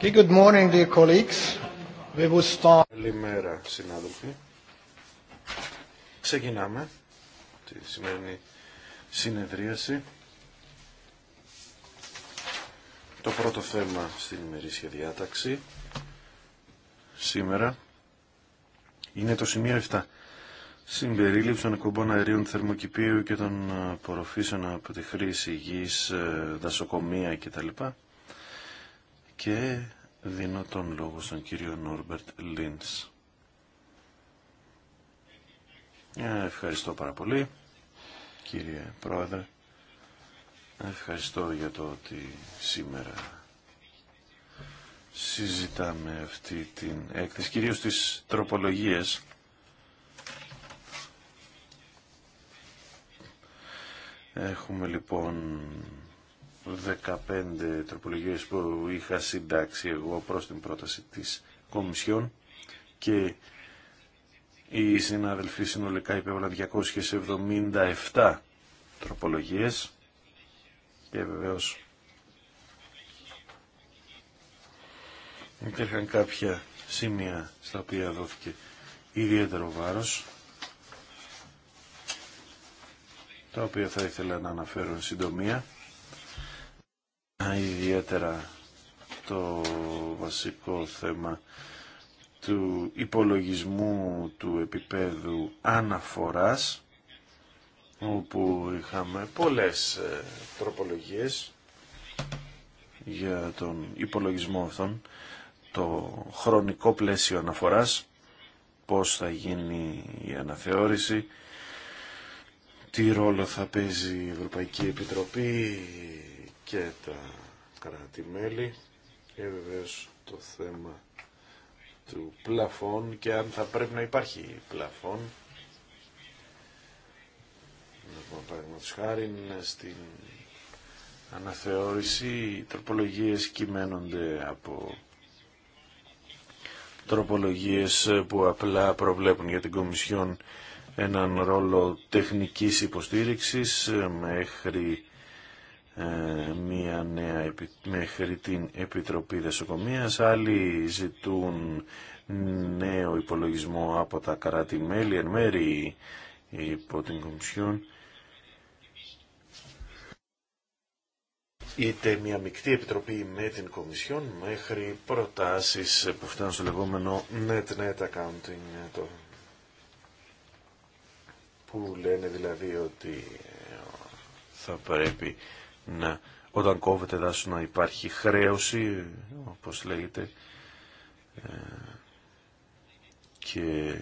good morning, Καλημέρα, συνάδελφοι. Ξεκινάμε τη σημερινή συνεδρίαση. Το πρώτο θέμα στην ημερήσια διάταξη σήμερα είναι το σημείο 7. Συμπερίληψη των εκπομπών αερίων θερμοκηπίου και των ε, απορροφήσεων από τη χρήση γης, ε, δασοκομεία κτλ. Και Δίνω τον λόγο στον κύριο Νόρμπερτ Λίντς. Ε, ευχαριστώ πάρα πολύ, κύριε Πρόεδρε. Ευχαριστώ για το ότι σήμερα συζητάμε αυτή την έκθεση, κυρίως της τροπολογίες. Έχουμε λοιπόν 15 τροπολογίες που είχα συντάξει εγώ προς την πρόταση της Κομισιόν και οι συναδελφοί συνολικά υπέβαλαν 277 τροπολογίες και βεβαίως υπήρχαν κάποια σημεία στα οποία δόθηκε ιδιαίτερο βάρος τα οποία θα ήθελα να αναφέρω συντομία ιδιαίτερα το βασικό θέμα του υπολογισμού του επίπεδου αναφοράς όπου είχαμε πολλές ε, τροπολογίες για τον υπολογισμό αυτών το χρονικό πλαίσιο αναφοράς πώς θα γίνει η αναθεώρηση τι ρόλο θα παίζει η Ευρωπαϊκή Επιτροπή και τα κράτη-μέλη και ε, βεβαίως το θέμα του πλαφών και αν θα πρέπει να υπάρχει πλαφών. πούμε παραδείγματος χάρη στην αναθεώρηση οι τροπολογίες κειμένονται από τροπολογίες που απλά προβλέπουν για την Κομισιόν έναν ρόλο τεχνικής υποστήριξης μέχρι ε, μία νέα μέχρι την Επιτροπή Δεσοκομείας, άλλοι ζητούν νέο υπολογισμό από τα κράτη-μέλη, εν μέρη υπό την Κομισιόν. είτε μια μεικτή επιτροπή με την Κομισιόν μέχρι προτάσεις που φτάνουν στο λεγόμενο net-net accounting ε, που λένε δηλαδή ότι ε, θα πρέπει ναι, όταν κόβεται δάσο να υπάρχει χρέωση, όπως λέγεται, ε, και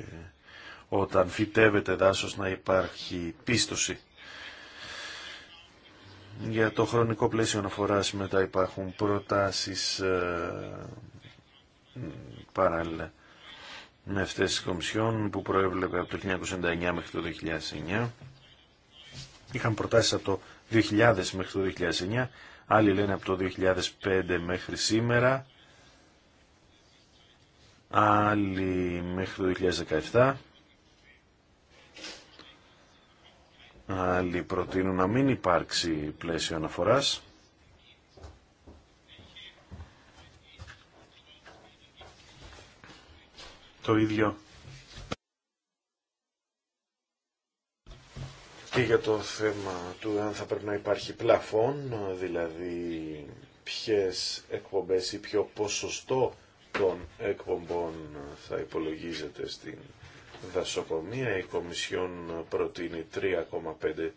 όταν φυτεύεται δάσος να υπάρχει πίστοση. Για το χρονικό πλαίσιο αναφοράς μετά υπάρχουν προτάσεις ε, παράλληλα με αυτές τις κομισιόν που προέβλεπε από το 1999 μέχρι το 2009. Είχαν προτάσεις από το 2000 μέχρι το 2009, άλλοι λένε από το 2005 μέχρι σήμερα, άλλοι μέχρι το 2017, άλλοι προτείνουν να μην υπάρξει πλαίσιο αναφοράς. Το ίδιο και για το θέμα του αν θα πρέπει να υπάρχει πλαφόν, δηλαδή ποιες εκπομπές ή ποιο ποσοστό των εκπομπών θα υπολογίζεται στην δασοκομεία. Η Κομισιόν προτείνει 3,5%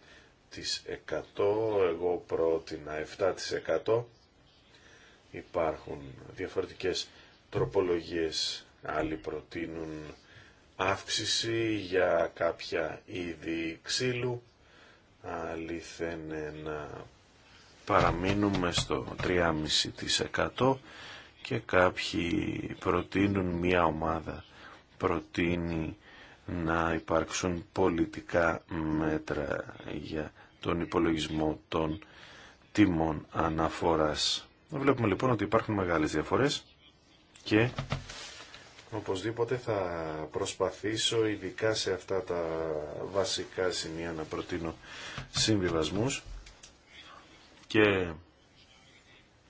εγώ πρότεινα 7%. Υπάρχουν διαφορετικές τροπολογίες, άλλοι προτείνουν αύξηση για κάποια είδη ξύλου είναι να παραμείνουμε στο 3,5% και κάποιοι προτείνουν μια ομάδα προτείνει να υπάρξουν πολιτικά μέτρα για τον υπολογισμό των τιμών αναφοράς. Βλέπουμε λοιπόν ότι υπάρχουν μεγάλες διαφορές και Οπωσδήποτε θα προσπαθήσω ειδικά σε αυτά τα βασικά σημεία να προτείνω συμβιβασμούς και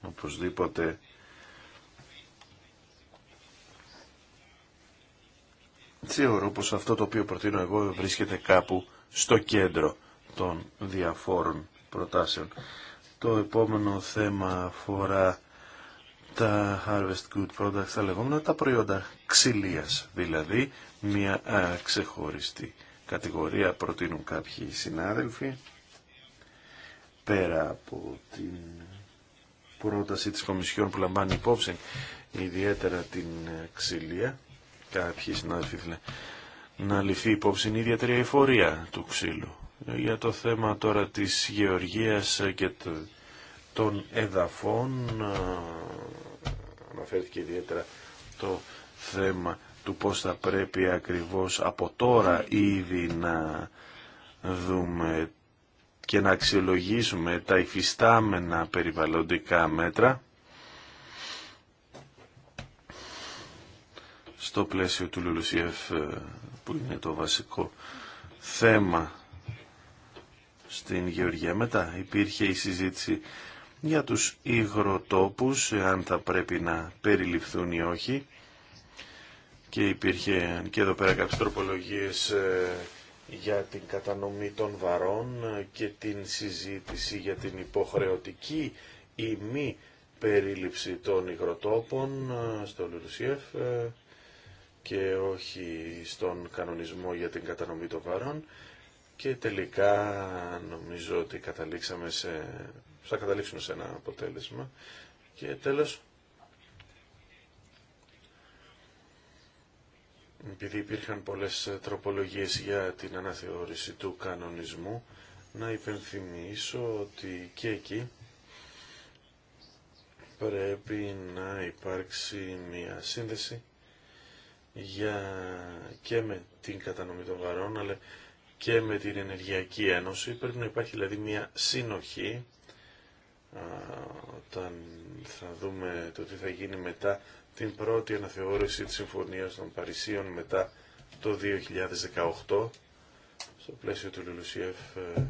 οπωσδήποτε θεωρώ πως αυτό το οποίο προτείνω εγώ βρίσκεται κάπου στο κέντρο των διαφόρων προτάσεων. Το επόμενο θέμα αφορά τα Harvest Good Products, τα λεγόμενα τα προϊόντα ξυλίας, δηλαδή μια α, ξεχωριστή κατηγορία προτείνουν κάποιοι συνάδελφοι πέρα από την πρόταση της Κομισιόν που λαμβάνει υπόψη ιδιαίτερα την ε, ξυλία κάποιοι συνάδελφοι ήθελαν να ληφθεί υπόψη η ιδιαίτερη εφορία του ξύλου ε, για το θέμα τώρα της γεωργίας ε, και του των εδαφών ε, αναφέρθηκε ιδιαίτερα το θέμα του πώς θα πρέπει ακριβώς από τώρα ήδη να δούμε και να αξιολογήσουμε τα υφιστάμενα περιβαλλοντικά μέτρα στο πλαίσιο του Λουλουσιεφ ε, που είναι το βασικό θέμα στην Γεωργία. Μετά υπήρχε η συζήτηση για τους υγροτόπους, αν θα πρέπει να περιληφθούν ή όχι. Και υπήρχε και εδώ πέρα κάποιες τροπολογίες ε, για την κατανομή των βαρών και την συζήτηση για την υποχρεωτική ή μη περίληψη των υγροτόπων ε, στο Λουρουσιεφ ε, και όχι στον κανονισμό για την κατανομή των βαρών και τελικά νομίζω ότι καταλήξαμε σε θα καταλήξουμε σε ένα αποτέλεσμα. Και τέλος, επειδή υπήρχαν πολλές τροπολογίες για την αναθεώρηση του κανονισμού, να υπενθυμίσω ότι και εκεί πρέπει να υπάρξει μια σύνδεση για και με την κατανομή των βαρών αλλά και με την Ενεργειακή Ένωση. Πρέπει να υπάρχει δηλαδή μια συνοχή όταν θα δούμε το τι θα γίνει μετά την πρώτη αναθεώρηση της Συμφωνίας των Παρισίων μετά το 2018 στο πλαίσιο του Λουλουσιεφ ε,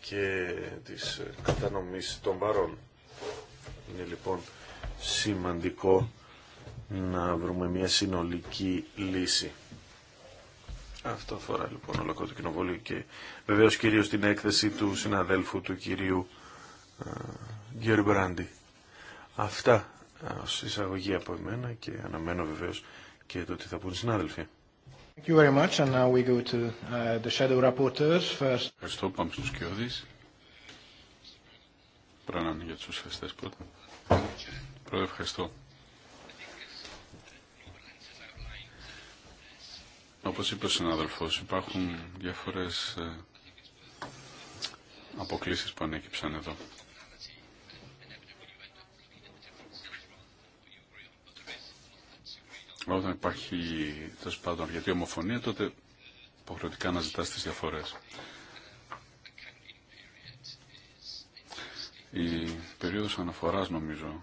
και της ε, κατανομής των παρών. Είναι λοιπόν σημαντικό να βρούμε μια συνολική λύση. Αυτό αφορά λοιπόν ολόκληρο το κοινοβούλιο και βεβαίω κυρίω την έκθεση του συναδέλφου του κυρίου ε, Γκέρι Μπράντι. Αυτά ε, ω εισαγωγή από εμένα και αναμένω βεβαίω και το τι θα πούν οι συνάδελφοι. Thank you very much. And now we uh, Ευχαριστώ. Πάμε στους για τους φεστές πρώτα. Πρώτα ευχαριστώ. Όπως είπε ο συνάδελφος, υπάρχουν διάφορες ε, αποκλήσεις που ανέκυψαν εδώ. Όταν υπάρχει τόσο πάντων γιατί ομοφωνία, τότε υποχρεωτικά να ζητάς τις διαφορές. Η περίοδος αναφοράς νομίζω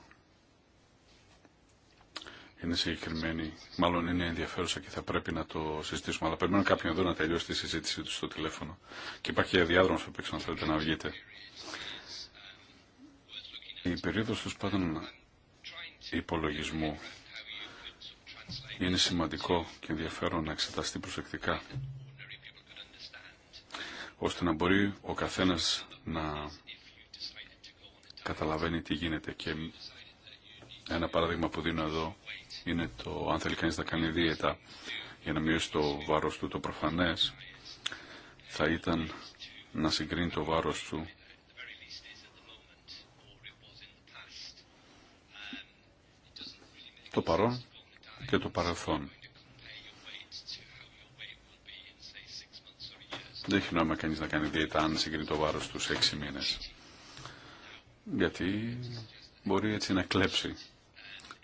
είναι συγκεκριμένη, μάλλον είναι ενδιαφέρουσα και θα πρέπει να το συζητήσουμε. Αλλά περιμένω κάποιον εδώ να τελειώσει τη συζήτησή του στο τηλέφωνο. Και υπάρχει και διάδρομο που να θέλετε να βγείτε. Η περίοδο του πάντων υπολογισμού είναι σημαντικό και ενδιαφέρον να εξεταστεί προσεκτικά ώστε να μπορεί ο καθένας να καταλαβαίνει τι γίνεται και ένα παράδειγμα που δίνω εδώ είναι το αν θέλει κανείς να κάνει δίαιτα για να μειώσει το βάρος του το προφανές θα ήταν να συγκρίνει το βάρος του το παρόν και το παρελθόν. Δεν έχει νόημα κανείς να κάνει δίαιτα αν συγκρίνει το βάρος του σε έξι μήνες. Γιατί μπορεί έτσι να κλέψει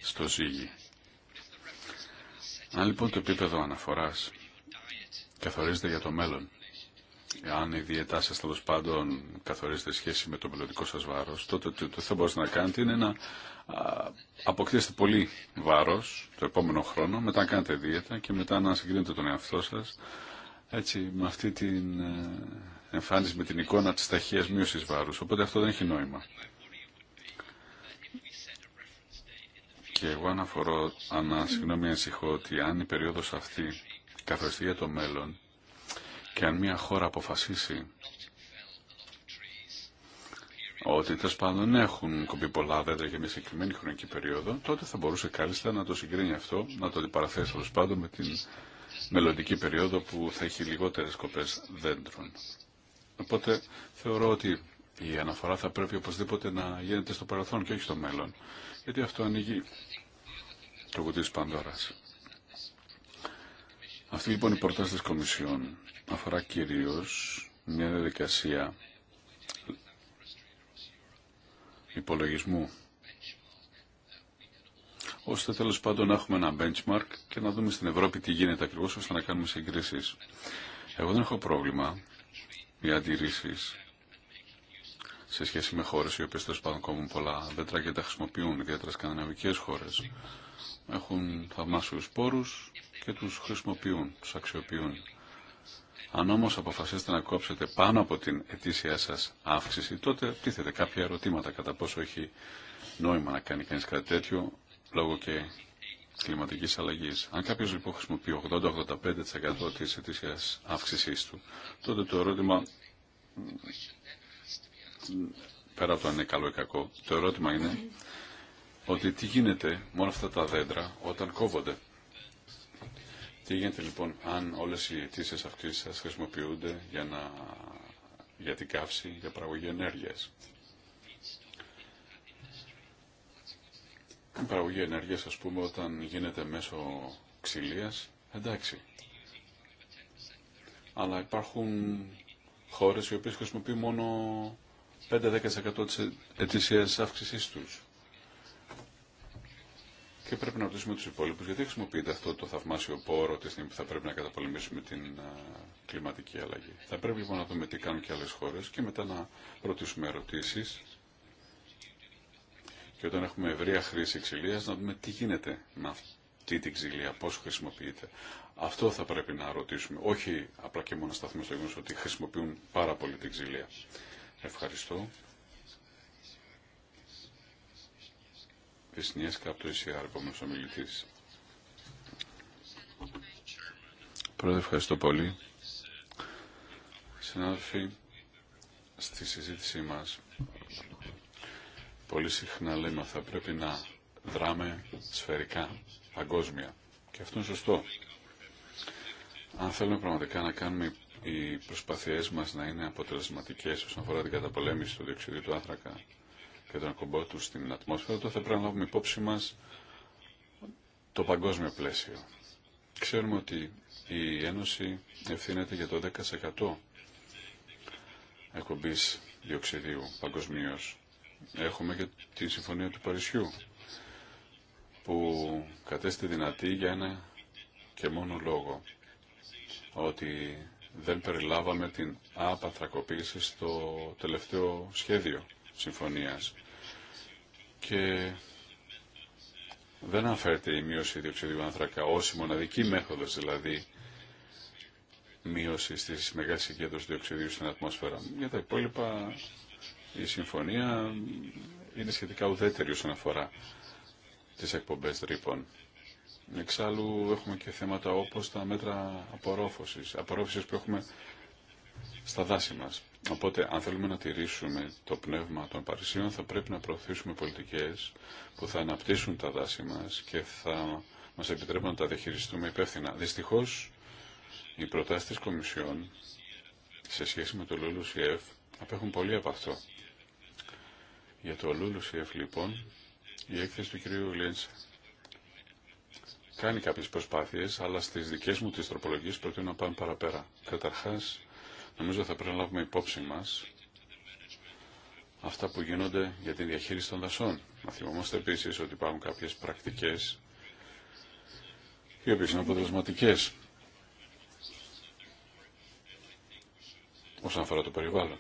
στο ζύγι. Αν λοιπόν το επίπεδο αναφοράς καθορίζεται για το μέλλον, αν η διαιτά σας τέλο πάντων καθορίζεται σχέση με το μελλοντικό σας βάρος, τότε το θα μπορείτε να κάνετε είναι να αποκτήσετε πολύ βάρος το επόμενο χρόνο, μετά να κάνετε δίαιτα και μετά να συγκρίνετε τον εαυτό σας έτσι, με αυτή την ε, εμφάνιση, με την εικόνα της ταχείας μείωσης βάρους. Οπότε αυτό δεν έχει νόημα. Και εγώ αναφορώ, ανα, συγγνώμη, ανησυχώ ότι αν η περίοδος αυτή καθοριστεί για το μέλλον και αν μια χώρα αποφασίσει ότι τέλο πάντων έχουν κομπεί πολλά δέντρα για μια συγκεκριμένη χρονική περίοδο, τότε θα μπορούσε κάλλιστα να το συγκρίνει αυτό, να το αντιπαραθέσει τέλο πάντων με την μελλοντική περίοδο που θα έχει λιγότερε κοπέ δέντρων. Οπότε θεωρώ ότι η αναφορά θα πρέπει οπωσδήποτε να γίνεται στο παρελθόν και όχι στο μέλλον, γιατί αυτό ανοίγει αυτή λοιπόν η πρόταση της Κομισιόν αφορά κυρίως μια διαδικασία υπολογισμού ώστε τέλος πάντων να έχουμε ένα benchmark και να δούμε στην Ευρώπη τι γίνεται ακριβώ ώστε να κάνουμε συγκρίσει. Εγώ δεν έχω πρόβλημα οι αντιρρήσει σε σχέση με χώρε οι οποίε τέλο πάντων κόβουν πολλά δέντρα και τα χρησιμοποιούν, ιδιαίτερα σκανδιναβικέ χώρε έχουν θαυμάσιους πόρους και τους χρησιμοποιούν, τους αξιοποιούν. Αν όμως αποφασίσετε να κόψετε πάνω από την ετήσια σας αύξηση, τότε τίθεται κάποια ερωτήματα κατά πόσο έχει νόημα να κάνει κανείς κάτι τέτοιο, λόγω και κλιματικής αλλαγής. Αν κάποιος λοιπόν χρησιμοποιεί 80-85% της ετήσιας αύξησής του, τότε το ερώτημα, πέρα από το αν είναι καλό ή κακό, το ερώτημα είναι ότι τι γίνεται με αυτά τα δέντρα όταν κόβονται. Τι γίνεται λοιπόν αν όλες οι αιτήσεις αυτής σας χρησιμοποιούνται για, να, για την καύση, για παραγωγή ενέργειας. Η παραγωγή ενέργειας ας πούμε όταν γίνεται μέσω ξυλίας, εντάξει. Αλλά υπάρχουν χώρες οι οποίες χρησιμοποιούν μόνο 5-10% της ετησίας αύξησής τους. Και πρέπει να ρωτήσουμε του υπόλοιπου γιατί χρησιμοποιείται αυτό το θαυμάσιο πόρο τη στιγμή που θα πρέπει να καταπολεμήσουμε την κλιματική αλλαγή. Θα πρέπει λοιπόν να δούμε τι κάνουν και άλλε χώρε και μετά να ρωτήσουμε ερωτήσει. Και όταν έχουμε ευρεία χρήση ξυλία, να δούμε τι γίνεται με αυτή την ξυλία, πώ χρησιμοποιείται. Αυτό θα πρέπει να ρωτήσουμε. Όχι απλά και μόνο σταθούμε στο γεγονό ότι χρησιμοποιούν πάρα πολύ την ξυλία. Ευχαριστώ. Βυσνιέσκα από το ομιλητής. Πρόεδρε, ευχαριστώ πολύ. Συνάδελφοι, στη συζήτησή μας πολύ συχνά λέμε θα πρέπει να δράμε σφαιρικά, παγκόσμια. Και αυτό είναι σωστό. Αν θέλουμε πραγματικά να κάνουμε οι προσπάθειές μας να είναι αποτελεσματικές όσον αφορά την καταπολέμηση του διοξιδίου του άνθρακα, και τον ακουμπό του στην ατμόσφαιρα, τότε θα πρέπει να λάβουμε υπόψη μα το παγκόσμιο πλαίσιο. Ξέρουμε ότι η Ένωση ευθύνεται για το 10% εκπομπή διοξιδίου παγκοσμίω. Έχουμε και τη Συμφωνία του Παρισιού που κατέστη δυνατή για ένα και μόνο λόγο ότι δεν περιλάβαμε την απαθρακοποίηση στο τελευταίο σχέδιο συμφωνίας και δεν αναφέρεται η μείωση διοξιδίου άνθρακα ως η μοναδική μέθοδος δηλαδή μείωση της μεγάλη συγκέντρωση διοξιδίου στην ατμόσφαιρα. Για τα υπόλοιπα η συμφωνία είναι σχετικά ουδέτερη όσον αφορά τις εκπομπές ρήπων. Εξάλλου έχουμε και θέματα όπως τα μέτρα απορρόφωσης, που έχουμε στα δάση μας, Οπότε, αν θέλουμε να τηρήσουμε το πνεύμα των Παρισίων, θα πρέπει να προωθήσουμε πολιτικές που θα αναπτύσσουν τα δάση μας και θα μας επιτρέπουν να τα διαχειριστούμε υπεύθυνα. Δυστυχώς, οι προτάσεις της Κομισιόν σε σχέση με το LULUCF απέχουν πολύ από αυτό. Για το LULUCF, λοιπόν, η έκθεση του κ. Λίντς κάνει κάποιες προσπάθειες, αλλά στις δικές μου τις τροπολογίες προτείνω να πάμε παραπέρα. Νομίζω θα πρέπει να λάβουμε υπόψη μας αυτά που γίνονται για την διαχείριση των δασών. Να θυμόμαστε επίσης ότι υπάρχουν κάποιες πρακτικές οι οποίε είναι αποτελεσματικές όσον αφορά το περιβάλλον.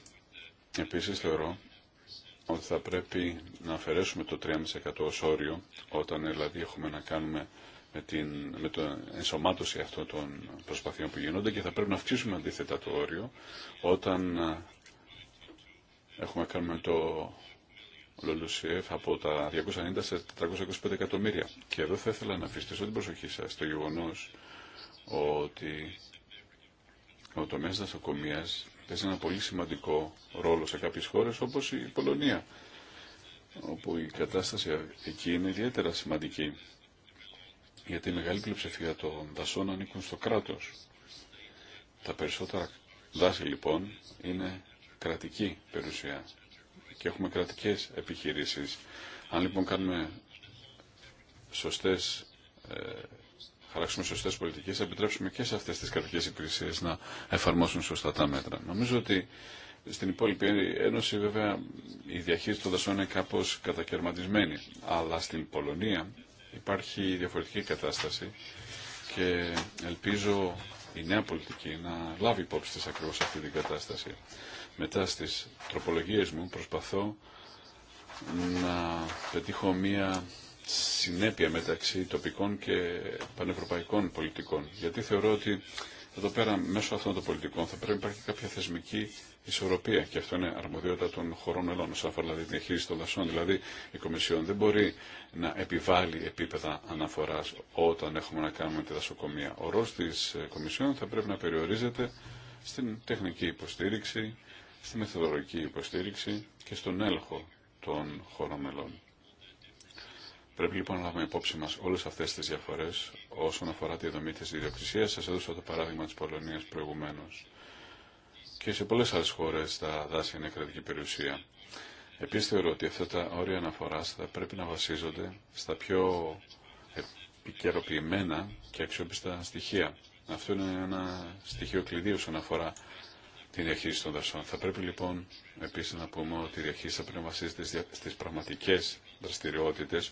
Επίσης θεωρώ ότι θα πρέπει να αφαιρέσουμε το 3,5% ως όριο όταν δηλαδή έχουμε να κάνουμε με, την, με ενσωμάτωση αυτών των προσπαθειών που γίνονται και θα πρέπει να αυξήσουμε αντίθετα το όριο όταν ε, έχουμε κάνει το Λολουσιεφ από τα 290 σε 425 εκατομμύρια. Και εδώ θα ήθελα να αφήσω την προσοχή σας στο γεγονός ότι ο τομέας δασοκομείας παίζει ένα πολύ σημαντικό ρόλο σε κάποιες χώρες όπως η Πολωνία όπου η κατάσταση εκεί είναι ιδιαίτερα σημαντική γιατί η μεγάλη πλειοψηφία των δασών ανήκουν στο κράτος. Τα περισσότερα δάση λοιπόν είναι κρατική περιουσία και έχουμε κρατικές επιχειρήσεις. Αν λοιπόν κάνουμε σωστές, ε, χαράξουμε σωστές πολιτικές, θα επιτρέψουμε και σε αυτές τις κρατικές υπηρεσίες να εφαρμόσουν σωστά τα μέτρα. Νομίζω ότι στην υπόλοιπη Ένωση βέβαια η διαχείριση των δασών είναι κάπως κατακαιρματισμένη, αλλά στην Πολωνία υπάρχει διαφορετική κατάσταση και ελπίζω η νέα πολιτική να λάβει υπόψη της ακριβώς αυτή την κατάσταση. Μετά στις τροπολογίες μου προσπαθώ να πετύχω μία συνέπεια μεταξύ τοπικών και πανευρωπαϊκών πολιτικών. Γιατί θεωρώ ότι εδώ πέρα μέσω αυτών των πολιτικών θα πρέπει να υπάρχει κάποια θεσμική ισορροπία και αυτό είναι αρμοδιότητα των χωρών μελών όσον αφορά δηλαδή, την διαχείριση των δασών. Δηλαδή η Κομισιόν δεν μπορεί να επιβάλλει επίπεδα αναφορά όταν έχουμε να κάνουμε τη δασοκομεία. Ο ρόλο τη ε, Κομισιόν θα πρέπει να περιορίζεται στην τεχνική υποστήριξη, στη μεθοδολογική υποστήριξη και στον έλεγχο των χωρών μελών. Πρέπει λοιπόν να λάβουμε υπόψη μα όλε αυτέ τι διαφορέ όσον αφορά τη δομή τη ιδιοκτησία. Σα έδωσα το παράδειγμα τη Πολωνία προηγουμένω και σε πολλές άλλες χώρες τα δάση είναι κρατική περιουσία. Επίσης θεωρώ ότι αυτά τα όρια αναφοράς θα πρέπει να βασίζονται στα πιο επικαιροποιημένα και αξιόπιστα στοιχεία. Αυτό είναι ένα στοιχείο κλειδί όσον αφορά τη διαχείριση των δασών. Θα πρέπει λοιπόν επίσης να πούμε ότι η διαχείριση θα πρέπει να βασίζεται στι πραγματικέ δραστηριότητε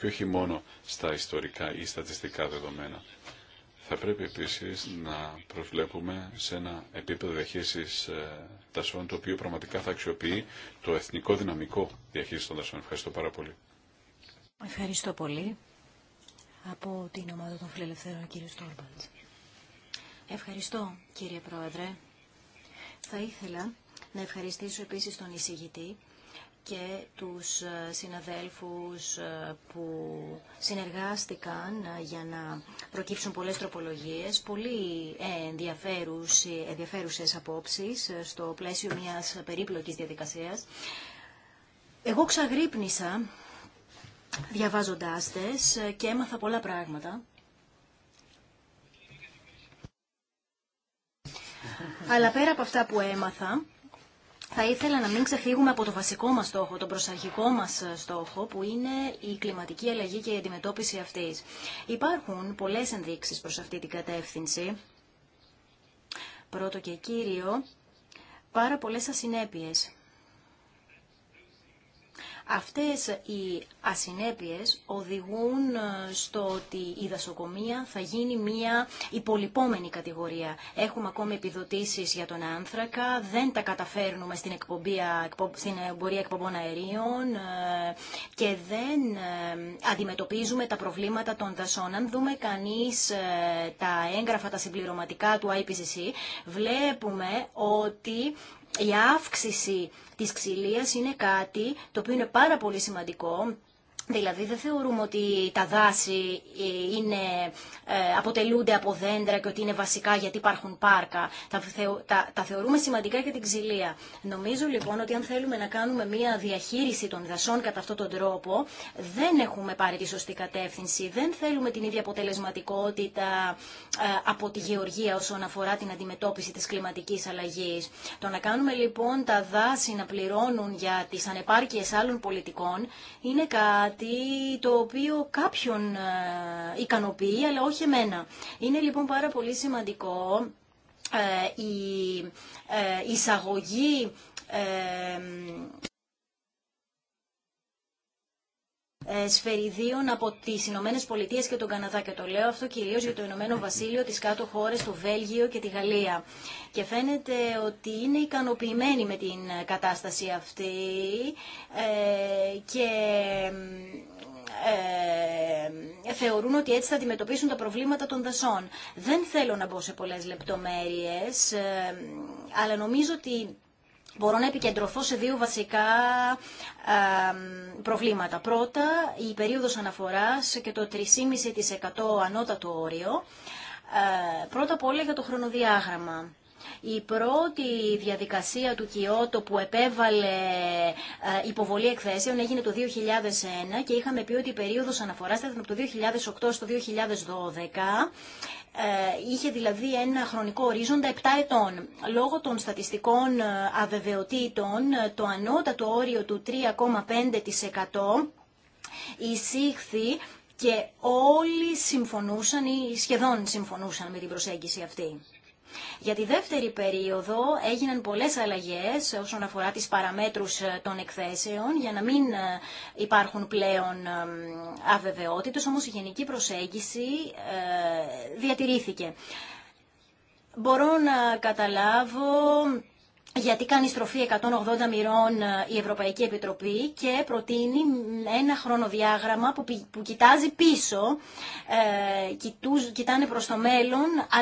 και όχι μόνο στα ιστορικά ή στατιστικά δεδομένα. Θα πρέπει επίσης να προσβλέπουμε σε ένα επίπεδο διαχείρισης ε, δασών το οποίο πραγματικά θα αξιοποιεί το εθνικό δυναμικό διαχείρισης των δασών. Ευχαριστώ πάρα πολύ. Ευχαριστώ πολύ από την ομάδα των φιλελευθέρων κύριε Στόρμπαντ. Ευχαριστώ κύριε Πρόεδρε. Θα ήθελα να ευχαριστήσω επίσης τον εισηγητή και τους ε, συναδέλφους ε, που συνεργάστηκαν ε, για να προκύψουν πολλές τροπολογίες, πολύ ενδιαφέρουσες απόψεις στο πλαίσιο μιας περίπλοκης διαδικασίας. Εγώ ξαγρύπνησα διαβάζοντάς τες και έμαθα πολλά πράγματα. Αλλά πέρα από αυτά που έμαθα, θα ήθελα να μην ξεφύγουμε από το βασικό μας στόχο, τον προσαρχικό μας ε, στόχο, που είναι η κλιματική αλλαγή και η αντιμετώπιση αυτής. Υπάρχουν πολλές ενδείξεις προς αυτή την κατεύθυνση. Πρώτο και κύριο, πάρα πολλές ασυνέπειες. Αυτές οι ασυνέπειες οδηγούν ε, στο ότι η δασοκομεία θα γίνει μια υπολοιπόμενη κατηγορία. Έχουμε ακόμη επιδοτήσεις για τον άνθρακα, δεν τα καταφέρνουμε στην, εκπομπή, στην εμπορία εκπομπών αερίων ε, και δεν ε, αντιμετωπίζουμε τα προβλήματα των δασών. Αν δούμε κανείς τα έγγραφα, τα συμπληρωματικά του IPCC, βλέπουμε ότι η αύξηση της ξυλίας είναι κάτι το οποίο είναι πάρα πολύ σημαντικό Δηλαδή δεν θεωρούμε ότι τα δάση ε, είναι, ε, αποτελούνται από δέντρα και ότι είναι βασικά γιατί υπάρχουν πάρκα. Τα, θεω, τα, τα θεωρούμε σημαντικά για την ξυλία. Νομίζω λοιπόν ότι αν θέλουμε να κάνουμε μια διαχείριση των δασών κατά αυτόν τον τρόπο, δεν έχουμε πάρει τη σωστή κατεύθυνση. Δεν θέλουμε την ίδια αποτελεσματικότητα ε, από τη γεωργία όσον αφορά την αντιμετώπιση της κλιματικής αλλαγής. Το να κάνουμε λοιπόν τα δάση να πληρώνουν για τις ανεπάρκειες άλλων πολιτικών είναι κάτι κάτι το οποίο κάποιον ε, ικανοποιεί, αλλά όχι εμένα. Είναι λοιπόν πάρα πολύ σημαντικό ε, η ε, εισαγωγή Ε, σφαιριδίων από τις Ηνωμένε Πολιτείε και τον Καναδά. Και το λέω αυτό κυρίως για το Ηνωμένο Βασίλειο, τις κάτω χώρες, το Βέλγιο και τη Γαλλία. Και φαίνεται ότι είναι ικανοποιημένοι με την κατάσταση αυτή ε, και ε, θεωρούν ότι έτσι θα αντιμετωπίσουν τα προβλήματα των δασών. Δεν θέλω να μπω σε πολλές λεπτομέρειες, ε, αλλά νομίζω ότι μπορώ να επικεντρωθώ σε δύο βασικά προβλήματα. Πρώτα, η περίοδος αναφοράς και το 3,5% ανώτατο όριο. Ε, πρώτα απ' όλα για το χρονοδιάγραμμα. Η πρώτη διαδικασία του Κιώτο που επέβαλε ε, υποβολή εκθέσεων έγινε το 2001 και είχαμε πει ότι η περίοδος αναφοράς ήταν από το 2008 στο 2012 ε, είχε δηλαδή ένα χρονικό ορίζοντα 7 ετών. Λόγω των στατιστικών ε, αβεβαιοτήτων, ε, το ανώτατο όριο του 3,5% εισήχθη και όλοι συμφωνούσαν ή σχεδόν συμφωνούσαν με την προσέγγιση αυτή. Για τη δεύτερη περίοδο έγιναν πολλές αλλαγές όσον αφορά τις παραμέτρους ε, των εκθέσεων για να μην ε, υπάρχουν πλέον ε, αβεβαιότητες, όμως η γενική προσέγγιση διατηρήθηκε. Μπορώ να καταλάβω γιατί κάνει στροφή 180 μοιρών ε, η Ευρωπαϊκή Επιτροπή και προτείνει ένα χρονοδιάγραμμα που, που κοιτάζει πίσω, ε, κοιτάνε προς το μέλλον α,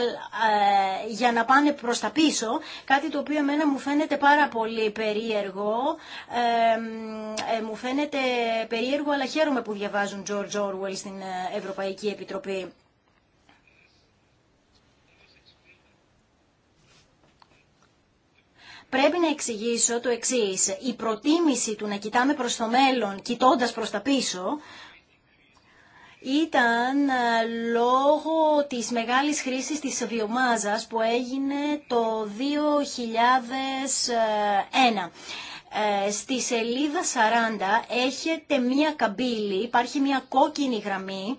ε, για να πάνε προς τα πίσω, κάτι το οποίο εμένα μου φαίνεται πάρα πολύ περίεργο, ε, ε μου φαίνεται περίεργο αλλά χαίρομαι που διαβάζουν George Orwell στην Ευρωπαϊκή Επιτροπή. πρέπει να εξηγήσω το εξή. Η προτίμηση του να κοιτάμε προ το μέλλον, κοιτώντα προ τα πίσω, ήταν ε, λόγω της μεγάλης χρήσης της βιομάζας που έγινε το 2001. Ε, στη σελίδα 40 έχετε μία καμπύλη, υπάρχει μία κόκκινη γραμμή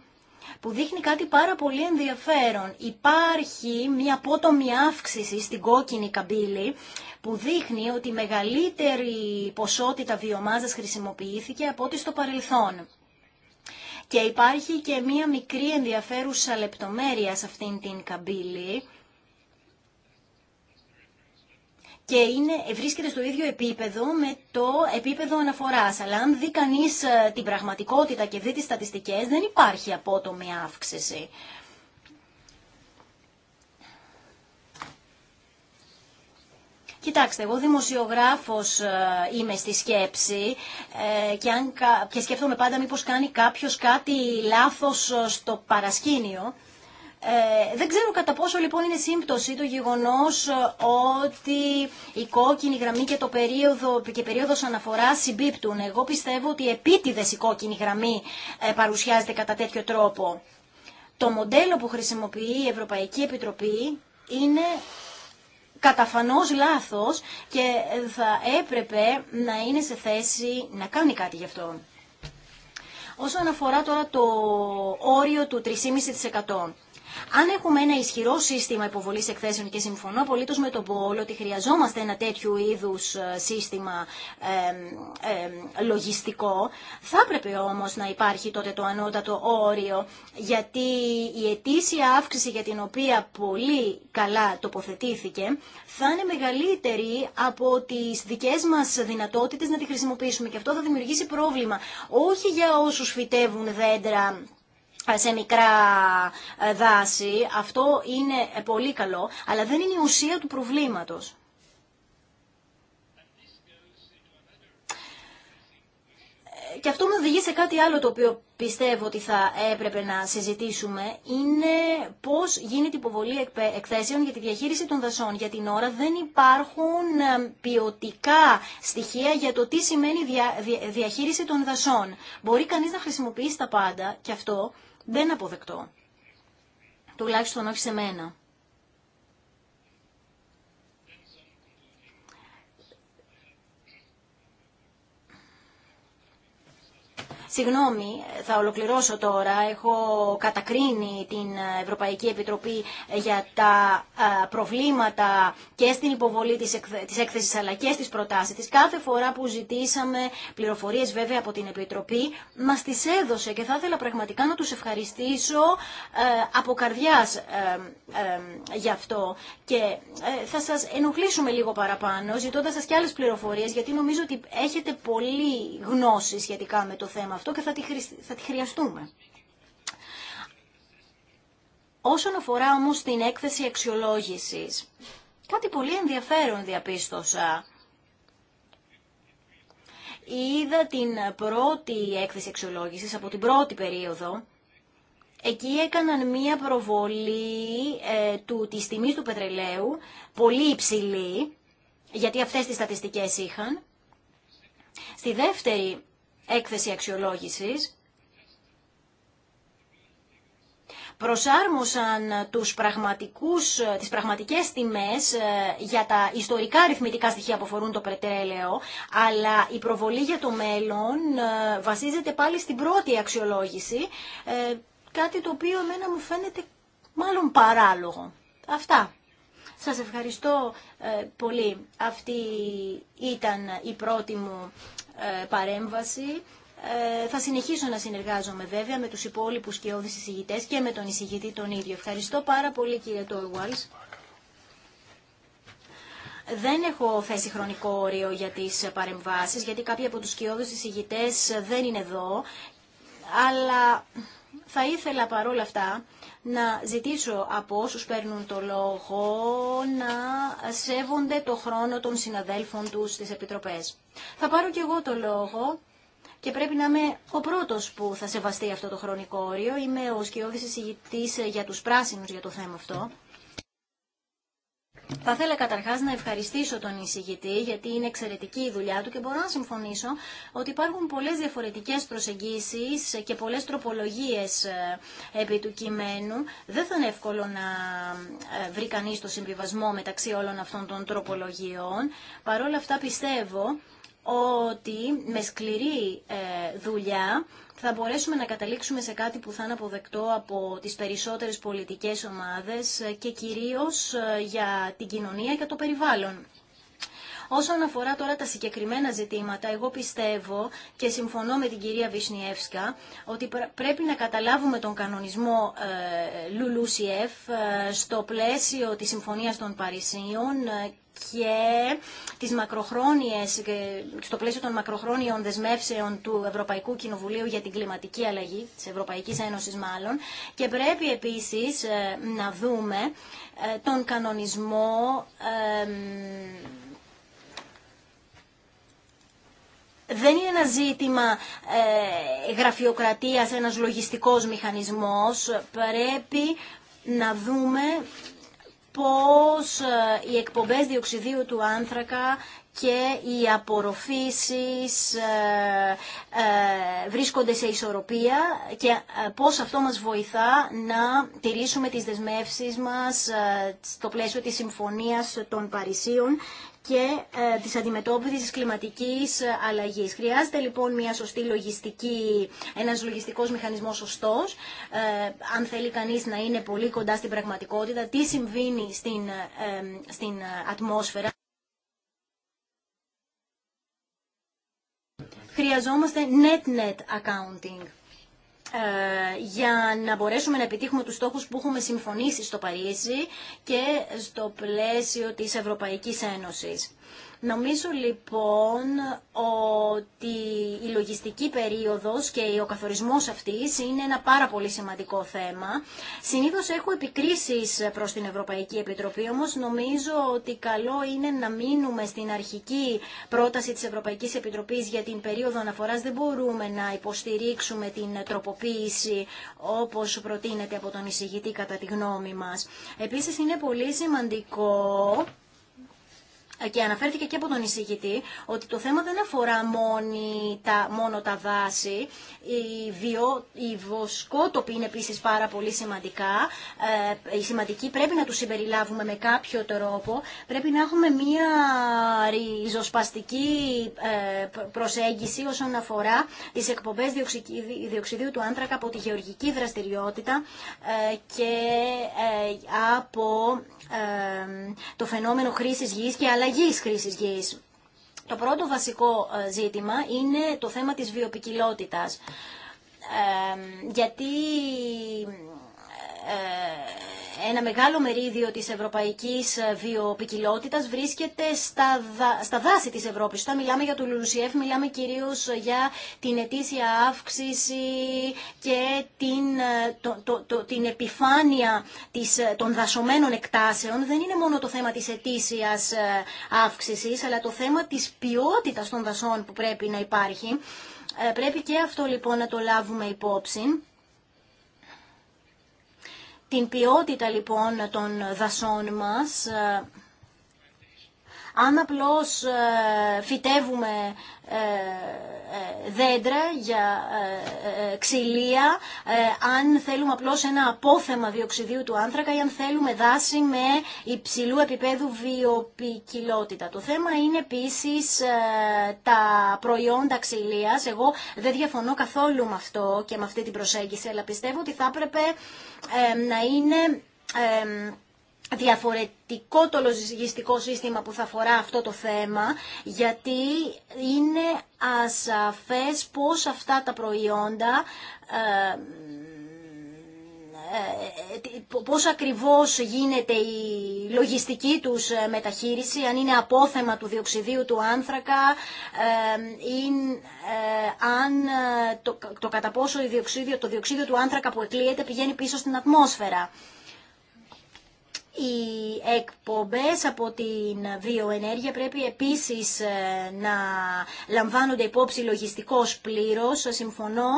που δείχνει κάτι πάρα πολύ ενδιαφέρον. Υπάρχει μία απότομη αύξηση στην κόκκινη καμπύλη που δείχνει ότι μεγαλύτερη ποσότητα βιομάζας χρησιμοποιήθηκε από ό,τι στο παρελθόν. Και υπάρχει και μία μικρή ενδιαφέρουσα λεπτομέρεια σε αυτήν την καμπύλη και είναι, βρίσκεται στο ίδιο επίπεδο με το επίπεδο αναφοράς. Αλλά αν δει κανείς ε, την πραγματικότητα και δει τις στατιστικές δεν υπάρχει απότομη αύξηση. Κοιτάξτε, εγώ δημοσιογράφος ε, είμαι στη σκέψη ε, και, αν, και σκέφτομαι πάντα μήπως κάνει κάποιος κάτι λάθος ε, στο παρασκήνιο. δεν ξέρω κατά πόσο λοιπόν είναι σύμπτωση το γεγονός ότι η κόκκινη γραμμή και το περίοδο και περίοδος αναφοράς συμπίπτουν. Εγώ πιστεύω ότι επίτηδες η κόκκινη γραμμή παρουσιάζεται κατά τέτοιο τρόπο. Το μοντέλο που χρησιμοποιεί η Ευρωπαϊκή Επιτροπή είναι καταφανώς λάθος και θα έπρεπε να είναι σε θέση να κάνει κάτι γι' αυτό. Όσον αφορά τώρα το όριο του 3,5%. Αν έχουμε ένα ισχυρό σύστημα υποβολή εκθέσεων και συμφωνώ απολύτω με τον Πόλο ότι χρειαζόμαστε ένα τέτοιου είδου ε, σύστημα λογιστικό, θα έπρεπε όμω να υπάρχει τότε το ανώτατο όριο, γιατί η ετήσια αύξηση για την οποία πολύ καλά τοποθετήθηκε θα είναι μεγαλύτερη από τι δικέ μα δυνατότητε να τη χρησιμοποιήσουμε. Και αυτό θα δημιουργήσει πρόβλημα όχι για όσου φυτεύουν δέντρα σε μικρά ε, δάση. Αυτό είναι ε, πολύ καλό, αλλά δεν είναι η ουσία του προβλήματος. Ε, και αυτό με οδηγεί σε κάτι άλλο το οποίο πιστεύω ότι θα έπρεπε να συζητήσουμε. Είναι πώς γίνεται η υποβολή εκθέσεων για τη διαχείριση των δασών. Για την ώρα δεν υπάρχουν ποιοτικά στοιχεία για το τι σημαίνει διαχείριση των δασών. Μπορεί κανείς να χρησιμοποιήσει τα πάντα και αυτό δεν αποδεκτό. Τουλάχιστον όχι σε μένα. Συγγνώμη, θα ολοκληρώσω τώρα. Έχω κατακρίνει την Ευρωπαϊκή Επιτροπή για τα ε, προβλήματα και στην υποβολή της έκθεσης αλλά και στις προτάσεις της. Κάθε φορά που ζητήσαμε πληροφορίες βέβαια από την Επιτροπή μας τις έδωσε και θα ήθελα πραγματικά να τους ευχαριστήσω ε, από καρδιάς ε, γι' αυτό. Και θα σας ενοχλήσουμε λίγο παραπάνω ζητώντας σας και άλλες πληροφορίες γιατί νομίζω ότι έχετε πολλή γνώση σχετικά με το θέμα αυτό αυτό και θα τη, χρειαστούμε. Όσον αφορά όμως την έκθεση αξιολόγησης, κάτι πολύ ενδιαφέρον διαπίστωσα. Είδα την πρώτη έκθεση αξιολόγησης από την πρώτη περίοδο. Εκεί έκαναν μία προβολή ε, του, της τιμής του πετρελαίου, πολύ υψηλή, γιατί αυτές τις στατιστικές είχαν. Στη δεύτερη έκθεση αξιολόγησης προσάρμοσαν τους πραγματικούς, τις πραγματικές τιμές ε, για τα ιστορικά αριθμητικά στοιχεία που αφορούν το πετρέλαιο, αλλά η προβολή για το μέλλον ε, βασίζεται πάλι στην πρώτη αξιολόγηση, ε, κάτι το οποίο εμένα μου φαίνεται μάλλον παράλογο. Αυτά. Σας ευχαριστώ πολύ. Αυτή ήταν η πρώτη μου ε, παρέμβαση. Ε, θα συνεχίσω να συνεργάζομαι βέβαια με τους υπόλοιπους και όδης εισηγητές και με τον εισηγητή τον ίδιο. Ευχαριστώ πάρα πολύ κύριε Τόρουαλς. Δεν έχω θέσει χρονικό όριο για τις παρεμβάσεις, γιατί κάποιοι από τους σκιώδους εισηγητές δεν είναι εδώ, αλλά θα ήθελα παρόλα αυτά να ζητήσω από όσους παίρνουν το λόγο να σέβονται το χρόνο των συναδέλφων τους στις επιτροπές. Θα πάρω κι εγώ το λόγο και πρέπει να είμαι ο πρώτος που θα σεβαστεί αυτό το χρονικό όριο. Είμαι ο σκιώδης εισηγητής για τους πράσινους για το θέμα αυτό. Θα ήθελα καταρχά να ευχαριστήσω τον εισηγητή γιατί είναι εξαιρετική η δουλειά του και μπορώ να συμφωνήσω ότι υπάρχουν πολλέ διαφορετικέ προσεγγίσει και πολλέ τροπολογίε ε, επί του κειμένου. Δεν θα είναι εύκολο να ε, βρει κανεί το συμβιβασμό μεταξύ όλων αυτών των τροπολογιών. Παρ' όλα αυτά πιστεύω ότι με σκληρή ε, δουλειά θα μπορέσουμε να καταλήξουμε σε κάτι που θα είναι αποδεκτό από τις περισσότερες πολιτικές ομάδες και κυρίως ε, για την κοινωνία και το περιβάλλον. Όσον αφορά τώρα τα συγκεκριμένα ζητήματα, εγώ πιστεύω και συμφωνώ με την κυρία Βυσνιεύσκα ότι πρέπει να καταλάβουμε τον κανονισμό ε, Λουλούσιεφ στο πλαίσιο της Συμφωνίας των Παρισίων και τις μακροχρόνιες, ε, στο πλαίσιο των μακροχρόνιων δεσμεύσεων του Ευρωπαϊκού Κοινοβουλίου για την κλιματική αλλαγή, της Ευρωπαϊκής Ένωσης μάλλον, και πρέπει επίσης ε, να δούμε ε, τον κανονισμό δεν είναι ένα ζήτημα ε, γραφειοκρατίας, ένας λογιστικός μηχανισμός. Πρέπει να δούμε πώς ε, οι εκπομπές διοξιδίου του άνθρακα και οι απορροφήσεις ε, ε, βρίσκονται σε ισορροπία και πώς αυτό μας βοηθά να τηρήσουμε τις δεσμεύσεις μας στο πλαίσιο της Συμφωνίας των Παρισίων και ε, της αντιμετώπισης της κλιματικής ε, αλλαγής. Χρειάζεται λοιπόν μια σωστή λογιστική, ένας λογιστικός μηχανισμός σωστός, ε, αν θέλει κανείς να είναι πολύ κοντά στην πραγματικότητα, τι συμβαίνει στην, στην ατμόσφαιρα. Χρειαζόμαστε net-net accounting. Ε, για να μπορέσουμε να επιτύχουμε τους στόχους που έχουμε συμφωνήσει στο Παρίσι και στο πλαίσιο της Ευρωπαϊκής Ένωσης. Νομίζω λοιπόν ότι η λογιστική περίοδος και ο καθορισμός αυτής είναι ένα πάρα πολύ σημαντικό θέμα. Συνήθως έχω επικρίσεις προς την Ευρωπαϊκή Επιτροπή, όμως νομίζω ότι καλό είναι να μείνουμε στην αρχική πρόταση της Ευρωπαϊκής Επιτροπής για την περίοδο αναφοράς. Δεν μπορούμε να υποστηρίξουμε την τροποποίηση όπως προτείνεται από τον εισηγητή κατά τη γνώμη μας. Επίσης είναι πολύ σημαντικό και αναφέρθηκε και από τον εισηγητή ότι το θέμα δεν αφορά μόνη, τα, μόνο τα δάση. Οι, βιο, οι βοσκότοποι είναι επίση πάρα πολύ σημαντικά. Ε, σημαντικοί πρέπει να του συμπεριλάβουμε με κάποιο τρόπο. Πρέπει να έχουμε μία ριζοσπαστική ε, προσέγγιση όσον αφορά τις εκπομπές διοξιδίου του άνθρακα από τη γεωργική δραστηριότητα ε, και ε, από το φαινόμενο χρήση γης και άλλα χρήσης γης. Το πρώτο βασικό ε, ζήτημα είναι το θέμα της βιοπικιλότητας. Ε, γιατί ε, ένα μεγάλο μερίδιο της ευρωπαϊκής ε, βιοπικιλότητας βρίσκεται στα, στα δάση της Ευρώπης. Όταν μιλάμε για το Λουλουσιέφ, μιλάμε κυρίως για την ετήσια αύξηση και την, ε, το, το, την επιφάνεια της, ε, των δασωμένων εκτάσεων. Δεν είναι μόνο το θέμα της ετήσιας αύξησης, αλλά το θέμα της ποιότητας των δασών που πρέπει να υπάρχει. Πρέπει και αυτό λοιπόν να το λάβουμε υπόψη την ποιότητα λοιπόν των δασών μας ε, αν απλώς ε, φυτεύουμε ε, ε, δέντρα για ξυλία, αν θέλουμε απλώς ένα απόθεμα διοξιδίου του άνθρακα ή αν θέλουμε δάση με υψηλού επίπεδου βιοπικιλότητα. Το θέμα είναι επίσης τα προϊόντα ξυλίας. Εγώ δεν διαφωνώ καθόλου με αυτό και με αυτή την προσέγγιση, αλλά πιστεύω ότι θα έπρεπε να είναι διαφορετικό το λογιστικό σύστημα που θα αφορά αυτό το θέμα, γιατί είναι ασαφές πώς αυτά τα προϊόντα ε, ε πώς ακριβώς γίνεται η λογιστική τους ε, μεταχείριση, αν είναι απόθεμα του διοξιδίου του άνθρακα ε, ή αν το, το κατά πόσο το διοξίδιο του άνθρακα που εκλείεται πηγαίνει πίσω στην ατμόσφαιρα. Οι εκπομπές από την βιοενέργεια πρέπει επίσης ε, να λαμβάνονται υπόψη λογιστικός πλήρως. Συμφωνώ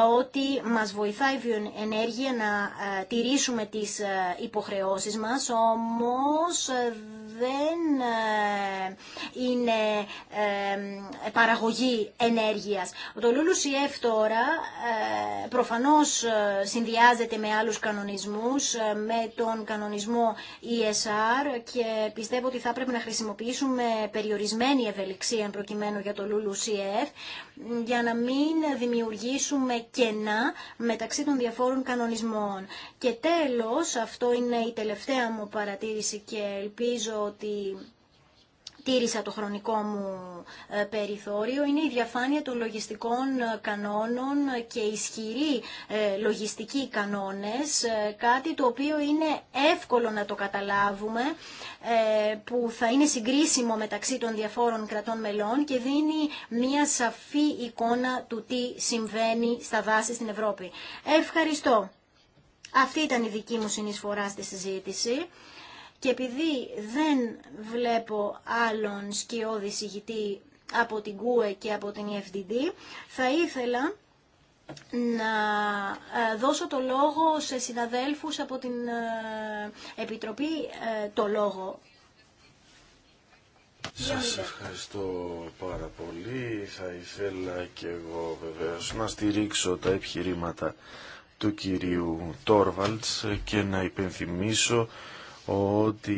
ε, ότι μας βοηθάει η βιοενέργεια να ε, τηρήσουμε τις υποχρεώσεις μας, όμως δεν ε, είναι ε, παραγωγή ενέργειας. Το LULUCF τώρα ε, προφανώς συνδυάζεται με άλλους κανονισμούς, με τον κανονισμό ESR και πιστεύω ότι θα πρέπει να χρησιμοποιήσουμε περιορισμένη ευελιξία προκειμένου για το LULUCF για να μην δημιουργήσουμε κενά μεταξύ των διαφόρων κανονισμών. Και τέλος, αυτό είναι η τελευταία μου παρατήρηση και ελπίζω ότι τήρησα το χρονικό μου ε, περιθώριο είναι η διαφάνεια των λογιστικών ε, κανόνων και ισχυροί ε, λογιστικοί κανόνες, κάτι το οποίο είναι εύκολο να το καταλάβουμε, που θα είναι συγκρίσιμο μεταξύ των διαφόρων κρατών μελών και δίνει μια σαφή εικόνα του τι συμβαίνει στα δάση στην Ευρώπη. Ευχαριστώ. Αυτή ήταν η δική μου συνεισφορά στη συζήτηση. Και επειδή δεν βλέπω άλλον σκιώδη ηγητή από την ΚΟΕ και από την EFDD, θα ήθελα να ε, δώσω το λόγο σε συναδέλφους από την ε, Επιτροπή ε, το λόγο. Σας ευχαριστώ πάρα πολύ. Θα ήθελα και εγώ βεβαίως να στηρίξω τα επιχειρήματα του κυρίου Τόρβαλτς και να υπενθυμίσω ότι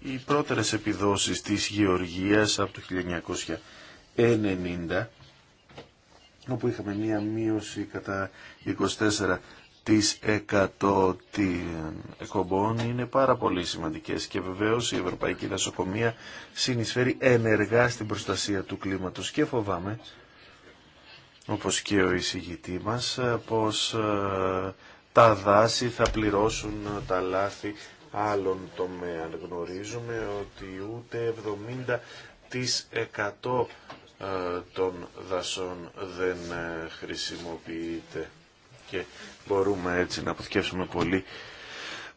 οι πρώτερες επιδόσεις της γεωργίας από το 1990 όπου είχαμε μία μείωση κατά 24 τις 100 εκπομπών είναι πάρα πολύ σημαντικές και βεβαίως η Ευρωπαϊκή Δασοκομεία συνεισφέρει ενεργά στην προστασία του κλίματος και φοβάμαι όπως και ο εισηγητή μας πως ε, τα δάση θα πληρώσουν τα λάθη άλλων τομέων. Γνωρίζουμε ότι ούτε 70% ε, των δασών δεν ε, χρησιμοποιείται και μπορούμε έτσι να αποθηκεύσουμε πολύ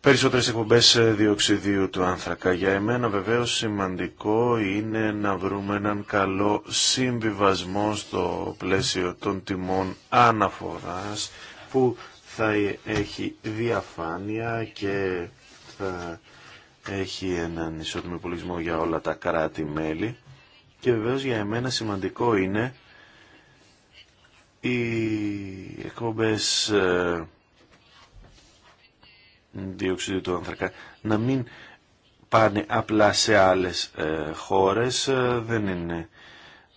Περισσότερες εκπομπές ε, διοξιδίου του άνθρακα. Για εμένα βεβαίως σημαντικό είναι να βρούμε έναν καλό συμβιβασμό στο πλαίσιο των τιμών αναφοράς που θα έχει διαφάνεια και θα έχει έναν ισότιμο υπολογισμό για όλα τα κράτη-μέλη και βεβαίως για εμένα σημαντικό είναι οι εκπομπε. διοξιδίου του ανθρακά να μην πάνε απλά σε άλλες ε, χώρες ε, δεν είναι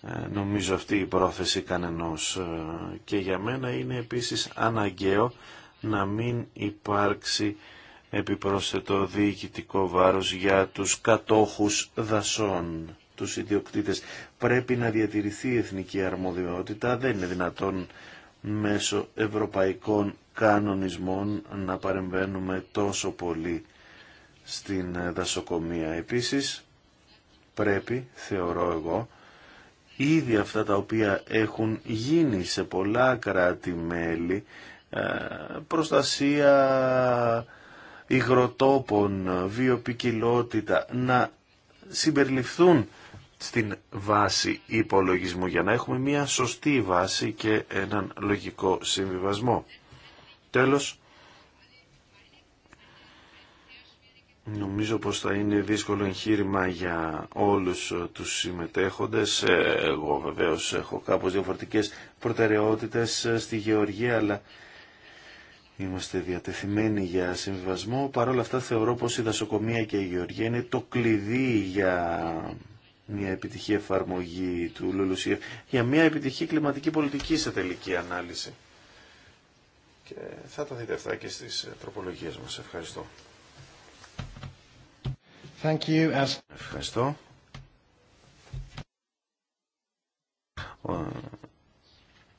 ε, νομίζω αυτή η πρόθεση κανενός ε, και για μένα είναι επίσης αναγκαίο να μην υπάρξει επιπρόσθετο διοικητικό βάρος για τους κατόχους δασών, τους ιδιοκτήτες. Πρέπει να διατηρηθεί η εθνική αρμοδιότητα, δεν είναι δυνατόν μέσω ευρωπαϊκών κανονισμών να παρεμβαίνουμε τόσο πολύ στην δασοκομεία. Επίσης πρέπει, θεωρώ εγώ, ήδη αυτά τα οποία έχουν γίνει σε πολλά κράτη-μέλη, ε, προστασία υγροτόπων, βιοπικιλότητα, να συμπεριληφθούν στην βάση υπολογισμού για να έχουμε μια σωστή βάση και έναν λογικό συμβιβασμό. Τέλος, Νομίζω πως θα είναι δύσκολο εγχείρημα για όλους τους συμμετέχοντες. Ε, εγώ βεβαίως έχω κάπως διαφορετικές προτεραιότητες ε, στη Γεωργία, αλλά είμαστε διατεθειμένοι για συμβιβασμό. Παρ' όλα αυτά θεωρώ πως η δασοκομεία και η Γεωργία είναι το κλειδί για μια επιτυχή εφαρμογή του Λουλουσίου, για μια επιτυχή κλιματική πολιτική σε τελική ανάλυση. Και θα τα δείτε αυτά και στις τροπολογίες μας. Ευχαριστώ. Ευχαριστώ.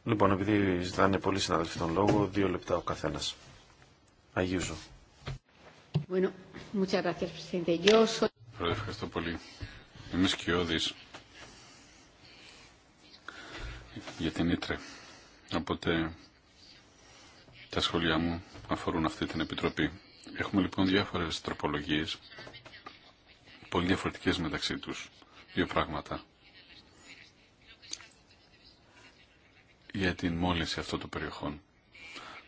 Λοιπόν, επειδή ζητάνε πολλοί συνάδελφοι τον λόγο, δύο λεπτά ο καθένας. Αγίουζο. Ευχαριστώ πολύ. Είμαι σκιώδης για την Ήτρε. Οπότε τα σχόλιά μου αφορούν αυτή την Επιτροπή. Έχουμε λοιπόν διάφορες τροπολογίες πολύ διαφορετικές μεταξύ τους. Δύο πράγματα. Για την μόλυνση αυτών των περιοχών.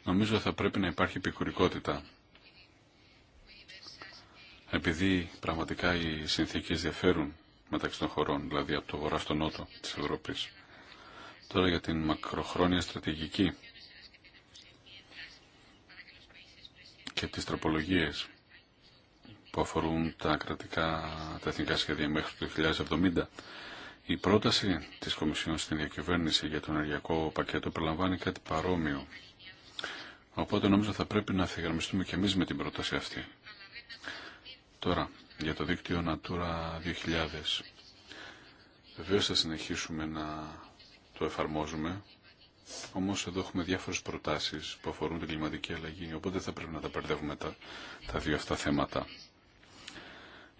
Νομίζω θα πρέπει να υπάρχει επικουρικότητα. Επειδή πραγματικά οι συνθήκες διαφέρουν μεταξύ των χωρών, δηλαδή από το βορρά στο νότο της Ευρώπης. Τώρα για την μακροχρόνια στρατηγική και τις τροπολογίες που αφορούν τα κρατικά, τα εθνικά σχέδια μέχρι το 2070. Η πρόταση της Κομισιόν στην διακυβέρνηση για το ενεργειακό πακέτο περιλαμβάνει κάτι παρόμοιο. Οπότε νομίζω θα πρέπει να θυγραμιστούμε και εμείς με την πρόταση αυτή. Τώρα, για το δίκτυο Natura 2000. Βεβαίω θα συνεχίσουμε να το εφαρμόζουμε, όμως εδώ έχουμε διάφορες προτάσεις που αφορούν την κλιματική αλλαγή, οπότε θα πρέπει να τα περδεύουμε τα, τα δύο αυτά θέματα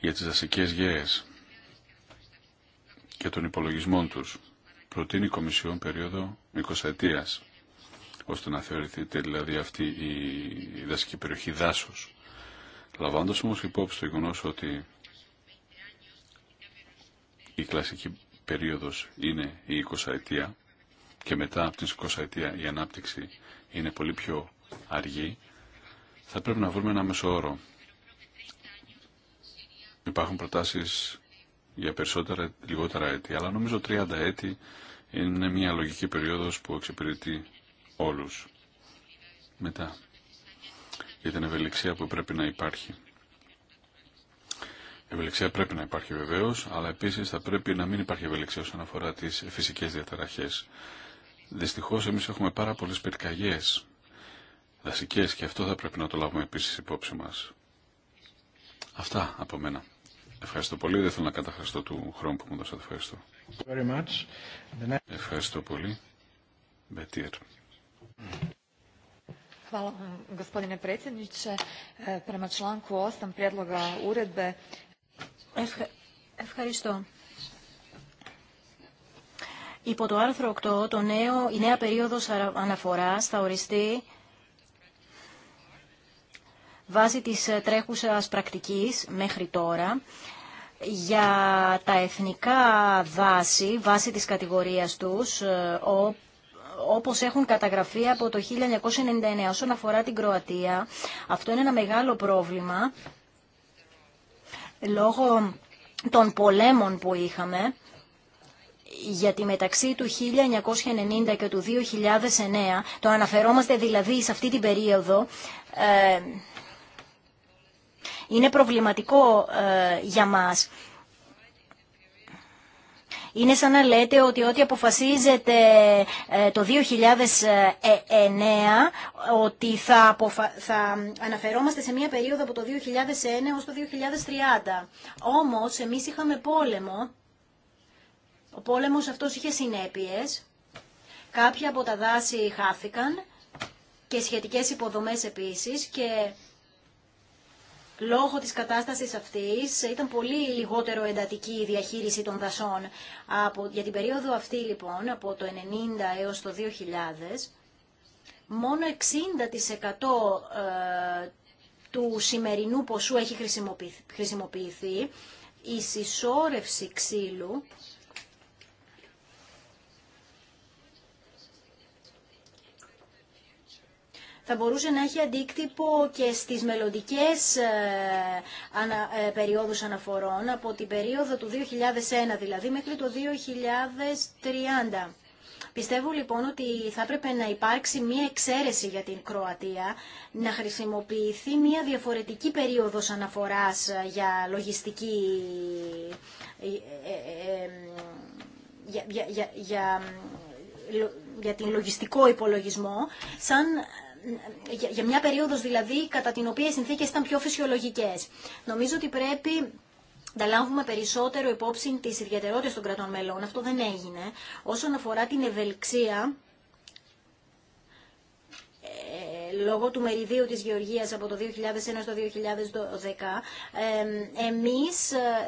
για τις δασικές γέες και των υπολογισμών τους. Προτείνει η Κομισιόν περίοδο 20 ετίας, ώστε να θεωρηθεί δηλαδή αυτή η δασική περιοχή δάσος. Λαμβάνοντας όμως υπόψη το γεγονό ότι η κλασική περίοδος είναι η 20 ετία και μετά από την 20 ετία η ανάπτυξη είναι πολύ πιο αργή, θα πρέπει να βρούμε ένα μέσο όρο Υπάρχουν προτάσεις για περισσότερα, λιγότερα έτη, αλλά νομίζω 30 έτη είναι μια λογική περίοδος που εξυπηρετεί όλους. Μετά, για την ευελιξία που πρέπει να υπάρχει. Ευελιξία πρέπει να υπάρχει βεβαίω, αλλά επίση θα πρέπει να μην υπάρχει ευελιξία όσον αφορά τι φυσικέ διαταραχέ. Δυστυχώ εμεί έχουμε πάρα πολλέ πυρκαγιέ δασικέ και αυτό θα πρέπει να το λάβουμε επίση υπόψη μα. Αυτά από μένα. Ευχαριστώ πολύ. Δεν θέλω να καταχραστώ του χρόνου που μου δώσατε. Ευχαριστώ. Very much. Ευχαριστώ πολύ. Μπετήρ. Hvala vam, gospodine predsjedniče. Ε, prema članku 8 prijedloga uredbe... Ευχαριστώ. Υπό το άρθρο 8, το νέο, η νέα περίοδος αναφοράς θα οριστεί βάσει της ε, τρέχουσας πρακτικής μέχρι τώρα για τα εθνικά δάση, βάση της κατηγορίας τους, ε, όπως έχουν καταγραφεί από το 1999. Όσον αφορά την Κροατία, αυτό είναι ένα μεγάλο πρόβλημα λόγω των πολέμων που είχαμε, γιατί μεταξύ του 1990 και του 2009, το αναφερόμαστε δηλαδή σε αυτή την περίοδο, ε, είναι προβληματικό ε, για μας. Είναι σαν να λέτε ότι ό,τι αποφασίζεται ε, το 2009 ότι θα, θα αναφερόμαστε σε μια περίοδο από το 2001 ως το 2030. Όμως εμείς είχαμε πόλεμο. Ο πόλεμος αυτός είχε συνέπειες. Κάποια από τα δάση χάθηκαν και σχετικές υποδομές επίσης και λόγω της κατάστασης αυτής ήταν πολύ λιγότερο εντατική η διαχείριση των δασών. Από, για την περίοδο αυτή λοιπόν, από το 90 έως το 2000, μόνο 60% ε, του σημερινού ποσού έχει χρησιμοποιηθεί. Η συσσόρευση ξύλου θα μπορούσε να έχει αντίκτυπο και στις μελλοντικέ ε, ε, περιόδους αναφορών από την περίοδο του 2001 δηλαδή μέχρι το 2030. Πιστεύω λοιπόν ότι θα έπρεπε να υπάρξει μία εξαίρεση για την Κροατία, να χρησιμοποιηθεί μία διαφορετική περίοδος αναφοράς ε, για λογιστική... την λογιστικό υπολογισμό, σαν για μια περίοδος δηλαδή κατά την οποία οι συνθήκες ήταν πιο φυσιολογικές. Νομίζω ότι πρέπει να λάβουμε περισσότερο υπόψη τις ιδιαιτερότητες των κρατών μελών. Αυτό δεν έγινε. Όσον αφορά την ευελιξία, ε, λόγω του μεριδίου της γεωργίας από το 2001 στο 2010, ε, εμείς ε,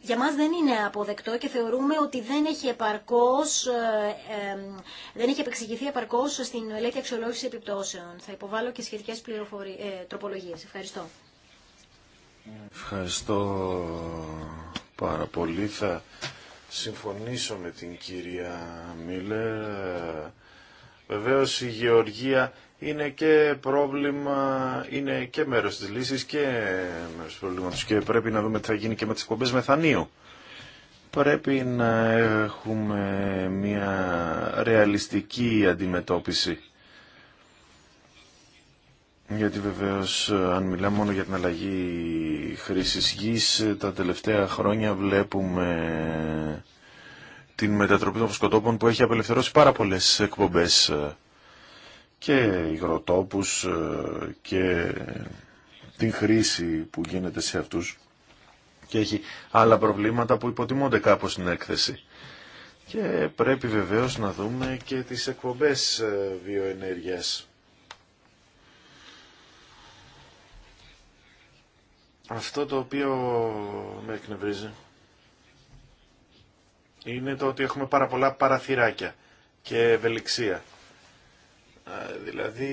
για μας δεν είναι αποδεκτό και θεωρούμε ότι δεν έχει, επαρκώς, ε, δεν έχει επεξηγηθεί επαρκώς στην μελέτη αξιολόγηση επιπτώσεων. Θα υποβάλω και σχετικές πληροφορι... Ε, τροπολογίες. Ευχαριστώ. Ευχαριστώ πάρα πολύ. Θα συμφωνήσω με την κυρία Μιλέ. Ε, βεβαίως η γεωργία είναι και πρόβλημα, είναι και μέρος της λύσης και μέρος του προβλήματο και πρέπει να δούμε τι θα γίνει και με τις εκπομπές μεθανίου. Πρέπει να έχουμε μια ρεαλιστική αντιμετώπιση. Γιατί βεβαίω, αν μιλάμε μόνο για την αλλαγή χρήση γη. τα τελευταία χρόνια βλέπουμε την μετατροπή των σκοτόπων που έχει απελευθερώσει πάρα πολλέ εκπομπέ και υγροτόπους ε, και την χρήση που γίνεται σε αυτούς και έχει άλλα προβλήματα που υποτιμούνται κάπως στην έκθεση. Και πρέπει βεβαίως να δούμε και τις εκπομπές ε, βιοενέργειας. Αυτό το οποίο με εκνευρίζει είναι το ότι έχουμε πάρα πολλά παραθυράκια και ευελιξία δηλαδή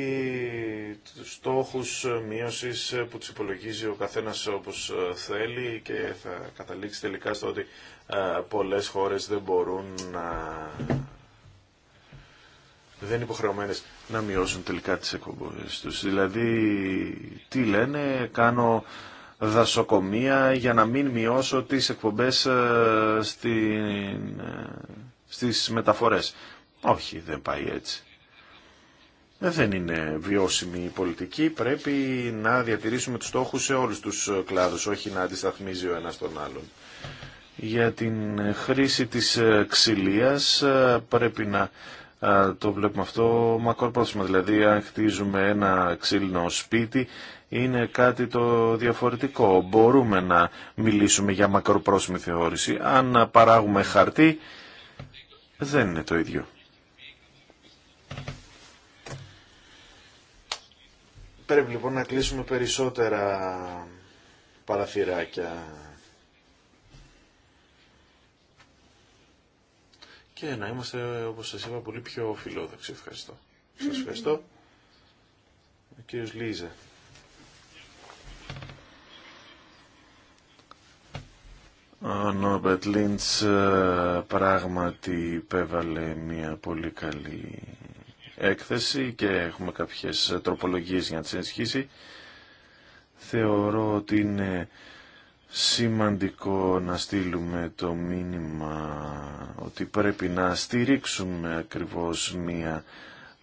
τους στόχους μείωσης που τους υπολογίζει ο καθένας όπως ε, θέλει και θα καταλήξει τελικά στο ότι ε, πολλές χώρες δεν μπορούν να... δεν είναι υποχρεωμένες να μειώσουν τελικά τις εκπομπές τους. Δηλαδή, τι λένε, κάνω δασοκομεία για να μην μειώσω τις εκπομπές ε, στην... στις μεταφορές. Όχι, δεν πάει έτσι δεν είναι βιώσιμη η πολιτική. Πρέπει να διατηρήσουμε τους στόχους σε όλους τους κλάδους, όχι να αντισταθμίζει ο ένας τον άλλον. Για την χρήση της ξυλίας πρέπει να το βλέπουμε αυτό μακροπρόθεσμα. Δηλαδή αν χτίζουμε ένα ξύλινο σπίτι είναι κάτι το διαφορετικό. Μπορούμε να μιλήσουμε για μακροπρόθεσμη θεώρηση. Αν παράγουμε χαρτί δεν είναι το ίδιο. Πρέπει λοιπόν να κλείσουμε περισσότερα παραθυράκια και να είμαστε, όπως σας είπα, πολύ πιο φιλόδοξοι. Ευχαριστώ. Σας ευχαριστώ. Ο κύριος Λίζε. Ο Νόμπετ Λίντς ε, πράγματι υπέβαλε μια πολύ καλή έκθεση και έχουμε κάποιες τροπολογίες για να τις ενισχύσει. Θεωρώ ότι είναι σημαντικό να στείλουμε το μήνυμα ότι πρέπει να στηρίξουμε ακριβώς μία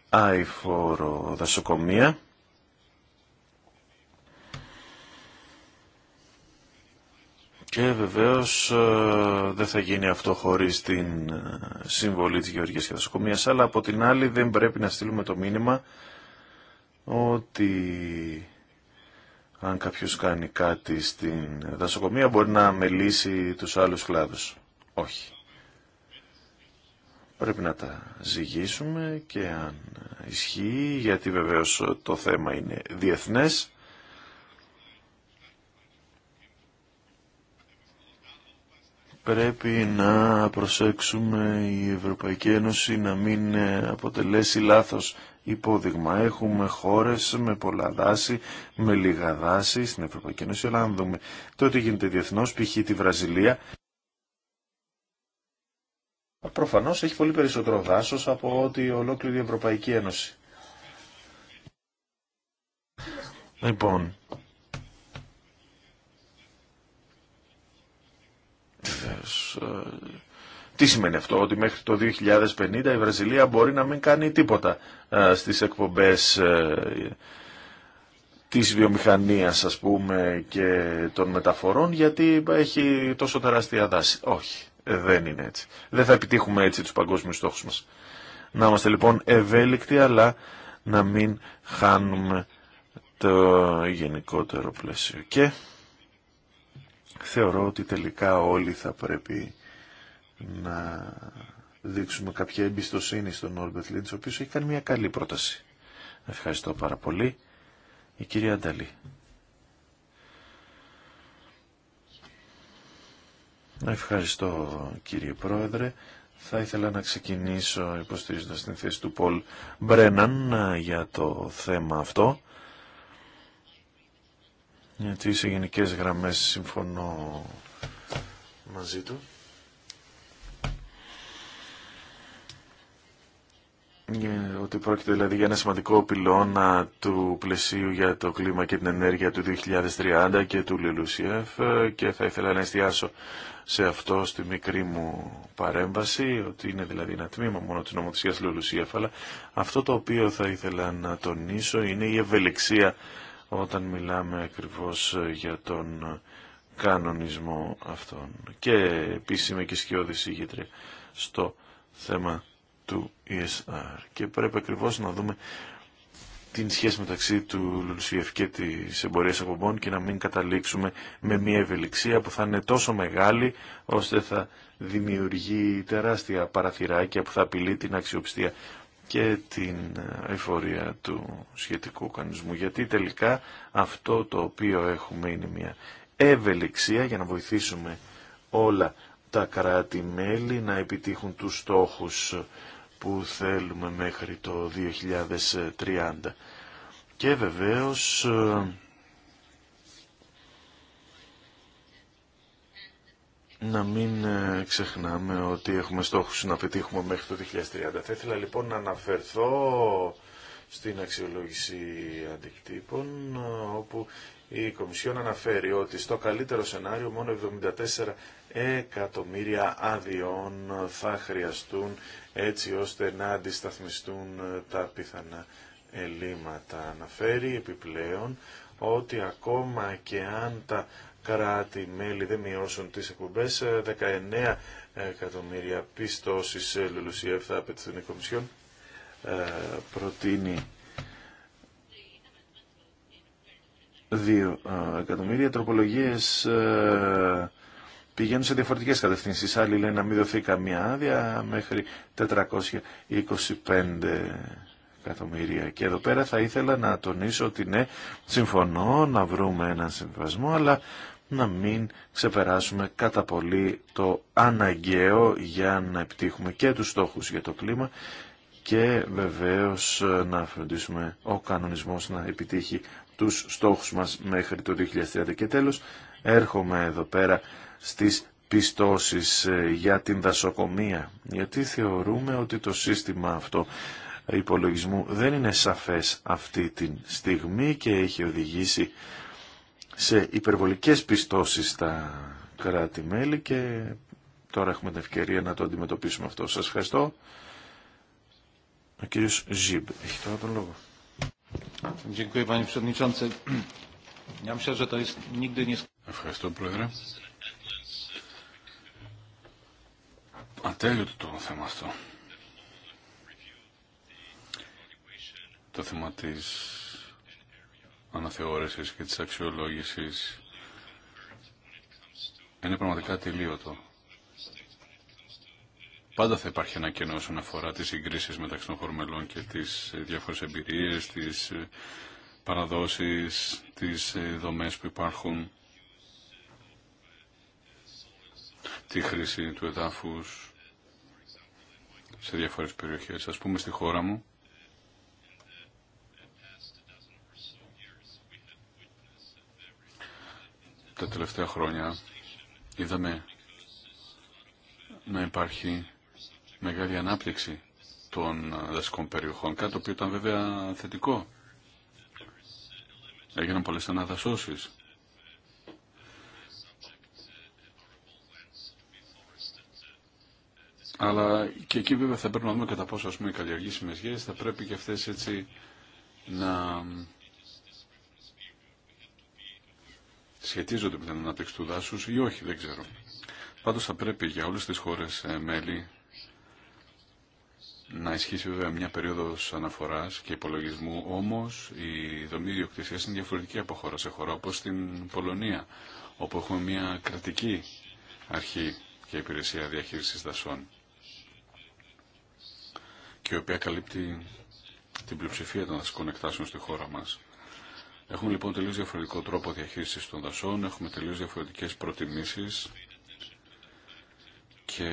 αϊφόρο δασοκομεία Και βεβαίως ε, δεν θα γίνει αυτό χωρίς την ε, συμβολή της Γεωργίας και αλλά από την άλλη δεν πρέπει να στείλουμε το μήνυμα ότι αν κάποιος κάνει κάτι στην δασοκομεία μπορεί να μελήσει τους άλλους κλάδους. Όχι. Πρέπει να τα ζυγίσουμε και αν ισχύει, γιατί βεβαίως το θέμα είναι διεθνές, πρέπει να προσέξουμε η Ευρωπαϊκή Ένωση να μην ε, αποτελέσει λάθος υπόδειγμα. Έχουμε χώρες με πολλά δάση, με λίγα δάση στην Ευρωπαϊκή Ένωση, αλλά αν δούμε το τι γίνεται διεθνώς, π.χ. τη Βραζιλία, προφανώς έχει πολύ περισσότερο δάσος από ότι ολόκληρη η Ευρωπαϊκή Ένωση. Λοιπόν, Ε, τι σημαίνει αυτό, ότι μέχρι το 2050 η Βραζιλία μπορεί να μην κάνει τίποτα ε, στις εκπομπές ε, της βιομηχανίας ας πούμε και των μεταφορών γιατί έχει τόσο τεράστια δάση. Όχι, δεν είναι έτσι. Δεν θα επιτύχουμε έτσι τους παγκόσμιους στόχους μας. Να είμαστε λοιπόν ευέλικτοι αλλά να μην χάνουμε το γενικότερο πλαίσιο. Και θεωρώ ότι τελικά όλοι θα πρέπει να δείξουμε κάποια εμπιστοσύνη στον Όρμπετ Λίντς, ο οποίος έχει κάνει μια καλή πρόταση. Ευχαριστώ πάρα πολύ. Η κυρία Ανταλή. Ευχαριστώ κύριε Πρόεδρε. Θα ήθελα να ξεκινήσω υποστηρίζοντας την θέση του Πολ Μπρέναν ε, για το θέμα αυτό γιατί σε γενικέ γραμμέ συμφωνώ μαζί του. Ότι πρόκειται δηλαδή για ένα σημαντικό πυλώνα του πλαισίου για το κλίμα και την ενέργεια του 2030 και του Λελουσιεφ και θα ήθελα να εστιάσω σε αυτό στη μικρή μου παρέμβαση, ότι είναι δηλαδή ένα τμήμα μόνο της νομοθεσίας Λελουσιεφ, αλλά αυτό το οποίο θα ήθελα να τονίσω είναι η ευελιξία όταν μιλάμε ακριβώς ε, για τον ε, κανονισμό αυτών Και επίσης είμαι και σκιώδης ηγήτρια στο θέμα του ESR. Και πρέπει ακριβώς να δούμε την σχέση μεταξύ του Λουλουσιεφ και της εμπορίας απομπών και να μην καταλήξουμε με μια ευελιξία που θα είναι τόσο μεγάλη ώστε θα δημιουργεί τεράστια παραθυράκια που θα απειλεί την αξιοπιστία και την εφορία του σχετικού κανονισμού. Γιατί τελικά αυτό το οποίο έχουμε είναι μια ευελιξία για να βοηθήσουμε όλα τα κράτη-μέλη να επιτύχουν τους στόχους που θέλουμε μέχρι το 2030. Και βεβαίως ε, να μην ε, ξεχνάμε ότι έχουμε στόχους να πετύχουμε μέχρι το 2030. Θα ήθελα λοιπόν να αναφερθώ στην αξιολόγηση αντικτύπων, όπου η Κομισιόν αναφέρει ότι στο καλύτερο σενάριο μόνο 74 εκατομμύρια άδειών θα χρειαστούν έτσι ώστε να αντισταθμιστούν τα πιθανά ελλείμματα. Αναφέρει επιπλέον ότι ακόμα και αν τα κράτη-μέλη δεν μειώσουν τις εκπομπέ. 19 ε, εκατομμύρια πιστώσεις ε, Λουλουσιεύ θα απαιτηθούν η Κομισιόν. Ε, προτείνει 2 εκατομμύρια. Τροπολογίες πηγαίνουν σε διαφορετικές κατευθύνσεις. Άλλοι λένε να μην δοθεί καμία άδεια μέχρι 425 Και εδώ πέρα θα ήθελα να τονίσω ότι ναι, συμφωνώ να βρούμε έναν συμβασμό, αλλά να μην ξεπεράσουμε κατά πολύ το αναγκαίο για να επιτύχουμε και τους στόχους για το κλίμα και βεβαίως να φροντίσουμε ο κανονισμός να επιτύχει τους στόχους μας μέχρι το 2030. Και τέλος έρχομαι εδώ πέρα στις πιστώσεις ε, για την δασοκομεία, γιατί θεωρούμε ότι το σύστημα αυτό υπολογισμού δεν είναι σαφές αυτή τη στιγμή και έχει οδηγήσει σε υπερβολικές πιστώσεις στα κράτη-μέλη και τώρα έχουμε την ευκαιρία να το αντιμετωπίσουμε αυτό. Σας ευχαριστώ. Ο κύριος Ζιμπ έχει τώρα τον λόγο. Ευχαριστώ, Πρόεδρε. Ατέλειωτο το θέμα αυτό. Το θέμα της αναθεώρησης και της αξιολόγησης είναι πραγματικά τελείωτο. Πάντα θα υπάρχει ένα κενό όσον αφορά τις συγκρίσεις μεταξύ των χορμελών και τις διάφορες εμπειρίες, τις παραδόσεις, τις δομές που υπάρχουν, τη χρήση του εδάφους σε διάφορες περιοχές. Ας πούμε στη χώρα μου, τα τελευταία χρόνια είδαμε να υπάρχει μεγάλη ανάπτυξη των δασικών περιοχών, κάτι το οποίο ήταν βέβαια θετικό. Έγιναν πολλές αναδασώσεις. Αλλά και εκεί βέβαια θα πρέπει να δούμε κατά πόσο ας πούμε, οι καλλιεργήσιμες γέες θα πρέπει και αυτές έτσι να σχετίζονται με την ανάπτυξη του δάσους ή όχι, δεν ξέρω. Πάντως θα πρέπει για όλες τις χώρες ε, μέλη να ισχύσει βέβαια μια περίοδος αναφοράς και υπολογισμού, όμως η δομή ιδιοκτησίας είναι διαφορετική από χώρα σε χώρα, όπως στην Πολωνία, όπου έχουμε μια κρατική αρχή και υπηρεσία διαχείρισης δασών και η οποία καλύπτει την πλειοψηφία των δασικών εκτάσεων στη χώρα μας. Έχουμε λοιπόν τελείως διαφορετικό τρόπο διαχείρισης των δασών, έχουμε τελείως διαφορετικές προτιμήσεις και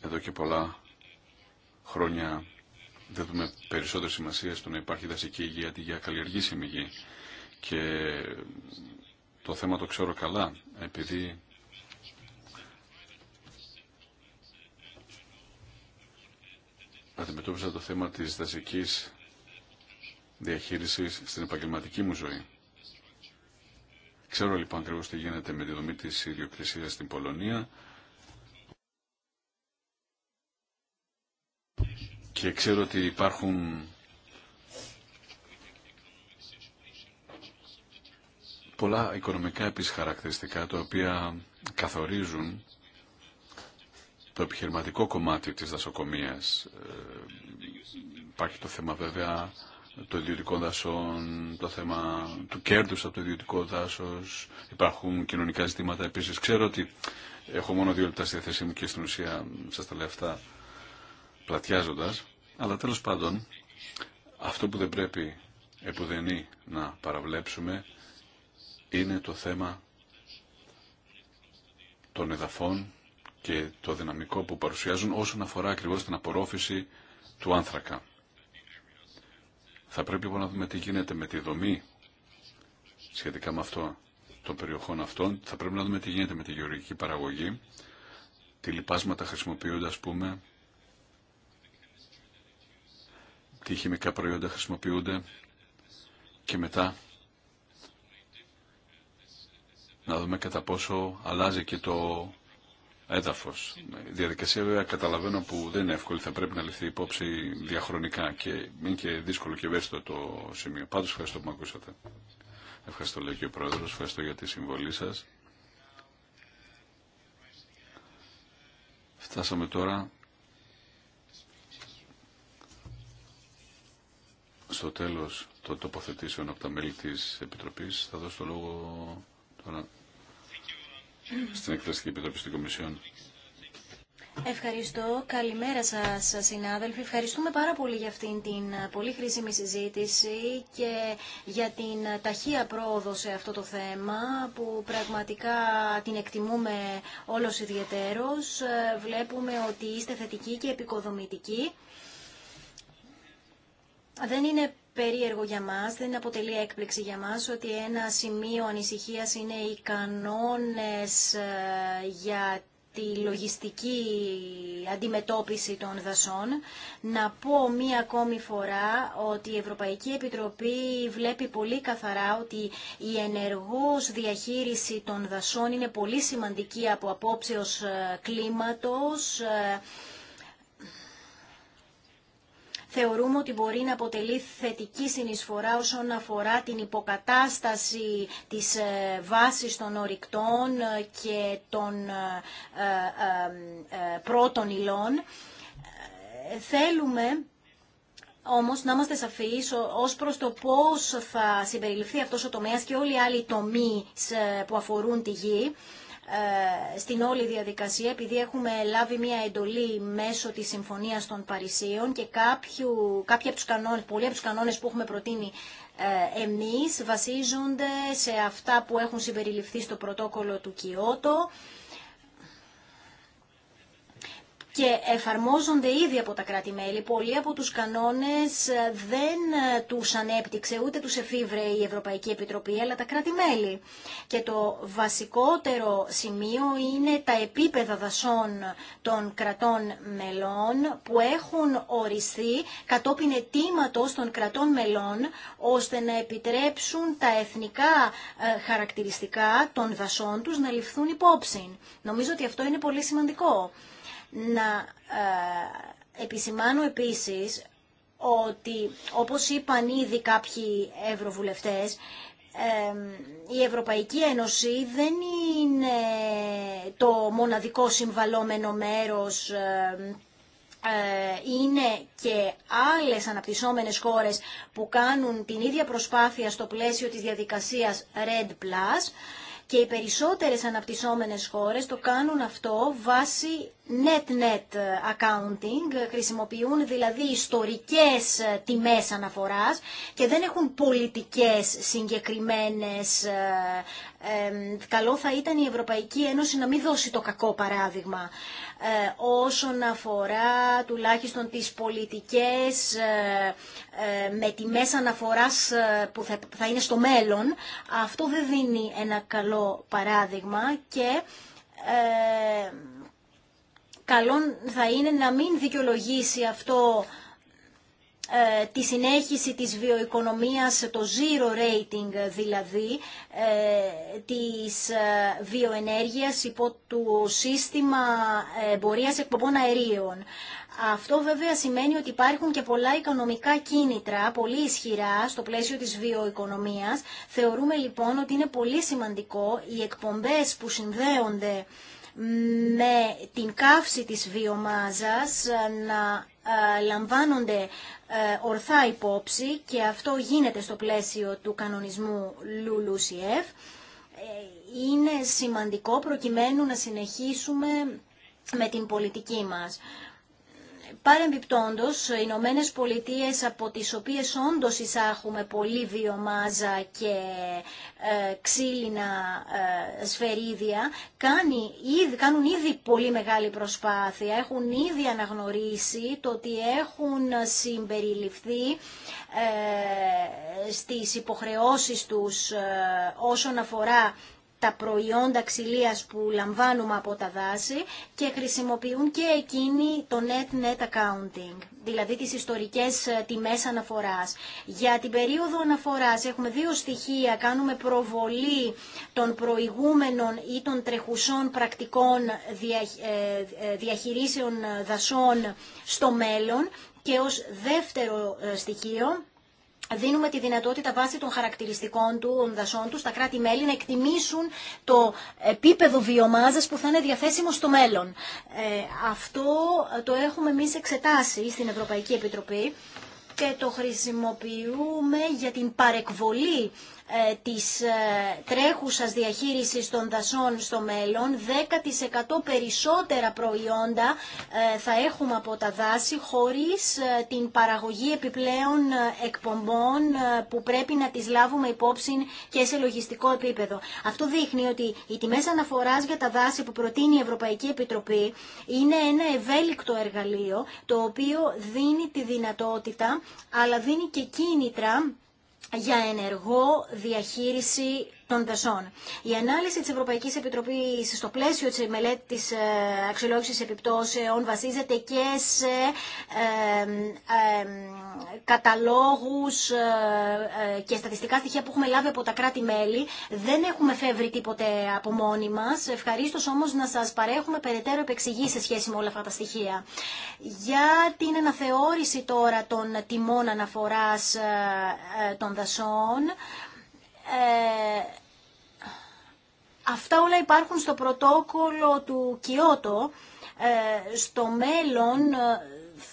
εδώ και πολλά χρόνια δεν δούμε περισσότερη σημασία στο να υπάρχει δασική υγεία αντί για καλλιεργήσιμη γη. Και το θέμα το ξέρω καλά, επειδή αντιμετώπισα το θέμα της δασικής διαχείρισης στην επαγγελματική μου ζωή. Ξέρω λοιπόν ακριβώς τι γίνεται με τη δομή της ιδιοκτησίας στην Πολωνία και ξέρω ότι υπάρχουν πολλά οικονομικά επίσης χαρακτηριστικά τα οποία καθορίζουν το επιχειρηματικό κομμάτι της δασοκομείας. Ε, υπάρχει το θέμα βέβαια το ιδιωτικό δάσος, το θέμα του κέρδους από το ιδιωτικό δάσος, υπάρχουν κοινωνικά ζητήματα επίσης. Ξέρω ότι έχω μόνο δύο λεπτά στη θέση μου και στην ουσία σας τα λέω αυτά πλατιάζοντας, αλλά τέλος πάντων αυτό που δεν πρέπει επουδενή να παραβλέψουμε είναι το θέμα των εδαφών και το δυναμικό που παρουσιάζουν όσον αφορά ακριβώς την απορρόφηση του άνθρακα. Θα πρέπει λοιπόν να δούμε τι γίνεται με τη δομή σχετικά με αυτό των περιοχών αυτών. Θα πρέπει να δούμε τι γίνεται με τη γεωργική παραγωγή, τι λοιπάσματα χρησιμοποιούνται ας πούμε, τι χημικά προϊόντα χρησιμοποιούνται και μετά να δούμε κατά πόσο αλλάζει και το έδαφο. διαδικασία βέβαια καταλαβαίνω που δεν είναι εύκολη, θα πρέπει να ληφθεί υπόψη διαχρονικά και μην και δύσκολο και ευαίσθητο το σημείο. Πάντω ευχαριστώ που με ακούσατε. Ευχαριστώ λέει και ο Πρόεδρο, ευχαριστώ για τη συμβολή σα. Φτάσαμε τώρα στο τέλος των τοποθετήσεων από τα μέλη της Επιτροπής. Θα δώσω το λόγο τώρα στην Εκτελεστική Επιτροπή στην Κομισιόν. Ευχαριστώ. Καλημέρα σας συνάδελφοι. Ευχαριστούμε πάρα πολύ για αυτήν την πολύ χρήσιμη συζήτηση και για την ταχεία πρόοδο σε αυτό το θέμα που πραγματικά την εκτιμούμε όλος ιδιαιτέρως. Βλέπουμε ότι είστε θετικοί και επικοδομητικοί δεν είναι περίεργο για μας, δεν αποτελεί έκπληξη για μας ότι ένα σημείο ανησυχίας είναι οι κανόνες ε, για τη λογιστική αντιμετώπιση των δασών. Να πω μία ακόμη φορά ότι η Ευρωπαϊκή Επιτροπή βλέπει πολύ καθαρά ότι η ενεργός διαχείριση των δασών είναι πολύ σημαντική από απόψεως ε, κλίματος, ε, θεωρούμε ότι μπορεί να αποτελεί θετική συνεισφορά όσον αφορά την υποκατάσταση της ε, βάσης των ορυκτών ε, και των ε, πρώτων υλών. Θέλουμε όμως να είμαστε σαφείς ως προς το πώς θα συμπεριληφθεί αυτός ο τομέας και όλοι οι άλλοι τομείς που αφορούν τη γη. Ε, στην όλη διαδικασία επειδή έχουμε λάβει μια εντολή μέσω της Συμφωνίας των Παρισίων και κάποιου, κάποιοι από τους κανόνες, πολλοί από τους κανόνες που έχουμε προτείνει ε, εμείς βασίζονται σε αυτά που έχουν συμπεριληφθεί στο πρωτόκολλο του Κιώτο και εφαρμόζονται ήδη από τα κράτη-μέλη. Πολλοί από τους κανόνες ε, δεν ε, τους ανέπτυξε, ούτε τους εφήβρε η Ευρωπαϊκή Επιτροπή, αλλά τα κράτη-μέλη. Και το βασικότερο σημείο είναι τα επίπεδα δασών των κρατών μελών που έχουν οριστεί κατόπιν ετήματος των κρατών μελών, ώστε να επιτρέψουν τα εθνικά ε, χαρακτηριστικά των δασών τους να ληφθούν υπόψη. Νομίζω ότι αυτό είναι πολύ σημαντικό. Να ε, επισημάνω επίσης ότι όπως είπαν ήδη κάποιοι ευρωβουλευτές, ε, η Ευρωπαϊκή Ένωση δεν είναι το μοναδικό συμβαλόμενο μέρος ε, είναι και άλλες αναπτυσσόμενες χώρες που κάνουν την ίδια προσπάθεια στο πλαίσιο της διαδικασίας Red Plus και οι περισσότερες αναπτυσσόμενες χώρες το κάνουν αυτό βάσει net-net accounting, χρησιμοποιούν δηλαδή ιστορικές τιμές αναφοράς και δεν έχουν πολιτικές συγκεκριμένες. Ε, ε, καλό θα ήταν η Ευρωπαϊκή Ένωση να μην δώσει το κακό παράδειγμα. Ε, όσον αφορά τουλάχιστον τις πολιτικές ε, ε, με μέσα αναφοράς που θα είναι στο μέλλον. Αυτό δεν δίνει ένα καλό παράδειγμα και καλό θα είναι να μην δικαιολογήσει αυτό ε, τη συνέχιση της βιοοικονομίας, το zero rating δηλαδή, ε, της ε, βιοενέργειας υπό το σύστημα εμπορίας εκπομπών αερίων. Αυτό βέβαια σημαίνει ότι υπάρχουν και πολλά οικονομικά κίνητρα, πολύ ισχυρά στο πλαίσιο της βιοοικονομίας. Θεωρούμε λοιπόν ότι είναι πολύ σημαντικό οι εκπομπές που συνδέονται με την καύση της βιομάζας να ε, λαμβάνονται ε, ορθά υπόψη και αυτό γίνεται στο πλαίσιο του κανονισμού Λουλουσιεύ ε, Είναι σημαντικό προκειμένου να συνεχίσουμε με την πολιτική μας. Παρεμπιπτόντως, οι Ηνωμένε Πολιτείε από τις οποίες όντως εισάχουμε πολύ βιομάζα και ε, ξύλινα ε, σφαιρίδια, κάνει, ήδη, κάνουν ήδη πολύ μεγάλη προσπάθεια, έχουν ήδη αναγνωρίσει το ότι έχουν συμπεριληφθεί ε, στις υποχρεώσεις τους ε, όσον αφορά τα προϊόντα ξυλίας που λαμβάνουμε από τα δάση και χρησιμοποιούν και εκείνοι το net net accounting, δηλαδή τις ιστορικές ε, τιμές αναφοράς. Για την περίοδο αναφοράς έχουμε δύο στοιχεία, κάνουμε προβολή των προηγούμενων ή των τρεχουσών πρακτικών ε, ε, διαχειρήσεων δασών στο μέλλον και ως δεύτερο στοιχείο δίνουμε τη δυνατότητα βάσει των χαρακτηριστικών του, των δασών του, στα κράτη-μέλη να εκτιμήσουν το επίπεδο βιομάζας που θα είναι διαθέσιμο στο μέλλον. Ε, αυτό το έχουμε εμεί εξετάσει στην Ευρωπαϊκή Επιτροπή και το χρησιμοποιούμε για την παρεκβολή ε, της ε, τρέχουσας διαχείρισης των δασών στο μέλλον 10% περισσότερα προϊόντα ε, θα έχουμε από τα δάση χωρίς την παραγωγή επιπλέον εκπομπών που πρέπει να τις λάβουμε υπόψη και σε λογιστικό επίπεδο. Αυτό δείχνει ότι οι τιμές αναφοράς για τα δάση που προτείνει η Ευρωπαϊκή Επιτροπή είναι ένα ευέλικτο εργαλείο το οποίο δίνει τη δυνατότητα αλλά δίνει και κίνητρα για ενεργό διαχείριση των δασών. Η ανάλυση τη Ευρωπαϊκή Επιτροπή, στο πλαίσιο τη μελέτη τη ε, αξιολόγηση επιπτώσεων βασίζεται και σε καταλόγους ε, ε, και στατιστικά στοιχεία που έχουμε λάβει από τα κράτη-μέλη. Δεν έχουμε φεύγει τίποτε από μόνοι μα. Ευχαριστώ όμω να σα παρέχουμε περαιτέρω επεξηγή σε σχέση με όλα αυτά τα στοιχεία. Για την αναθεώρηση τώρα των τιμών αναφορά των δασών, ε, Αυτά όλα υπάρχουν στο πρωτόκολλο του Κιώτο. Ε, στο μέλλον ε,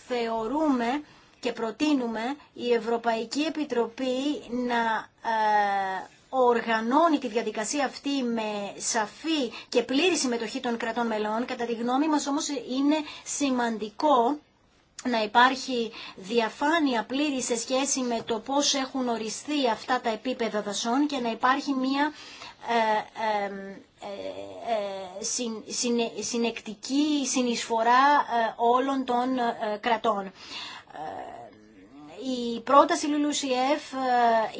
θεωρούμε και προτείνουμε η Ευρωπαϊκή Επιτροπή να ε, οργανώνει τη διαδικασία αυτή με σαφή και πλήρη συμμετοχή των κρατών μελών. Κατά τη γνώμη μας όμως είναι σημαντικό να υπάρχει διαφάνεια πλήρη σε σχέση με το πώς έχουν οριστεί αυτά τα επίπεδα δασών και να υπάρχει μια ε, ε, ε, συνεκτική συνεισφορά όλων των κρατών η πρόταση Λουλουσιεύ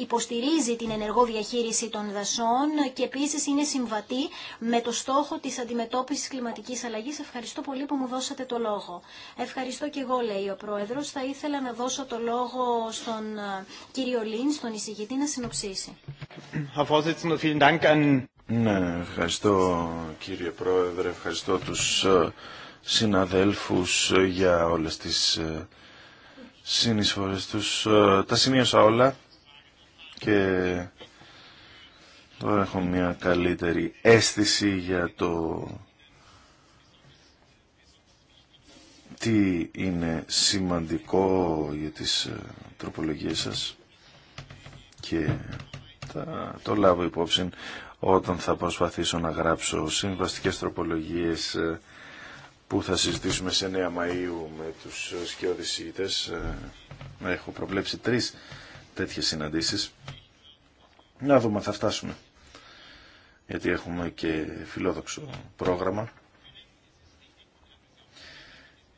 υποστηρίζει την ενεργό διαχείριση των δασών και επίσης είναι συμβατή με το στόχο της αντιμετώπισης κλιματικής αλλαγής. Ευχαριστώ πολύ που μου δώσατε το λόγο. Ευχαριστώ και εγώ, λέει ο Πρόεδρος. Θα ήθελα να δώσω το λόγο στον ε, κύριο Λίν, στον εισηγητή, να συνοψίσει. Ναι, ευχαριστώ κύριε Πρόεδρε, ευχαριστώ τους ε, συναδέλφους ε, για όλες τις συνεισφορές τους. Ε, τα σημείωσα όλα και τώρα έχω μια καλύτερη αίσθηση για το τι είναι σημαντικό για τις ε, τροπολογίες σας και το λάβω υπόψη όταν θα προσπαθήσω να γράψω συμβαστικές τροπολογίες ε, που θα συζητήσουμε σε 9 Μαΐου με τους να ε, Έχω προβλέψει τρεις τέτοιες συναντήσεις. Να δούμε αν θα φτάσουμε. Γιατί έχουμε και φιλόδοξο πρόγραμμα.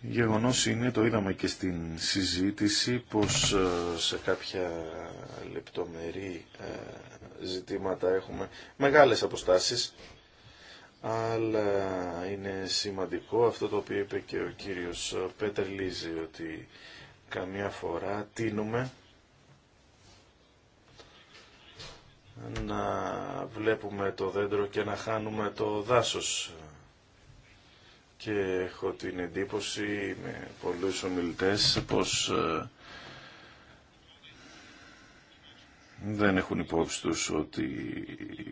Γεγονός είναι, το είδαμε και στην συζήτηση, πως ε, σε κάποια λεπτομερή ε, ζητήματα έχουμε μεγάλες αποστάσεις αλλά είναι σημαντικό αυτό το οποίο είπε και ο κύριος Πέτερ Λίζη, ότι καμιά φορά τίνουμε να βλέπουμε το δέντρο και να χάνουμε το δάσος. Και έχω την εντύπωση με πολλούς ομιλητές πως ε, δεν έχουν υπόψη τους ότι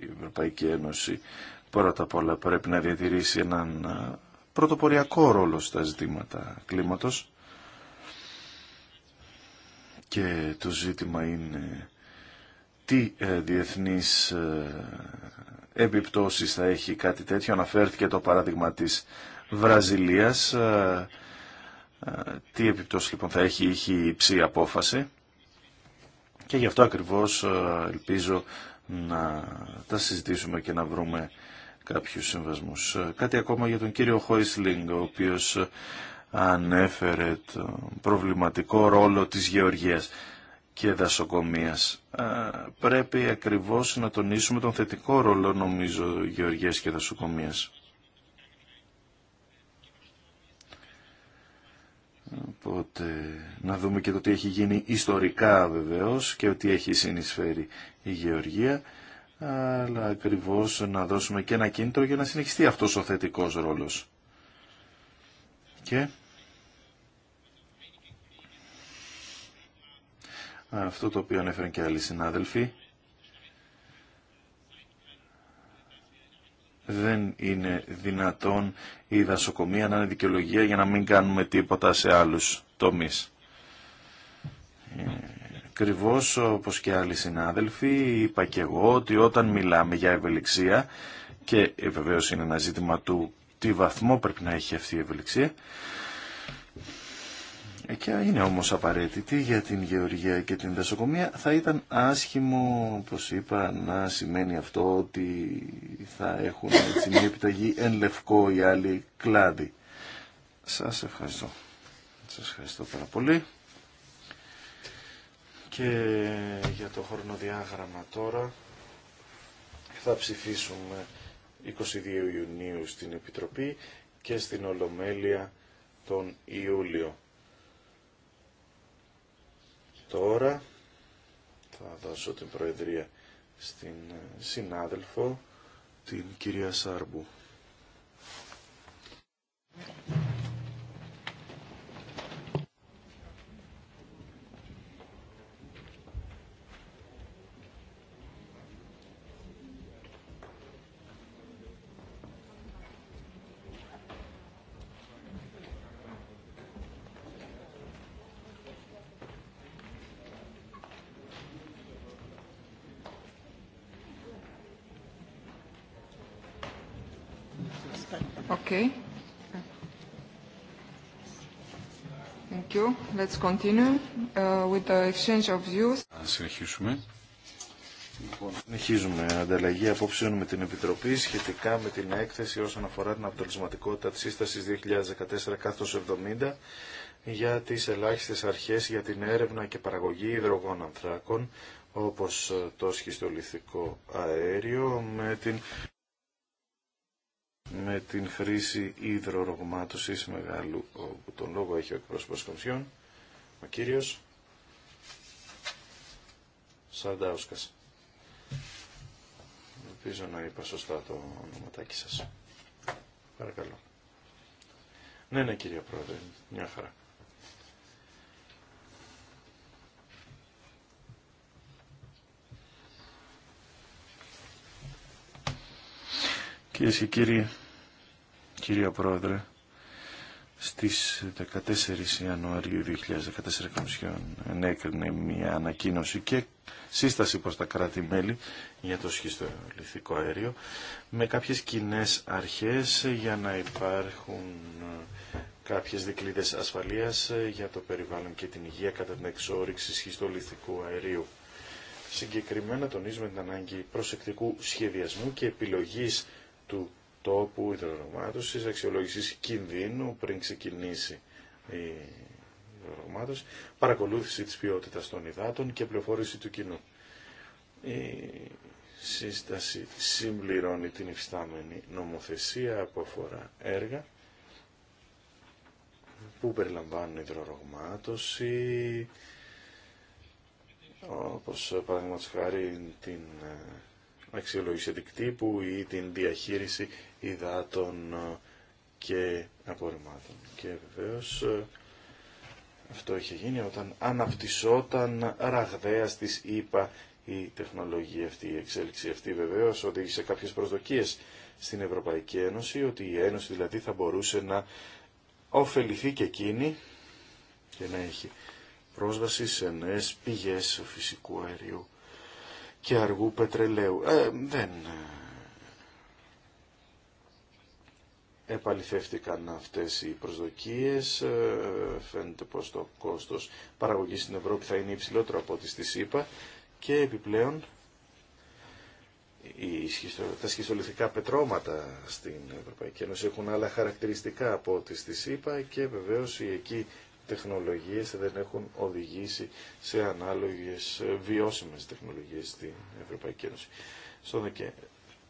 η Ευρωπαϊκή Ένωση πρώτα απ' όλα πρέπει να διατηρήσει έναν ε, πρωτοποριακό ρόλο στα ζητήματα κλίματος και το ζήτημα είναι τι ε, διεθνείς ε, επιπτώσεις θα έχει κάτι τέτοιο. Αναφέρθηκε το παράδειγμα της Βραζιλίας. Τι επιπτώσεις λοιπόν θα έχει, η υψή απόφαση. Και γι' αυτό ακριβώς ελπίζω να τα συζητήσουμε και να βρούμε κάποιους συμβασμούς. Ε, κάτι ακόμα για τον κύριο Χόισλινγκ, ο οποίος ε, ανέφερε τον προβληματικό ρόλο της γεωργίας και δασοκομείας. Ε, πρέπει ακριβώς να τονίσουμε τον θετικό ρόλο, νομίζω, γεωργίας και δασοκομείας. Οπότε να δούμε και το τι έχει γίνει ιστορικά βεβαίως και ότι έχει συνεισφέρει η γεωργία αλλά ακριβώς να δώσουμε και ένα κίνητρο για να συνεχιστεί αυτός ο θετικός ρόλος. Και αυτό το οποίο ανέφεραν και άλλοι συνάδελφοι, δεν είναι δυνατόν η δασοκομεία να είναι δικαιολογία για να μην κάνουμε τίποτα σε άλλους τομείς. Ε, Ακριβώς όπως και άλλοι συνάδελφοι είπα και εγώ ότι όταν μιλάμε για ευελιξία και ε, βεβαίως είναι ένα ζήτημα του τι βαθμό πρέπει να έχει αυτή η ευελιξία ε, και είναι όμως απαραίτητη για την γεωργία και την δασοκομεία θα ήταν άσχημο όπως είπα να σημαίνει αυτό ότι θα έχουν έτσι μια επιταγή εν λευκό ή άλλη κλάδι. Σας ευχαριστώ. Σας ευχαριστώ πάρα πολύ. Και για το χρονοδιάγραμμα τώρα θα ψηφίσουμε 22 Ιουνίου στην Επιτροπή και στην Ολομέλεια τον Ιούλιο. Τώρα θα δώσω την Προεδρία στην συνάδελφο, την κυρία Σάρμπου. Let's continue uh, with the exchange of views. Ας συνεχίσουμε. Λοιπόν, συνεχίζουμε ανταλλαγή απόψεων με την Επιτροπή σχετικά με την έκθεση όσον αφορά την αποτελεσματικότητα της σύστασης 2014-70 για τις ελάχιστες αρχές για την έρευνα και παραγωγή υδρογών ανθράκων όπως το σχιστολιθικό αέριο με την, με την χρήση υδρορογμάτωσης μεγάλου, όπου τον λόγο έχει ο εκπρόσωπος ο κύριος Σαντάουσκας. Ελπίζω να είπα σωστά το ονοματάκι σας. Παρακαλώ. Ναι, ναι κύριε Πρόεδρε, μια χαρά. Κυρίε και κύριοι, κύριε Πρόεδρε, στις 14 Ιανουαρίου 2014 Κομισιόν ενέκρινε μια ανακοίνωση και σύσταση προς τα κράτη-μέλη για το σχιστολιθικό αέριο με κάποιες κοινέ αρχές για να υπάρχουν κάποιες δικλείδες ασφαλείας για το περιβάλλον και την υγεία κατά την εξόριξη σχιστολιθικού αερίου. Συγκεκριμένα τονίζουμε την ανάγκη προσεκτικού σχεδιασμού και επιλογής του τόπου υδρογραμμάτωσης, αξιολόγησης κινδύνου πριν ξεκινήσει η δρομάτωση, παρακολούθηση της ποιότητας των υδάτων και πληροφόρηση του κοινού. Η σύσταση συμπληρώνει την υφιστάμενη νομοθεσία που αφορά έργα που περιλαμβάνουν υδρορογμάτωση, όπως παραδείγματος χάρη την ε, αξιολόγηση δικτύπου ή την διαχείριση υδάτων ε, και απορριμμάτων. Και βεβαίως ε, αυτό είχε γίνει όταν αναπτυσσόταν ραγδαία στις ΗΠΑ η τεχνολογία αυτή, η εξέλιξη αυτή βεβαίως οδήγησε κάποιες προσδοκίες στην Ευρωπαϊκή Ένωση, ότι η Ένωση δηλαδή θα μπορούσε να ωφεληθεί και εκείνη και να έχει πρόσβαση σε νέες πηγές φυσικού αερίου και αργού πετρελαίου. Ε, δεν ε, επαληθεύτηκαν αυτές οι προσδοκίες. Ε, φαίνεται πως το κόστος παραγωγής στην Ευρώπη θα είναι υψηλότερο από ό,τι στη ΣΥΠΑ και επιπλέον τα σχιστολιθικά πετρώματα στην Ευρωπαϊκή Ένωση έχουν άλλα χαρακτηριστικά από ό,τι στη ΣΥΠΑ και βεβαίως η εκεί τεχνολογίες δεν έχουν οδηγήσει σε ανάλογες ε, βιώσιμες τεχνολογίες στην Ευρωπαϊκή Ένωση.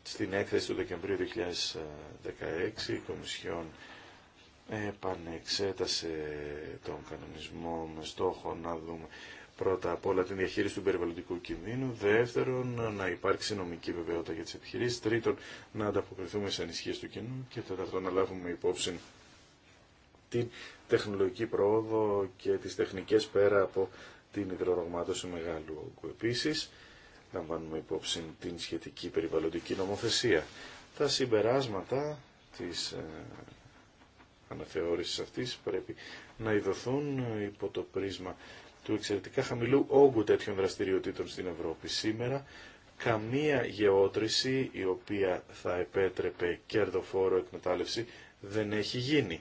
Στην έκθεση του Δεκεμβρίου 2016 η Κομισιόν επανεξέτασε τον κανονισμό με στόχο να δούμε πρώτα απ' όλα την διαχείριση του περιβαλλοντικού κινδύνου, δεύτερον να υπάρξει νομική βεβαιότητα για τις επιχειρήσεις, τρίτον να ανταποκριθούμε σε ανησυχίε του κοινού και τέταρτον να λάβουμε υπόψη την τεχνολογική πρόοδο και τις τεχνικές πέρα από την υδρορογμάτωση μεγάλου όγκου. Επίσης, λαμβάνουμε υπόψη την σχετική περιβαλλοντική νομοθεσία. Τα συμπεράσματα της ε, αναθεώρησης αυτής πρέπει να ειδωθούν υπό το πρίσμα του εξαιρετικά χαμηλού όγκου τέτοιων δραστηριοτήτων στην Ευρώπη σήμερα, καμία γεώτρηση η οποία θα επέτρεπε κερδοφόρο εκμετάλλευση δεν έχει γίνει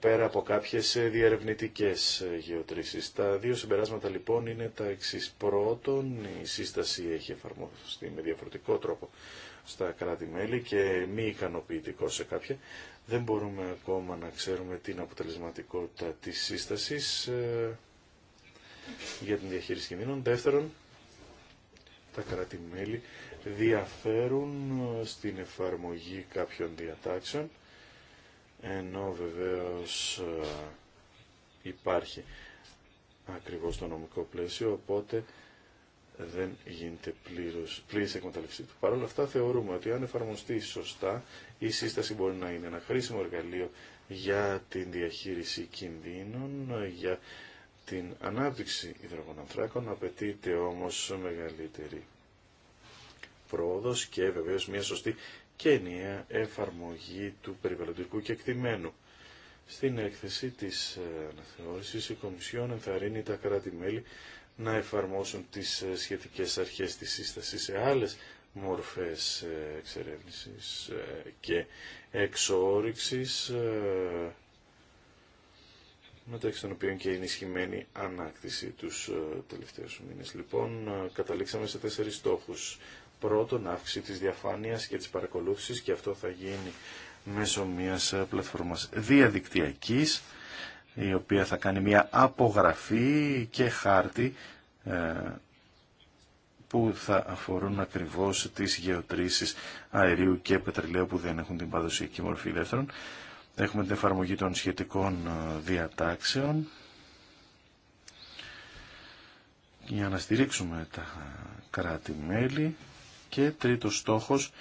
πέρα από κάποιες ε, διερευνητικές ε, γεωτρήσεις. Τα δύο συμπεράσματα λοιπόν είναι τα εξή Πρώτον, η σύσταση έχει εφαρμοστεί με διαφορετικό τρόπο στα κράτη-μέλη και μη ικανοποιητικό σε κάποια. Δεν μπορούμε ακόμα να ξέρουμε την αποτελεσματικότητα της σύστασης ε, για την διαχείριση κινδύνων. Δεύτερον, τα κράτη-μέλη διαφέρουν στην εφαρμογή κάποιων διατάξεων ενώ βεβαίως ε, υπάρχει ακριβώς το νομικό πλαίσιο, οπότε δεν γίνεται πλήρως, πλήρης εκμεταλλευσή του. Παρ' όλα αυτά θεωρούμε ότι αν εφαρμοστεί σωστά, η σύσταση μπορεί να είναι ένα χρήσιμο εργαλείο για την διαχείριση κινδύνων, για την ανάπτυξη υδρογονανθράκων, απαιτείται όμως μεγαλύτερη πρόοδος και βεβαίως μια σωστή και ενιαία εφαρμογή του περιβαλλοντικού κεκτημένου. Στην έκθεση της ε, αναθεώρησης, η Κομισιόν ενθαρρύνει τα κράτη-μέλη να εφαρμόσουν τις ε, σχετικές αρχές της σύστασης σε άλλες μορφές ε, εξερεύνησης και εξόρυξης, μεταξύ των οποίων και η ενισχυμένη ανάκτηση τους τελευταίους μήνες. Λοιπόν, καταλήξαμε σε τέσσερις στόχους πρώτον αύξηση της διαφάνειας και της παρακολούθησης και αυτό θα γίνει μέσω μιας ε, πλατφόρμας διαδικτυακής η οποία θα κάνει μια απογραφή και χάρτη ε, που θα αφορούν ακριβώς τις γεωτρήσεις αερίου και πετρελαίου που δεν έχουν την παραδοσιακή μορφή δεύτερον. Έχουμε την εφαρμογή των σχετικών ε, διατάξεων για να στηρίξουμε τα κράτη-μέλη και τρίτος στόχος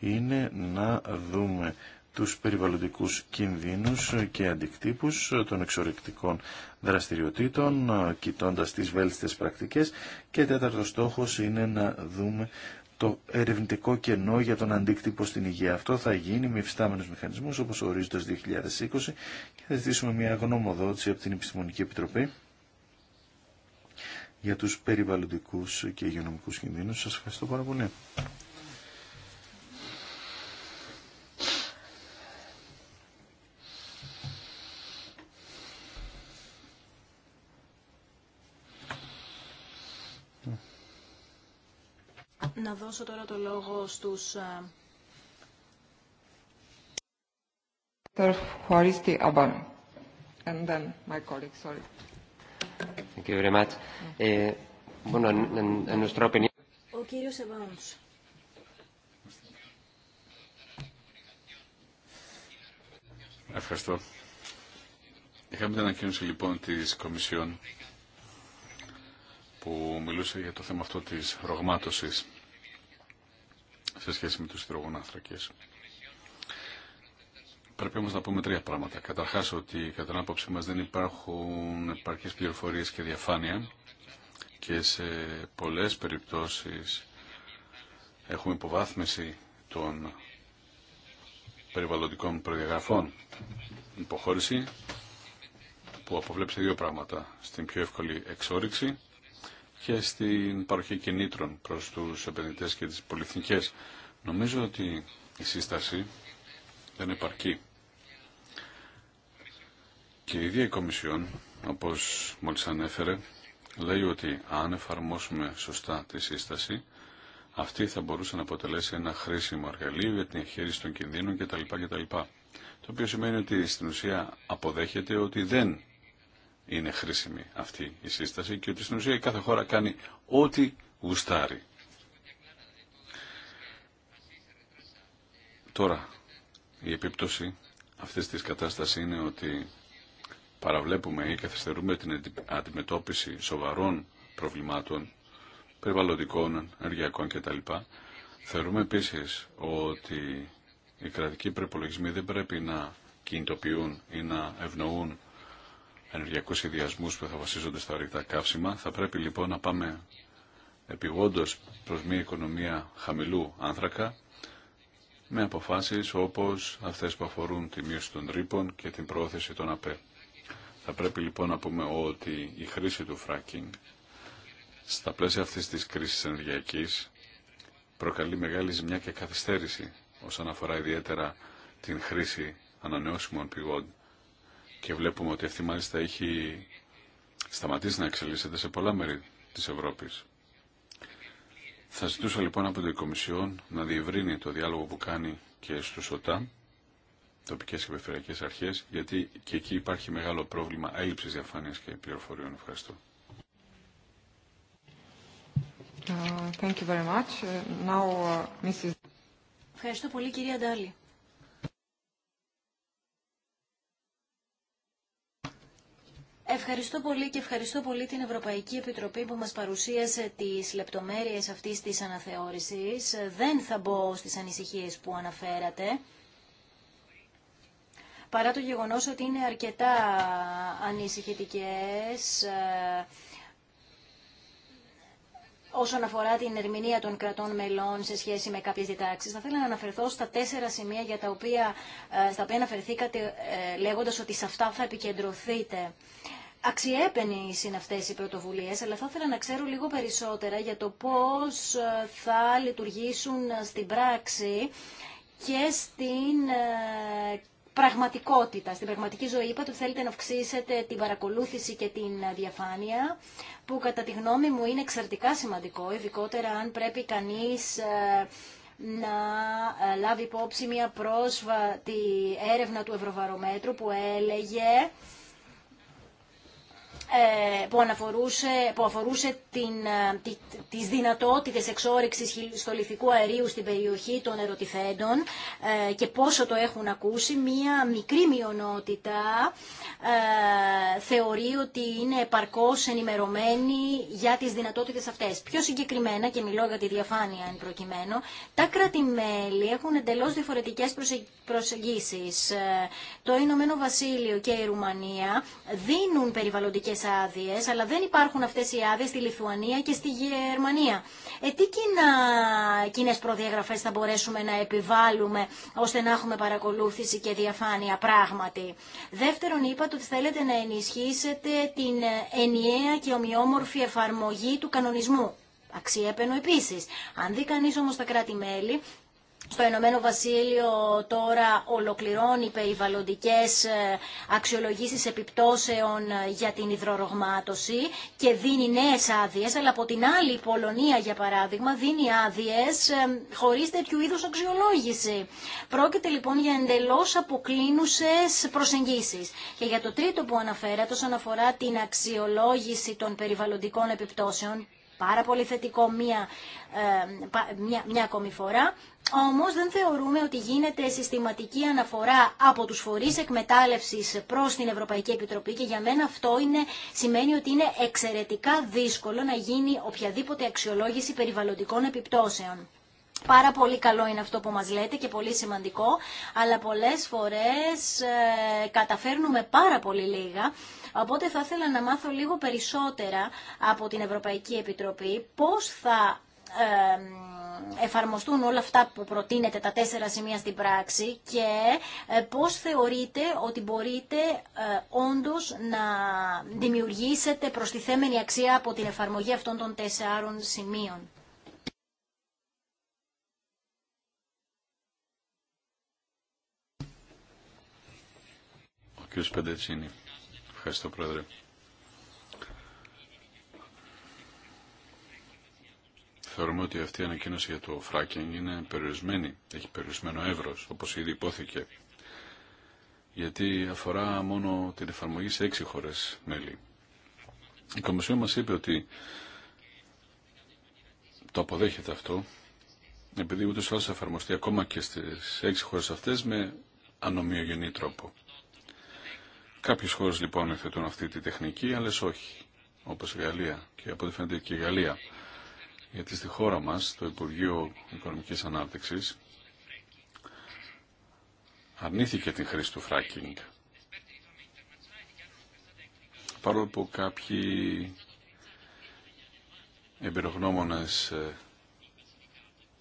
είναι να δούμε τους περιβαλλοντικούς κινδύνους και αντικτύπους των εξορρυκτικών δραστηριοτήτων, κοιτώντας τις βέλτιστες πρακτικές. Και τέταρτος στόχος είναι να δούμε το ερευνητικό κενό για τον αντίκτυπο στην υγεία. Αυτό θα γίνει με υφιστάμενους μηχανισμούς όπως ορίζοντας 2020 και θα ζητήσουμε μια γνωμοδότηση από την Επιστημονική Επιτροπή για τους περιβαλλοντικούς και υγειονομικούς κινδύνους. Σας ευχαριστώ πάρα πολύ. Να δώσω τώρα το λόγο στους... Ε, Χωρίς Αμπάνο. And then my colleague, sorry. Ευχαριστώ. Είχαμε την ανακοίνωση λοιπόν της Κομισιόν που μιλούσε για το θέμα αυτό της ρογμάτωσης σε σχέση με τους υδρογονάνθρακες. Πρέπει όμω να πούμε τρία πράγματα. Καταρχά ότι κατά την άποψή μα δεν υπάρχουν επαρκέ πληροφορίε και διαφάνεια και σε πολλέ περιπτώσει έχουμε υποβάθμιση των περιβαλλοντικών προδιαγραφών. Υποχώρηση που αποβλέψει δύο πράγματα. Στην πιο εύκολη εξόριξη και στην παροχή κινήτρων προς τους επενδυτές και τις πολυεθνικές. Νομίζω ότι η σύσταση δεν επαρκεί. Και η ίδια η Κομισιόν, όπως μόλις ανέφερε, λέει ότι αν εφαρμόσουμε σωστά τη σύσταση, αυτή θα μπορούσε να αποτελέσει ένα χρήσιμο εργαλείο για την εγχείρηση των κινδύνων κτλ. κτλ. Το οποίο σημαίνει ότι στην ουσία αποδέχεται ότι δεν είναι χρήσιμη αυτή η σύσταση και ότι στην ουσία η κάθε χώρα κάνει ό,τι γουστάρει. Τώρα, η επίπτωση αυτής της κατάστασης είναι ότι παραβλέπουμε ή καθυστερούμε την αντιμετώπιση σοβαρών προβλημάτων περιβαλλοντικών, ενεργειακών κτλ. Θεωρούμε επίσης ότι οι κρατικοί προπολογισμοί δεν πρέπει να κινητοποιούν ή να ευνοούν ενεργειακούς ιδιασμούς που θα βασίζονται στα ορυκτά καύσιμα. Θα πρέπει λοιπόν να πάμε επιγόντως προς μια οικονομία χαμηλού άνθρακα με αποφάσεις όπως αυτές που αφορούν τη μείωση των ρήπων και την πρόθεση των ΑΠΕ. Θα πρέπει λοιπόν να πούμε ότι η χρήση του fracking στα πλαίσια αυτής της κρίσης ενεργειακής προκαλεί μεγάλη ζημιά και καθυστέρηση όσον αφορά ιδιαίτερα την χρήση ανανεώσιμων πηγών και βλέπουμε ότι αυτή μάλιστα έχει σταματήσει να εξελίσσεται σε πολλά μέρη της Ευρώπης. Θα ζητούσα λοιπόν από την Κομισιόν να διευρύνει το διάλογο που κάνει και στους ΟΤΑ τοπικές και περιφερειακές αρχές, γιατί και εκεί υπάρχει μεγάλο πρόβλημα έλλειψης διαφάνειας και πληροφοριών. Ευχαριστώ. Uh, uh, uh, ευχαριστώ πολύ κυρία Ντάλη. Ευχαριστώ πολύ και ευχαριστώ πολύ την Ευρωπαϊκή Επιτροπή που μας παρουσίασε τις λεπτομέρειες αυτής της αναθεώρησης. Δεν θα μπω στις ανησυχίες που αναφέρατε παρά το γεγονός ότι είναι αρκετά ανησυχητικές ε, όσον αφορά την ερμηνεία των κρατών μελών σε σχέση με κάποιες διτάξεις. Θα ήθελα να αναφερθώ στα τέσσερα σημεία για τα οποία, ε, στα οποία αναφερθήκατε ε, λέγοντας ότι σε αυτά θα επικεντρωθείτε. Αξιέπαινες είναι αυτές οι πρωτοβουλίες, αλλά θα ήθελα να ξέρω λίγο περισσότερα για το πώς θα λειτουργήσουν στην πράξη και στην πραγματικότητα. Στην πραγματική ζωή είπατε ότι θέλετε να αυξήσετε την παρακολούθηση και την διαφάνεια, που κατά τη γνώμη μου είναι εξαιρετικά σημαντικό, ειδικότερα αν πρέπει κανείς ε, να ε, λάβει υπόψη μια πρόσβατη έρευνα του Ευρωβαρομέτρου που έλεγε ε, που, αναφορούσε, που αφορούσε την, ε, τις δυνατότητες εξόρυξης στολιφικού αερίου στην περιοχή των ερωτηθέντων ε, και πόσο το έχουν ακούσει. Μία μικρή μειονότητα θεωρεί ότι είναι επαρκώς ενημερωμένη για τις δυνατότητες αυτές. Πιο συγκεκριμένα, και μιλώ για τη διαφάνεια εν προκειμένου, τα κράτη-μέλη έχουν εντελώς διαφορετικές προσεγγίσεις. Το Ηνωμένο Βασίλειο και η Ρουμανία δίνουν περιβαλλοντικές άδειε, αλλά δεν υπάρχουν αυτέ οι άδειε στη Λιθουανία και στη Γερμανία. Ε, τι κοινέ προδιαγραφέ θα μπορέσουμε να επιβάλλουμε ώστε να έχουμε παρακολούθηση και διαφάνεια πράγματι. Δεύτερον, είπατε ότι θέλετε να ενισχύσετε την ενιαία και ομοιόμορφη εφαρμογή του κανονισμού. Αξιέπαινο επίση. Αν δει κανεί όμω τα κράτη-μέλη, στο Ενωμένο Βασίλειο τώρα ολοκληρώνει περιβαλλοντικές ε, αξιολογήσεις επιπτώσεων ε, για την υδρορογμάτωση και δίνει νέες άδειες, αλλά από την άλλη η Πολωνία για παράδειγμα δίνει άδειες ε, χωρίς τέτοιου είδους αξιολόγηση. Πρόκειται λοιπόν για εντελώς αποκλίνουσες προσεγγίσεις. Και για το τρίτο που αναφέρατε όσον αφορά την αξιολόγηση των περιβαλλοντικών επιπτώσεων, πάρα πολύ θετικό μία, ε, μία, μία ακόμη φορά. Όμως δεν θεωρούμε ότι γίνεται συστηματική αναφορά από τους φορείς εκμετάλλευσης προς την Ευρωπαϊκή Επιτροπή και για μένα αυτό είναι, σημαίνει ότι είναι εξαιρετικά δύσκολο να γίνει οποιαδήποτε αξιολόγηση περιβαλλοντικών επιπτώσεων. Πάρα πολύ καλό είναι αυτό που μας λέτε και πολύ σημαντικό, αλλά πολλές φορές ε, καταφέρνουμε πάρα πολύ λίγα Οπότε θα ήθελα να μάθω λίγο περισσότερα από την Ευρωπαϊκή Επιτροπή πώς θα εφαρμοστούν όλα αυτά που προτείνετε τα τέσσερα σημεία στην πράξη και ε, πώς θεωρείτε ότι μπορείτε ε, όντως να δημιουργήσετε προστιθέμενη αξία από την εφαρμογή αυτών των τεσσάρων σημείων. Ο κ. Πεντετσίνη. Ευχαριστώ, Πρόεδρε. Θεωρούμε ότι αυτή η ανακοίνωση για το φράκινγκ είναι περιορισμένη, έχει περιορισμένο εύρος, όπως ήδη υπόθηκε, γιατί αφορά μόνο την εφαρμογή σε έξι χώρες μέλη. Η Κομισιόν μας είπε ότι το αποδέχεται αυτό, επειδή ούτως θα εφαρμοστεί ακόμα και στις έξι χώρες αυτές με ανομοιογενή τρόπο. Κάποιε χώρε λοιπόν εφετούν αυτή τη τεχνική, άλλε όχι, όπω η Γαλλία και από ό,τι φαίνεται και η Γαλλία. Γιατί στη χώρα μα, το Υπουργείο Οικονομική ανάπτυξη, αρνήθηκε την χρήση του φράκινγκ. Παρόλο που κάποιοι εμπειρογνώμονες ε,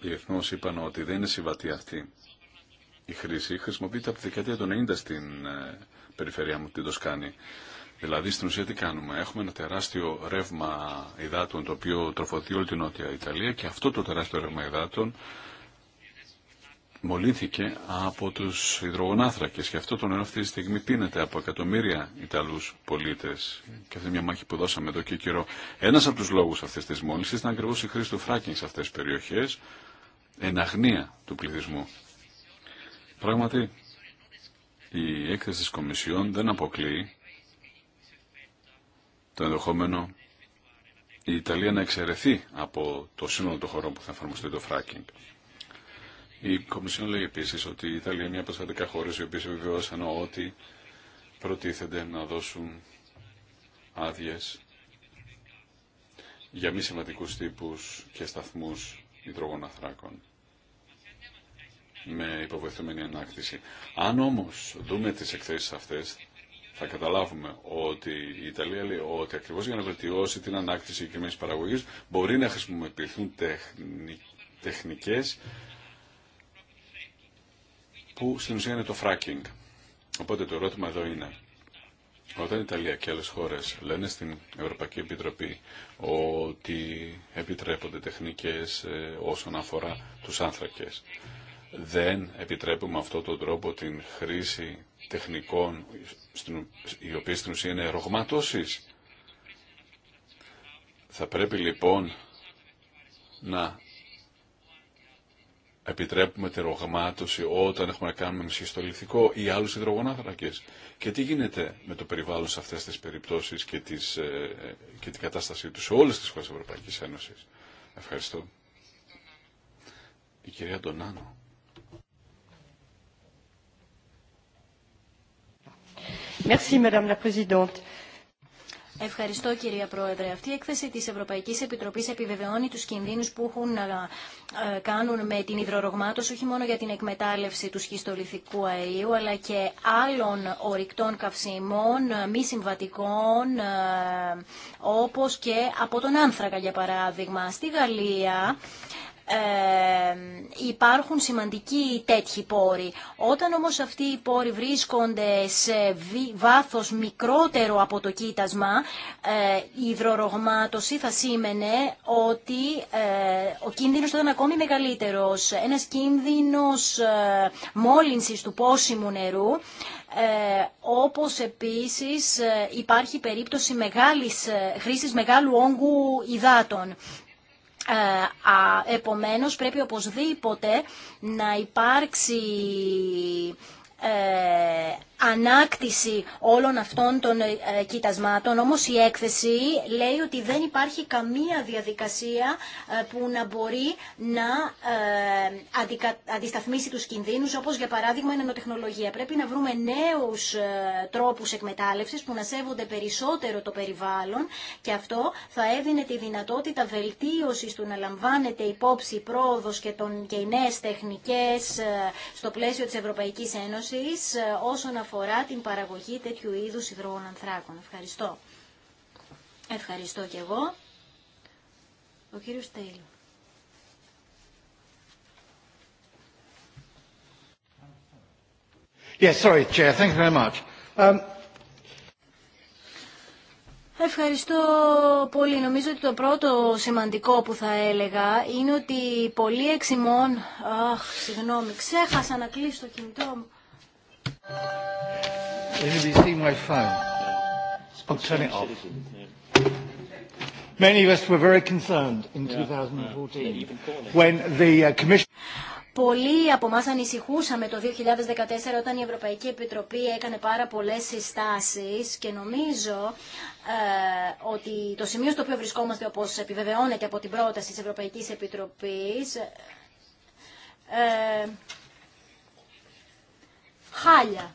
διεθνώς είπαν ότι δεν είναι συμβατή αυτή η χρήση, χρησιμοποιείται από τη δεκαετία των 90 στην ε, περιφερειά μου, την Τοσκάνη. Δηλαδή στην ουσία τι κάνουμε. Έχουμε ένα τεράστιο ρεύμα υδάτων το οποίο τροφοδοτεί όλη την Νότια Ιταλία και αυτό το τεράστιο ρεύμα υδάτων μολύνθηκε από του υδρογονάθρακες και αυτό το νερό αυτή τη στιγμή πίνεται από εκατομμύρια Ιταλούς πολίτες και αυτή είναι μια μάχη που δώσαμε εδώ και καιρό. Ένα από του λόγου αυτής τη μόλυνσης ήταν ακριβώ η χρήση του φράκινγκ σε αυτέ τι περιοχέ, εν αγνία του πληθυσμού. Πράγματι η έκθεση της Κομισιόν δεν αποκλείει το ενδεχόμενο η Ιταλία να εξαιρεθεί από το σύνολο των χωρών που θα εφαρμοστεί το φράκινγκ. Η Κομισιόν λέει επίση ότι η Ιταλία είναι μια από τι 11 χώρε οι οποίε επιβεβαιώσαν ότι προτίθενται να δώσουν άδειε για μη σημαντικού τύπου και σταθμού υδρογοναθράκων με υποβοηθούμενη ανάκτηση. Αν όμως δούμε τις εκθέσεις αυτές, θα καταλάβουμε ότι η Ιταλία λέει ότι ακριβώς για να βελτιώσει την ανάκτηση συγκεκριμένη παραγωγής μπορεί να χρησιμοποιηθούν τεχνι... τεχνικές που στην ουσία είναι το fracking. Οπότε το ερώτημα εδώ είναι, όταν η Ιταλία και άλλες χώρες λένε στην Ευρωπαϊκή Επιτροπή ότι επιτρέπονται τεχνικές ε, όσον αφορά τους άνθρακες, δεν επιτρέπουμε αυτό τον τρόπο την χρήση τεχνικών οι οποίες στην ουσία είναι ρογματώσεις. Θα πρέπει λοιπόν να επιτρέπουμε τη ρογμάτωση όταν έχουμε να κάνουμε με σχιστολιθικό ή άλλου υδρογονάθρακες. Και τι γίνεται με το περιβάλλον σε αυτές τις περιπτώσεις και, τις, ε, και την κατάστασή του σε όλες τις χώρες της Ευρωπαϊκής Ένωσης. Ευχαριστώ. Η κυρία Ντονάνο. Ευχαριστώ κυρία Πρόεδρε. Αυτή η έκθεση της Ευρωπαϊκής Επιτροπής επιβεβαιώνει τους κινδύνους που έχουν να ε, κάνουν με την υδρορογμάτωση όχι μόνο για την εκμετάλλευση του σχιστολιθικού αερίου αλλά και άλλων ορυκτών καυσίμων ε, μη συμβατικών ε, όπως και από τον άνθρακα για παράδειγμα. Στη Γαλλία υπάρχουν σημαντικοί τέτοιοι πόροι. Όταν όμως αυτοί οι πόροι βρίσκονται σε βάθος μικρότερο από το κοίτασμα, ε, η υδρορογμάτωση θα σήμαινε ότι ε, ο κίνδυνος ήταν ακόμη μεγαλύτερος. Ένας κίνδυνος ε, μόλυνσης του πόσιμου νερού, όπως επίσης υπάρχει περίπτωση μεγάλης, χρήσης μεγάλου όγκου υδάτων. Ε, α, επομένως πρέπει οπωσδήποτε να υπάρξει ε, ανάκτηση όλων αυτών των ε, κοιτασμάτων, όμως η έκθεση λέει ότι δεν υπάρχει καμία διαδικασία ε, που να μπορεί να ε, αντισταθμίσει τους κινδύνους, όπως για παράδειγμα η νανοτεχνολογία. Πρέπει να βρούμε νέους τρόπους εκμετάλλευσης που να σέβονται περισσότερο το περιβάλλον και αυτό θα έδινε τη δυνατότητα βελτίωσης του να λαμβάνεται υπόψη πρόοδος και, και οι νέες τεχνικές στο πλαίσιο της Ευρωπαϊκής Ένωσης όσον αφορά αφορά την παραγωγή τέτοιου είδους υδρογων ανθράκων. Ευχαριστώ. Ευχαριστώ και εγώ. Ο κύριος Τέιλ. Yes, sorry, Chair. Thank you very much. Um... Ευχαριστώ πολύ. Νομίζω ότι το πρώτο σημαντικό που θα έλεγα είναι ότι πολλοί εξημών... Αχ, συγγνώμη, ξέχασα να κλείσω το κινητό μου. Uh, Πολλοί από εμά ανησυχούσαμε το 2014 όταν η Ευρωπαϊκή Επιτροπή έκανε πάρα πολλές συστάσει και νομίζω ε, ότι το σημείο στο οποίο βρισκόμαστε όπως επιβεβαιώνεται από την πρόταση της Ευρωπαϊκής Επιτροπής ε, χάλια.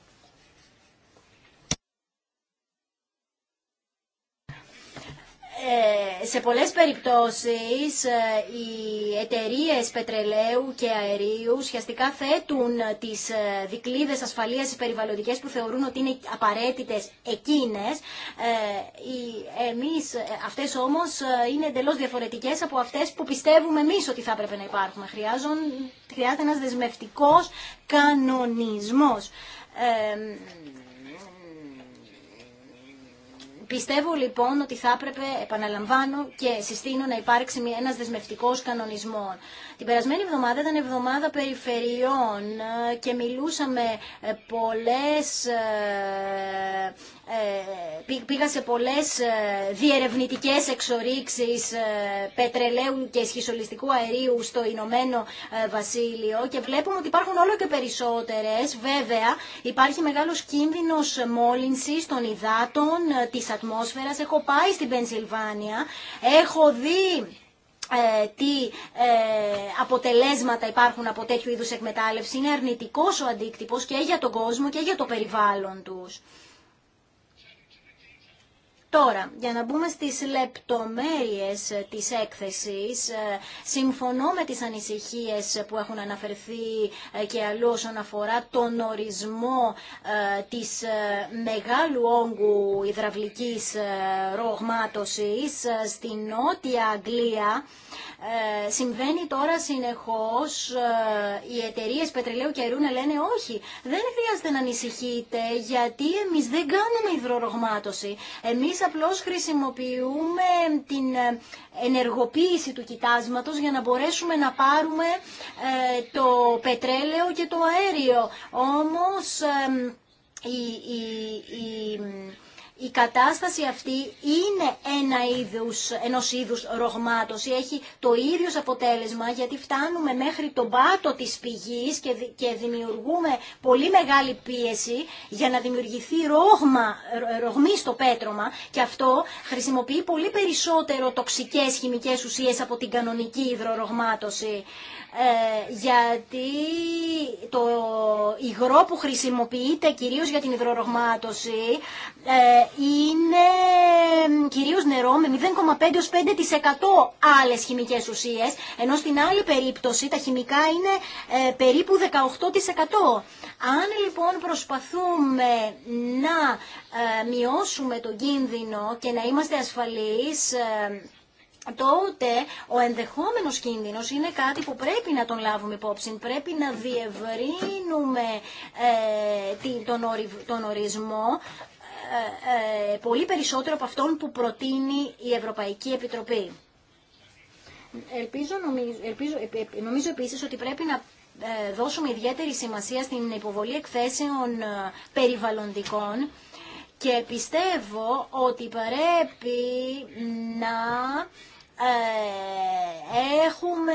Ε, σε πολλές περιπτώσεις ε, οι εταιρείες πετρελαίου και αερίου ουσιαστικά θέτουν τις ε, δικλίδες ασφαλείας περιβαλλοντικές που θεωρούν ότι είναι απαραίτητες εκείνες. Εμείς, αυτές όμως είναι εντελώς διαφορετικές από αυτές που πιστεύουμε εμείς ότι θα έπρεπε να υπάρχουν. Χρειάζεται ένας δεσμευτικός κανονισμός. Πιστεύω λοιπόν ότι θα έπρεπε, επαναλαμβάνω και συστήνω να υπάρξει ένας δεσμευτικός κανονισμός. Την περασμένη εβδομάδα ήταν εβδομάδα περιφερειών ε, και μιλούσαμε ε, πολλές ε, ε, πήγα σε πολλές ε, διερευνητικές εξορίξεις ε, πετρελαίου και σχισολιστικού αερίου στο Ηνωμένο Βασίλειο και βλέπουμε ότι υπάρχουν όλο και περισσότερες. Βέβαια υπάρχει μεγάλος κίνδυνος μόλυνσης των υδάτων της ατμόσφαιρας. Έχω πάει στην Πενσιλβάνια, έχω δει τι αποτελέσματα υπάρχουν από τέτοιου είδους εκμετάλλευση. Είναι αρνητικός ο αντίκτυπος και για τον κόσμο και για το περιβάλλον τους. Τώρα, για να μπούμε στις λεπτομέρειες της έκθεσης, ε, συμφωνώ με τις ανησυχίες που έχουν αναφερθεί ε, και αλλού όσον αφορά τον ορισμό ε, της μεγάλου όγκου υδραυλικής ρογμάτωσης στη Νότια Αγγλία. Συμβαίνει τώρα συνεχώς, οι εταιρείε πετρελαίου και αερού να λένε όχι, δεν χρειάζεται να ανησυχείτε γιατί εμείς δεν κάνουμε υδρορογμάτωση. Εμείς απλώς χρησιμοποιούμε την ε, ενεργοποίηση του κοιτάσματος για να μπορέσουμε να πάρουμε ε, το πετρέλαιο και το αέριο. Όμως ε, η, η η κατάσταση αυτή είναι ένα είδους, ενός είδους ρογμάτωση, έχει το ίδιο αποτέλεσμα γιατί φτάνουμε μέχρι τον πάτο της πηγής και, δημιουργούμε πολύ μεγάλη πίεση για να δημιουργηθεί ρόγμα, ρογμή στο πέτρωμα και αυτό χρησιμοποιεί πολύ περισσότερο τοξικές χημικές ουσίες από την κανονική υδρορογμάτωση. Ε, γιατί το υγρό που χρησιμοποιείται κυρίως για την υδρορογμάτωση ε, είναι κυρίως νερό με 0,5 5% άλλες χημικές ουσίες, ενώ στην άλλη περίπτωση τα χημικά είναι ε, περίπου 18%. Αν λοιπόν προσπαθούμε να ε, μειώσουμε τον κίνδυνο και να είμαστε ασφαλείς, ε, τότε ο ενδεχόμενος κίνδυνος είναι κάτι που πρέπει να τον λάβουμε υπόψη. Πρέπει να διευρύνουμε τον ορισμό ε, ε, πολύ περισσότερο από αυτόν που προτείνει η Ευρωπαϊκή Επιτροπή. Ελπίζω, νομίζω, ελπίζω, ε, νομίζω επίσης ότι πρέπει να δώσουμε ιδιαίτερη σημασία στην υποβολή εκθέσεων περιβαλλοντικών και πιστεύω ότι πρέπει να ε, έχουμε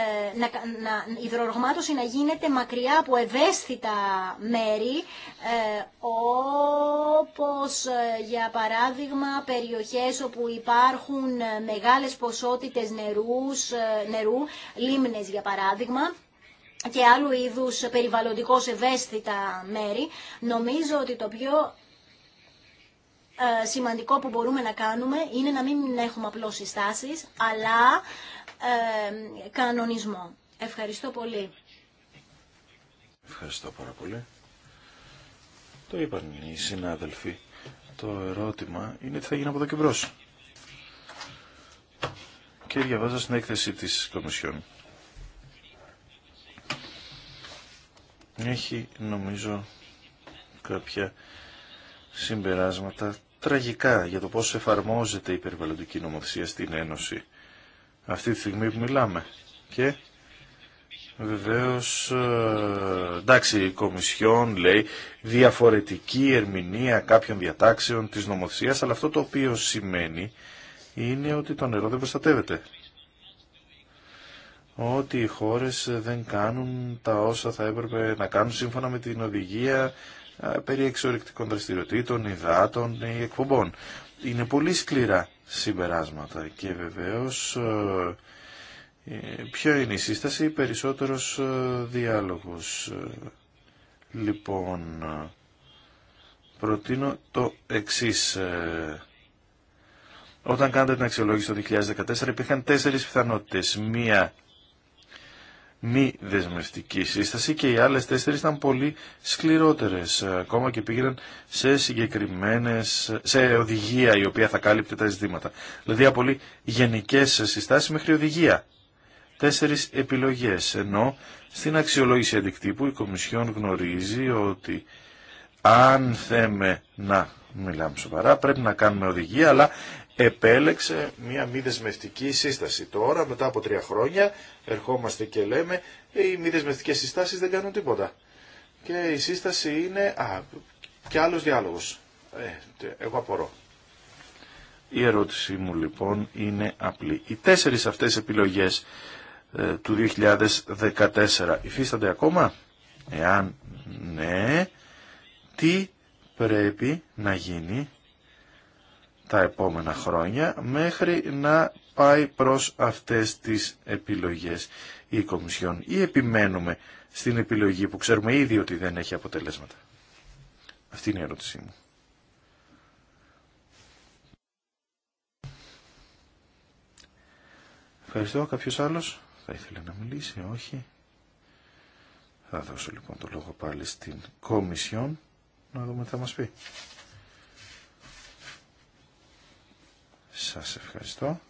ε, να, να, υδρορογμάτωση να γίνεται μακριά από ευαίσθητα μέρη ε, όπως ε, για παράδειγμα περιοχές όπου υπάρχουν μεγάλες ποσότητες νερούς, νερού, λίμνες για παράδειγμα και άλλου είδους περιβαλλοντικώς ευαίσθητα μέρη. Νομίζω ότι το πιο ε, σημαντικό που μπορούμε να κάνουμε είναι να μην έχουμε απλώς συστάσεις, αλλά ε, κανονισμό. Ευχαριστώ πολύ. Ευχαριστώ πάρα πολύ. Το είπαν οι συνάδελφοι. Το ερώτημα είναι τι θα γίνει από εδώ και μπρος. Και διαβάζω στην έκθεση της Κομισιόν. Έχει νομίζω κάποια συμπεράσματα τραγικά για το πώς εφαρμόζεται η περιβαλλοντική νομοθεσία στην Ένωση αυτή τη στιγμή που μιλάμε. Και βεβαίως, ε, εντάξει, η Κομισιόν λέει διαφορετική ερμηνεία κάποιων διατάξεων της νομοθεσίας, αλλά αυτό το οποίο σημαίνει είναι ότι το νερό δεν προστατεύεται. Ότι οι χώρες δεν κάνουν τα όσα θα έπρεπε να κάνουν σύμφωνα με την οδηγία περί εξορρυκτικών δραστηριοτήτων, υδάτων ή εκπομπών. Είναι πολύ σκληρά συμπεράσματα και βεβαίως ε, ε, ποιο είναι η σύσταση, περισσότερος ε, διάλογος. Λοιπόν, προτείνω το εξής. Όταν κάνετε την αξιολόγηση το 2014 υπήρχαν τέσσερις πιθανότητες. Μία μη δεσμευτική σύσταση και οι άλλες τέσσερις ήταν πολύ σκληρότερες. Ε, ακόμα και πήγαιναν σε συγκεκριμένες, σε οδηγία η οποία θα κάλυπτε τα ζητήματα. Δηλαδή από πολύ γενικές συστάσεις μέχρι οδηγία. Τέσσερις επιλογές. Ενώ στην αξιολόγηση αντικτύπου η Κομισιόν γνωρίζει ότι αν θέμε να μιλάμε σοβαρά πρέπει να κάνουμε οδηγία αλλά επέλεξε μια μη δεσμευτική σύσταση. Τώρα, μετά από τρία χρόνια, ερχόμαστε και λέμε «Ε, οι μη δεσμευτικέ συστάσεις δεν κάνουν τίποτα. Και η σύσταση είναι α, και άλλος διάλογος. Ε, εγώ απορώ. Η ερώτησή μου λοιπόν είναι απλή. Οι τέσσερις αυτές επιλογές ε, του 2014 υφίστανται ακόμα? Εάν ναι, τι πρέπει να γίνει τα επόμενα χρόνια μέχρι να πάει προς αυτές τις επιλογές η Κομισιόν ή επιμένουμε στην επιλογή που ξέρουμε ήδη ότι δεν έχει αποτελέσματα. Αυτή είναι η ερώτησή μου. Ευχαριστώ. Κάποιος άλλος θα ήθελε να μιλήσει. Όχι. Θα δώσω λοιπόν το λόγο πάλι στην Κομισιόν να δούμε τι θα μας πει. Σας ευχαριστώ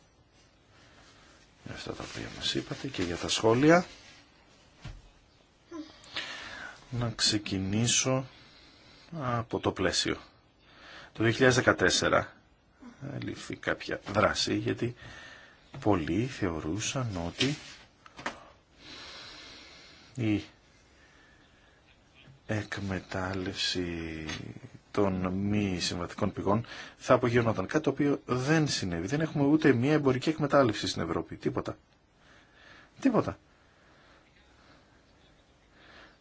για αυτά τα οποία μας είπατε και για τα σχόλια. Να ξεκινήσω από το πλαίσιο. Το 2014 λήφθη κάποια δράση γιατί πολλοί θεωρούσαν ότι η εκμετάλλευση των μη συμβατικών πηγών θα απογειωνόταν. Κάτι το οποίο δεν συνέβη. Δεν έχουμε ούτε μία εμπορική εκμετάλλευση στην Ευρώπη. Τίποτα. Τίποτα.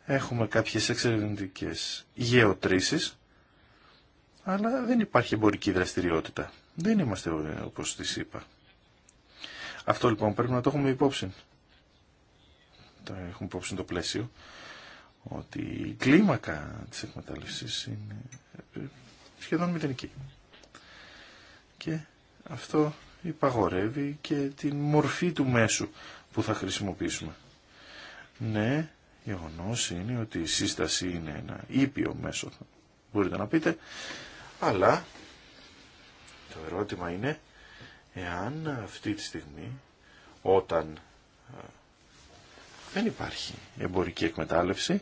Έχουμε κάποιες εξαιρετικές γεωτρήσεις, αλλά δεν υπάρχει εμπορική δραστηριότητα. Δεν είμαστε όπως τις είπα. Αυτό λοιπόν πρέπει να το έχουμε υπόψη. Το έχουμε υπόψη το πλαίσιο ότι η κλίμακα της εκμετάλλευσης είναι ε, σχεδόν μηδενική. Και αυτό υπαγορεύει και την μορφή του μέσου που θα χρησιμοποιήσουμε. Ναι, γεγονό είναι ότι η σύσταση είναι ένα ήπιο μέσο, μπορείτε να πείτε, αλλά το ερώτημα είναι εάν αυτή τη στιγμή όταν ε, δεν υπάρχει εμπορική εκμετάλλευση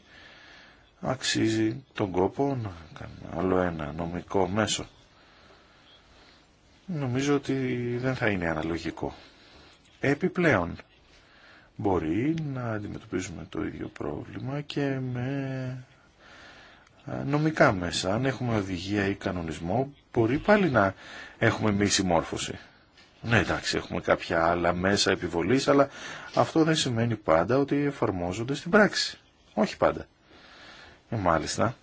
αξίζει τον κόπο να κάνουμε άλλο ένα νομικό μέσο. Νομίζω ότι δεν θα είναι αναλογικό. Επιπλέον, μπορεί να αντιμετωπίζουμε το ίδιο πρόβλημα και με νομικά μέσα. Αν έχουμε οδηγία ή κανονισμό, μπορεί πάλι να έχουμε μη συμμόρφωση. Ναι, εντάξει, έχουμε κάποια άλλα μέσα επιβολής, αλλά αυτό δεν σημαίνει πάντα ότι εφαρμόζονται στην πράξη. Όχι πάντα. Μάλιστα,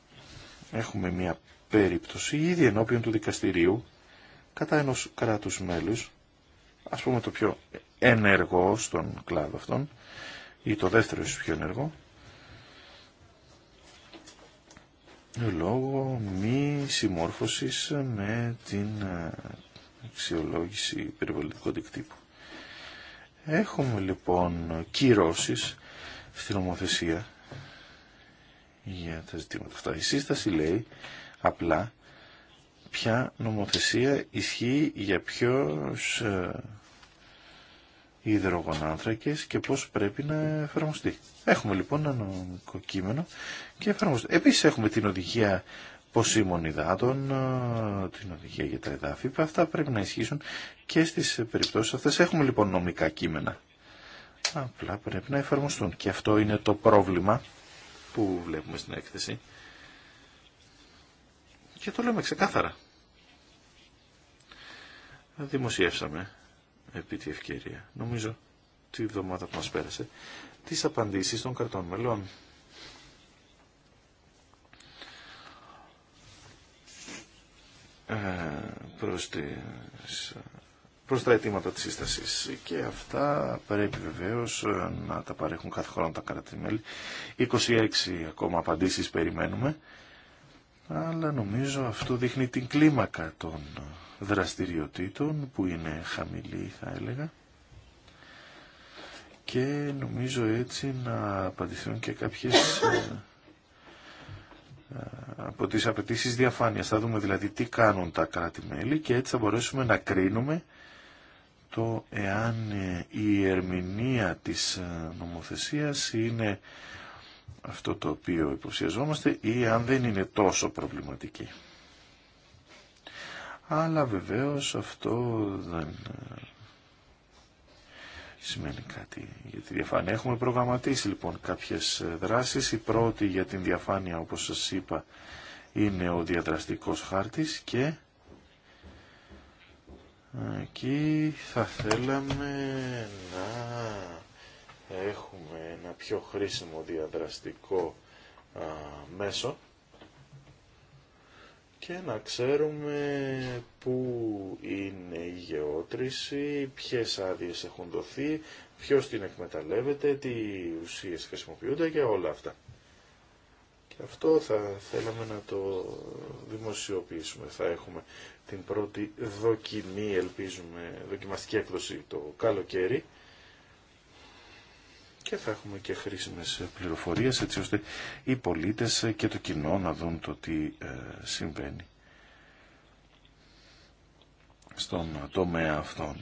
έχουμε μια περίπτωση ήδη ενώπιον του δικαστηρίου κατά ενός κράτους μέλους, ας πούμε το πιο ενεργό στον κλάδο αυτόν, ή το δεύτερο ίσως πιο ενεργό, λόγω μη συμμόρφωσης με την ε, αξιολόγηση περιβαλλοντικού αντικτύπου. Έχουμε λοιπόν κυρώσεις στην ομοθεσία για τα ζητήματα αυτά. Η σύσταση λέει απλά ποια νομοθεσία ισχύει για ποιος ε, υδρογονάνθρακες και πώς πρέπει να εφαρμοστεί. Έχουμε λοιπόν ένα νομικό κείμενο και εφαρμοστεί. Επίσης έχουμε την οδηγία ποσίμων υδάτων, ε, την οδηγία για τα εδάφη. Αυτά πρέπει να ισχύσουν και στις περιπτώσεις αυτές. Έχουμε λοιπόν νομικά κείμενα. Απλά πρέπει να εφαρμοστούν. Και αυτό είναι το πρόβλημα που βλέπουμε στην έκθεση και το λέμε ξεκάθαρα. Δημοσιεύσαμε επί τη ευκαιρία, νομίζω τη εβδομάδα που μας πέρασε, τις απαντήσεις των κρατών μελών. Ε, προς τις προς τα αιτήματα της Και αυτά πρέπει βεβαίως ε, να τα παρέχουν κάθε χρόνο τα κράτη-μέλη. 26 ακόμα απαντήσεις περιμένουμε. Αλλά νομίζω αυτό δείχνει την κλίμακα των δραστηριοτήτων που είναι χαμηλή θα έλεγα και νομίζω έτσι να απαντηθούν και κάποιες ε, ε, από τις απαιτήσεις διαφάνειας. Θα δούμε δηλαδή τι κάνουν τα κράτη-μέλη και έτσι θα μπορέσουμε να κρίνουμε το εάν ε, η ερμηνεία της ε, νομοθεσίας είναι αυτό το οποίο υποψιαζόμαστε ή αν δεν είναι τόσο προβληματική. Αλλά βεβαίως αυτό δεν ε, σημαίνει κάτι για τη διαφάνεια. Έχουμε προγραμματίσει λοιπόν κάποιες δράσεις. Η πρώτη για την διαφάνεια όπως σας είπα είναι ο διαδραστικός χάρτης και Εκεί θα θέλαμε να έχουμε ένα πιο χρήσιμο διαδραστικό μέσο και να ξέρουμε πού είναι η γεώτρηση, ποιες άδειες έχουν δοθεί, ποιος την εκμεταλλεύεται, τι ουσίες χρησιμοποιούνται και όλα αυτά. Αυτό θα θέλαμε να το δημοσιοποιήσουμε. Θα έχουμε την πρώτη δοκιμή, ελπίζουμε, δοκιμαστική έκδοση το καλοκαίρι και θα έχουμε και χρήσιμες πληροφορίες έτσι ώστε οι πολίτες και το κοινό να δουν το τι ε, συμβαίνει στον τομέα αυτόν.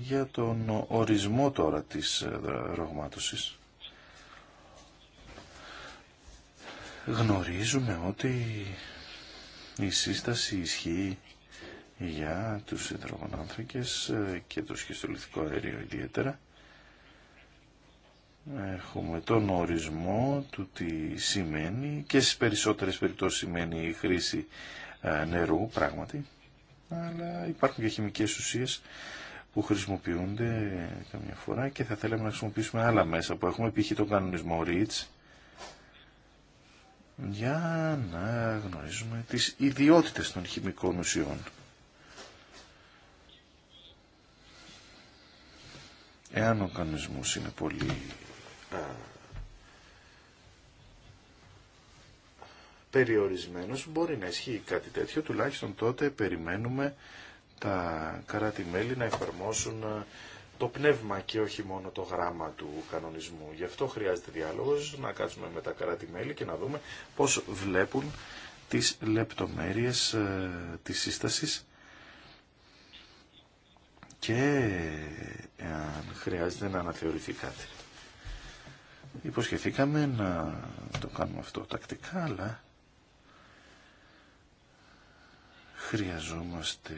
Για τον ορισμό τώρα της ε, ρογμάτωσης. γνωρίζουμε ότι η σύσταση ισχύει για τους υδρογονάνθρακες ε, και το σχιστολιθικό αέριο ιδιαίτερα. Έχουμε τον ορισμό του τι σημαίνει και στις περισσότερες περιπτώσεις σημαίνει η χρήση ε, νερού πράγματι αλλά υπάρχουν και χημικές ουσίες που χρησιμοποιούνται καμιά φορά και θα θέλαμε να χρησιμοποιήσουμε άλλα μέσα που έχουμε π.χ. τον κανονισμό REACH για να γνωρίζουμε τις ιδιότητες των χημικών ουσιών. Εάν ο κανονισμός είναι πολύ περιορισμένος, μπορεί να ισχύει κάτι τέτοιο, τουλάχιστον τότε περιμένουμε τα κράτη-μέλη να εφαρμόσουν το πνεύμα και όχι μόνο το γράμμα του κανονισμού. Γι' αυτό χρειάζεται διάλογος, να κάτσουμε με τα κράτη-μέλη και να δούμε πώς βλέπουν τις λεπτομέρειες ε, της σύστασης και αν χρειάζεται να αναθεωρηθεί κάτι. Υποσχεθήκαμε να το κάνουμε αυτό τακτικά, αλλά χρειαζόμαστε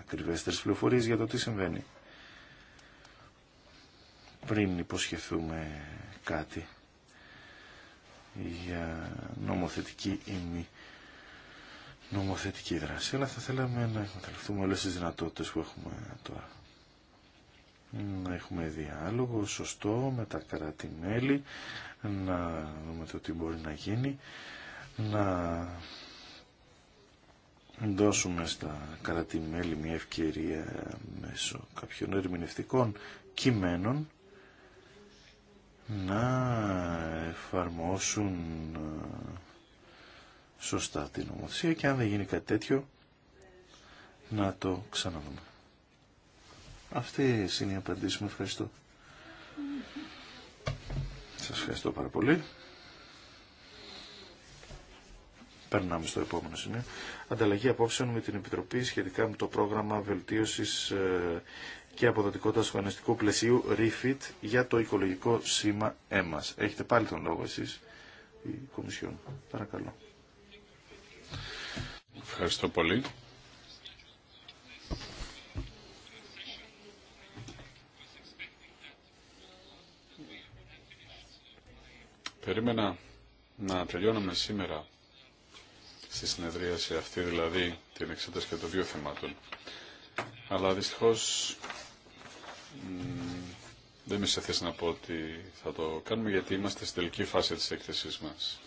ακριβέστερες πληροφορίες για το τι συμβαίνει πριν υποσχεθούμε κάτι για νομοθετική ή μη νομοθετική δράση. Αλλά θα θέλαμε να εκμεταλλευτούμε όλες τις δυνατότητες που έχουμε τώρα. Να έχουμε διάλογο σωστό με τα κράτη-μέλη, να δούμε το τι μπορεί να γίνει, να δώσουμε στα κράτη-μέλη μια ευκαιρία μέσω κάποιων ερμηνευτικών κειμένων να εφαρμόσουν ε, σωστά την νομοθεσία και αν δεν γίνει κάτι τέτοιο να το ξαναδούμε. Αυτή είναι η απαντήση μου. Ευχαριστώ. Σας ευχαριστώ πάρα πολύ. Περνάμε στο επόμενο σημείο. Ανταλλαγή απόψεων με την Επιτροπή σχετικά με το πρόγραμμα βελτίωσης ε, και αποδοτικότητα του ασφαλιστικού πλαισίου REFIT για το οικολογικό σήμα ΕΜΑΣ. Έχετε πάλι τον λόγο εσείς, η Κομισιόν. Παρακαλώ. Ευχαριστώ πολύ. Περίμενα να τελειώναμε σήμερα στη συνεδρίαση αυτή, δηλαδή την εξέταση των δύο θεμάτων. Αλλά δυστυχώς δεν είμαι σε θέση να πω ότι θα το κάνουμε γιατί είμαστε στην τελική φάση της έκθεσής μας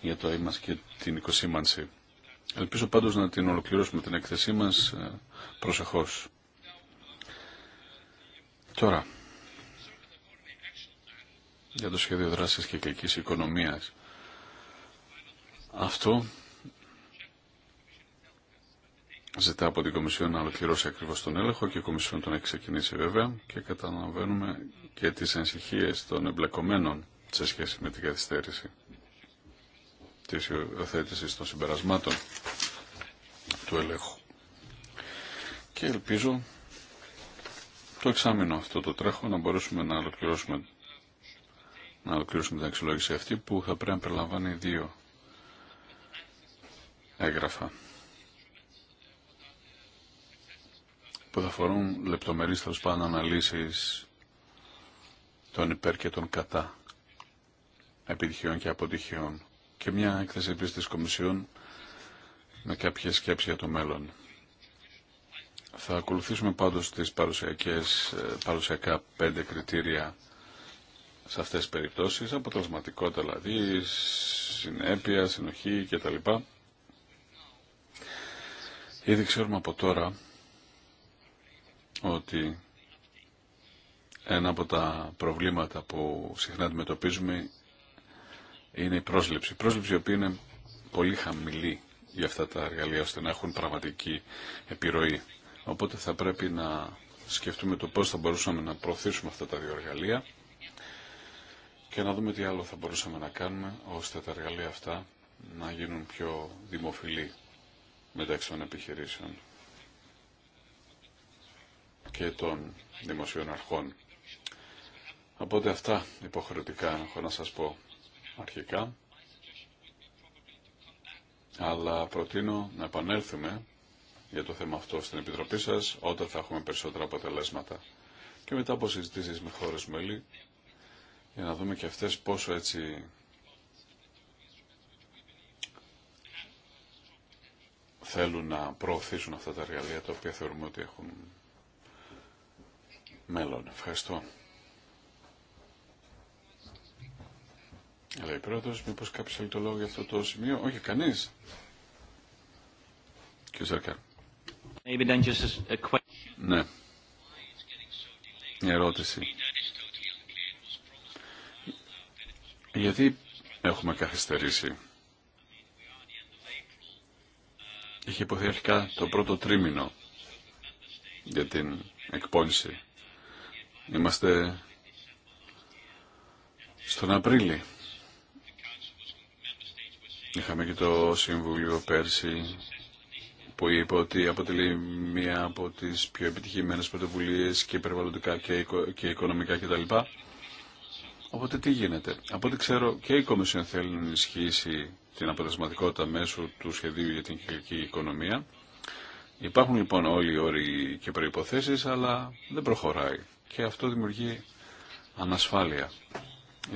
για το ΕΜΑΣ και την οικοσήμανση. Ελπίζω πάντως να την ολοκληρώσουμε την έκθεσή μας ε, προσεχώς. Τώρα, για το σχέδιο δράσης κυκλικής οικονομίας. Αυτό ζητά από την Κομισιόν να ολοκληρώσει ακριβώ τον έλεγχο και η Κομισιόν τον έχει ξεκινήσει βέβαια και καταλαβαίνουμε και τι ανησυχίε των εμπλεκομένων σε σχέση με την καθυστέρηση τη υιοθέτηση των συμπερασμάτων του ελέγχου. Και ελπίζω το εξάμεινο αυτό το τρέχο να μπορέσουμε να ολοκληρώσουμε να ολοκληρώσουμε την αξιολόγηση αυτή που θα πρέπει να περιλαμβάνει δύο έγγραφα. που θα αφορούν λεπτομερείς τέλο πάντων αναλύσεις των υπέρ και των κατά επιτυχιών και αποτυχιών και μια έκθεση επίσης της Κομισιόν με κάποια σκέψη για το μέλλον. Θα ακολουθήσουμε πάντως τις παρουσιακές, ε, παρουσιακά πέντε κριτήρια σε αυτές τις περιπτώσεις, αποτελεσματικότητα δηλαδή, συνέπεια, συνοχή κτλ. Ήδη ξέρουμε από τώρα ότι ένα από τα προβλήματα που συχνά αντιμετωπίζουμε είναι η πρόσληψη. Η πρόσληψη η οποία είναι πολύ χαμηλή για αυτά τα εργαλεία ώστε να έχουν πραγματική επιρροή. Οπότε θα πρέπει να σκεφτούμε το πώς θα μπορούσαμε να προωθήσουμε αυτά τα δύο εργαλεία και να δούμε τι άλλο θα μπορούσαμε να κάνουμε ώστε τα εργαλεία αυτά να γίνουν πιο δημοφιλή μεταξύ των επιχειρήσεων και των δημοσίων αρχών. Οπότε αυτά υποχρεωτικά έχω να σας πω αρχικά, αλλά προτείνω να επανέλθουμε για το θέμα αυτό στην Επιτροπή σας όταν θα έχουμε περισσότερα αποτελέσματα και μετά από συζητήσεις με χώρες μέλη για να δούμε και αυτές πόσο έτσι θέλουν να προωθήσουν αυτά τα εργαλεία τα οποία θεωρούμε ότι έχουν μέλλον. Ευχαριστώ. η πρόεδρο, μήπως κάποιος θέλει το λόγο για αυτό το σημείο. Όχι, κανείς. Κύριε question. Ναι. Μια ερώτηση. Γιατί έχουμε καθυστερήσει. Είχε υποθεί αρχικά το πρώτο τρίμηνο για την εκπόνηση Είμαστε στον Απρίλη. Είχαμε και το Συμβούλιο πέρσι που είπε ότι αποτελεί μία από τις πιο επιτυχημένες πρωτοβουλίες και περιβαλλοντικά και, και οικονομικά κτλ. Οπότε τι γίνεται. Από ό,τι ξέρω και η Κομισιόν θέλει να ενισχύσει την αποτελεσματικότητα μέσω του σχεδίου για την κυκλική οικονομία. Υπάρχουν λοιπόν όλοι οι όροι και προϋποθέσεις, αλλά δεν προχωράει και αυτό δημιουργεί ανασφάλεια.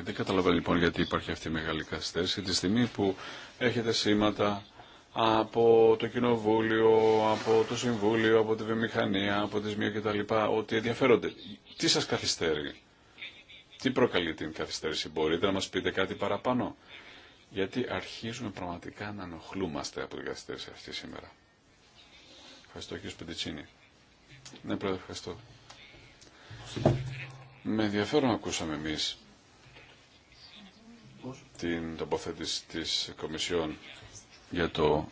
Δεν καταλαβαίνω λοιπόν γιατί υπάρχει αυτή η μεγάλη καθυστέρηση τη στιγμή που έχετε σήματα από το Κοινοβούλιο, από το Συμβούλιο, από τη Βιομηχανία, από τη ΣΜΙΟ κτλ. ότι ενδιαφέρονται. Τι σας καθυστέρει, τι προκαλεί την καθυστέρηση, μπορείτε να μας πείτε κάτι παραπάνω. Γιατί αρχίζουμε πραγματικά να ενοχλούμαστε από την καθυστέρηση αυτή σήμερα. Ευχαριστώ κύριε Σπεντιτσίνη. Ναι, πρόεδρε, ευχαριστώ. Με ενδιαφέρον ακούσαμε εμείς την τοποθέτηση της Κομισιόν για το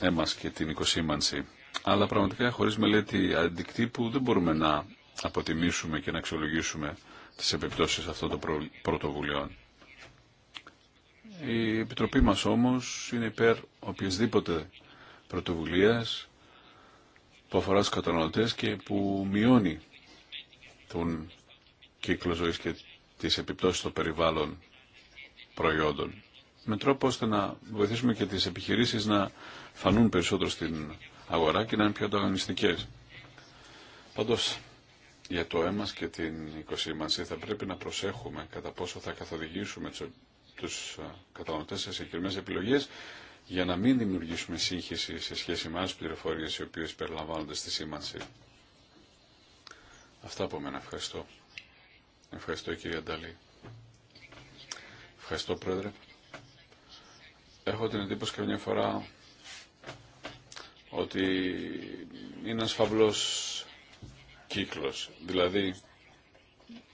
έμας και την οικοσήμανση. Αλλά πραγματικά χωρίς μελέτη αντικτύπου δεν μπορούμε να αποτιμήσουμε και να αξιολογήσουμε τις επιπτώσεις αυτών των πρωτοβουλειών. Η Επιτροπή μας όμως είναι υπέρ οποιασδήποτε πρωτοβουλίας που αφορά του καταναλωτές και που μειώνει τον κύκλο ζωής και τις επιπτώσεις των περιβάλλων προϊόντων. Με τρόπο ώστε να βοηθήσουμε και τις επιχειρήσεις να φανούν περισσότερο στην αγορά και να είναι πιο ανταγωνιστικές. Πάντως, για το αίμα και την οικοσήμανση θα πρέπει να προσέχουμε κατά πόσο θα καθοδηγήσουμε τους καταναλωτές σε συγκεκριμένε επιλογές για να μην δημιουργήσουμε σύγχυση σε σχέση με άλλες πληροφορίες οι οποίες περιλαμβάνονται στη σήμανση. Αυτά από μένα. Ευχαριστώ. Ευχαριστώ κύριε Ανταλή. Ευχαριστώ πρόεδρε. Έχω την εντύπωση καμιά φορά ότι είναι ένας φαυλός κύκλος. Δηλαδή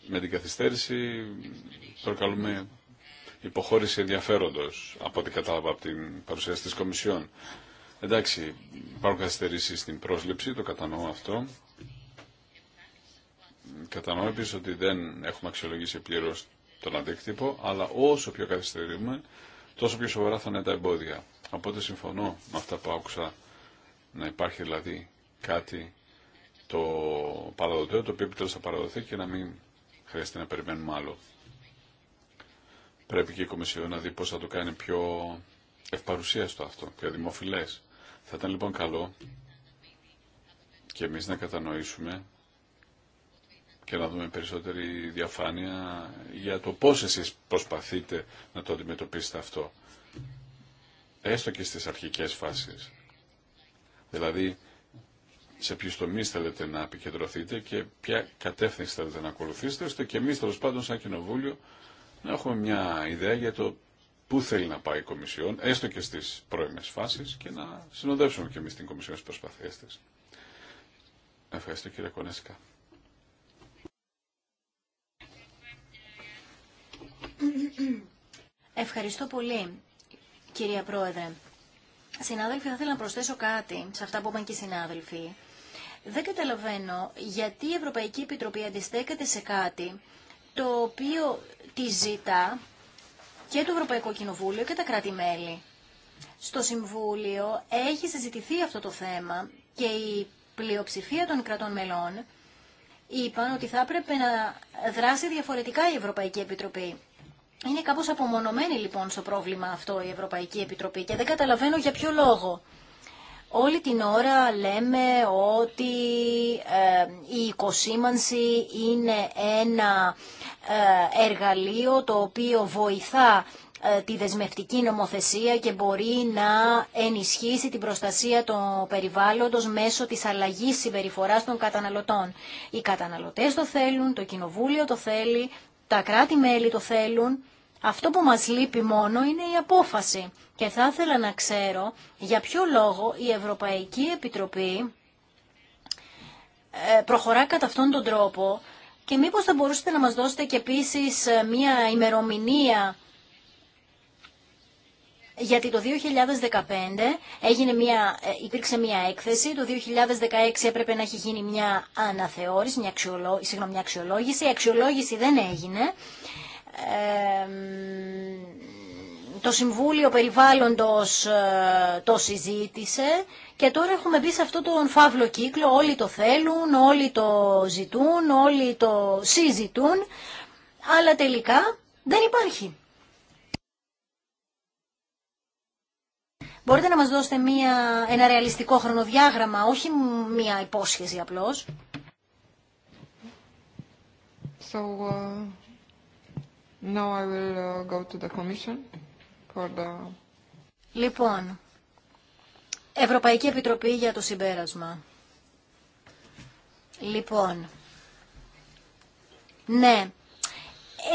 με την καθυστέρηση προκαλούμε υποχώρηση ενδιαφέροντο από ό,τι κατάλαβα από την παρουσίαση τη Κομισιόν. Εντάξει, υπάρχουν καθυστερήσει στην πρόσληψη, το κατανοώ αυτό. Κατανοώ επίση ότι δεν έχουμε αξιολογήσει πλήρω τον αντίκτυπο, αλλά όσο πιο καθυστερούμε, τόσο πιο σοβαρά θα είναι τα εμπόδια. Οπότε συμφωνώ με αυτά που άκουσα να υπάρχει δηλαδή κάτι το παραδοτέο, το οποίο επιτέλου θα παραδοθεί και να μην χρειάζεται να περιμένουμε άλλο. Πρέπει και η Κομισιόν να δει πώς θα το κάνει πιο ευπαρουσίαστο αυτό, πιο δημοφιλές. Θα ήταν λοιπόν καλό και εμείς να κατανοήσουμε και να δούμε περισσότερη διαφάνεια για το πώς εσείς προσπαθείτε να το αντιμετωπίσετε αυτό. Έστω και στις αρχικές φάσεις. Δηλαδή, σε ποιους τομείς θέλετε να επικεντρωθείτε και ποια κατεύθυνση θέλετε να ακολουθήσετε, ώστε και εμείς τέλο πάντων σαν Κοινοβούλιο να έχουμε μια ιδέα για το πού θέλει να πάει η Κομισιόν, έστω και στις πρώιμες φάσεις και να συνοδεύσουμε και εμείς την Κομισιόν στις προσπαθίες της. Ευχαριστώ κύριε Κονέσκα. Ευχαριστώ πολύ, κυρία Πρόεδρε. Συνάδελφοι, θα ήθελα να προσθέσω κάτι σε αυτά που είπαν και οι συνάδελφοι. Δεν καταλαβαίνω γιατί η Ευρωπαϊκή Επιτροπή αντιστέκεται σε κάτι το οποίο τη ζητά και το Ευρωπαϊκό Κοινοβούλιο και τα κράτη-μέλη. Στο Συμβούλιο έχει συζητηθεί αυτό το θέμα και η πλειοψηφία των κρατών μελών είπαν ότι θα έπρεπε να δράσει διαφορετικά η Ευρωπαϊκή Επιτροπή. Είναι κάπως απομονωμένη λοιπόν στο πρόβλημα αυτό η Ευρωπαϊκή Επιτροπή και δεν καταλαβαίνω για ποιο λόγο. Όλη την ώρα λέμε ότι ε, η οικοσήμανση είναι ένα ε, εργαλείο το οποίο βοηθά ε, τη δεσμευτική νομοθεσία και μπορεί να ενισχύσει την προστασία των περιβάλλοντος μέσω της αλλαγής συμπεριφοράς των καταναλωτών. Οι καταναλωτές το θέλουν, το κοινοβούλιο το θέλει, τα κράτη-μέλη το θέλουν αυτό που μας λείπει μόνο είναι η απόφαση. Και θα ήθελα να ξέρω για ποιο λόγο η Ευρωπαϊκή Επιτροπή ε, προχωρά κατά αυτόν τον τρόπο και μήπως θα μπορούσατε να μας δώσετε και επίσης ε, μια ημερομηνία γιατί το 2015 έγινε μια, ε, υπήρξε μια έκθεση, το 2016 έπρεπε να έχει γίνει μια αναθεώρηση, μια, αξιολόγηση, μια αξιολόγηση, η αξιολόγηση δεν έγινε το Συμβούλιο Περιβάλλοντος ε, το συζήτησε και τώρα έχουμε μπει σε αυτό τον φαύλο κύκλο, όλοι το θέλουν, όλοι το ζητούν, όλοι το συζητούν, αλλά τελικά δεν υπάρχει. Μπορείτε να μας δώσετε μια, ένα ρεαλιστικό χρονοδιάγραμμα, όχι μια υπόσχεση απλώς. So, uh, Λοιπόν, Ευρωπαϊκή Επιτροπή για το συμπέρασμα. Λοιπόν, ναι, ε,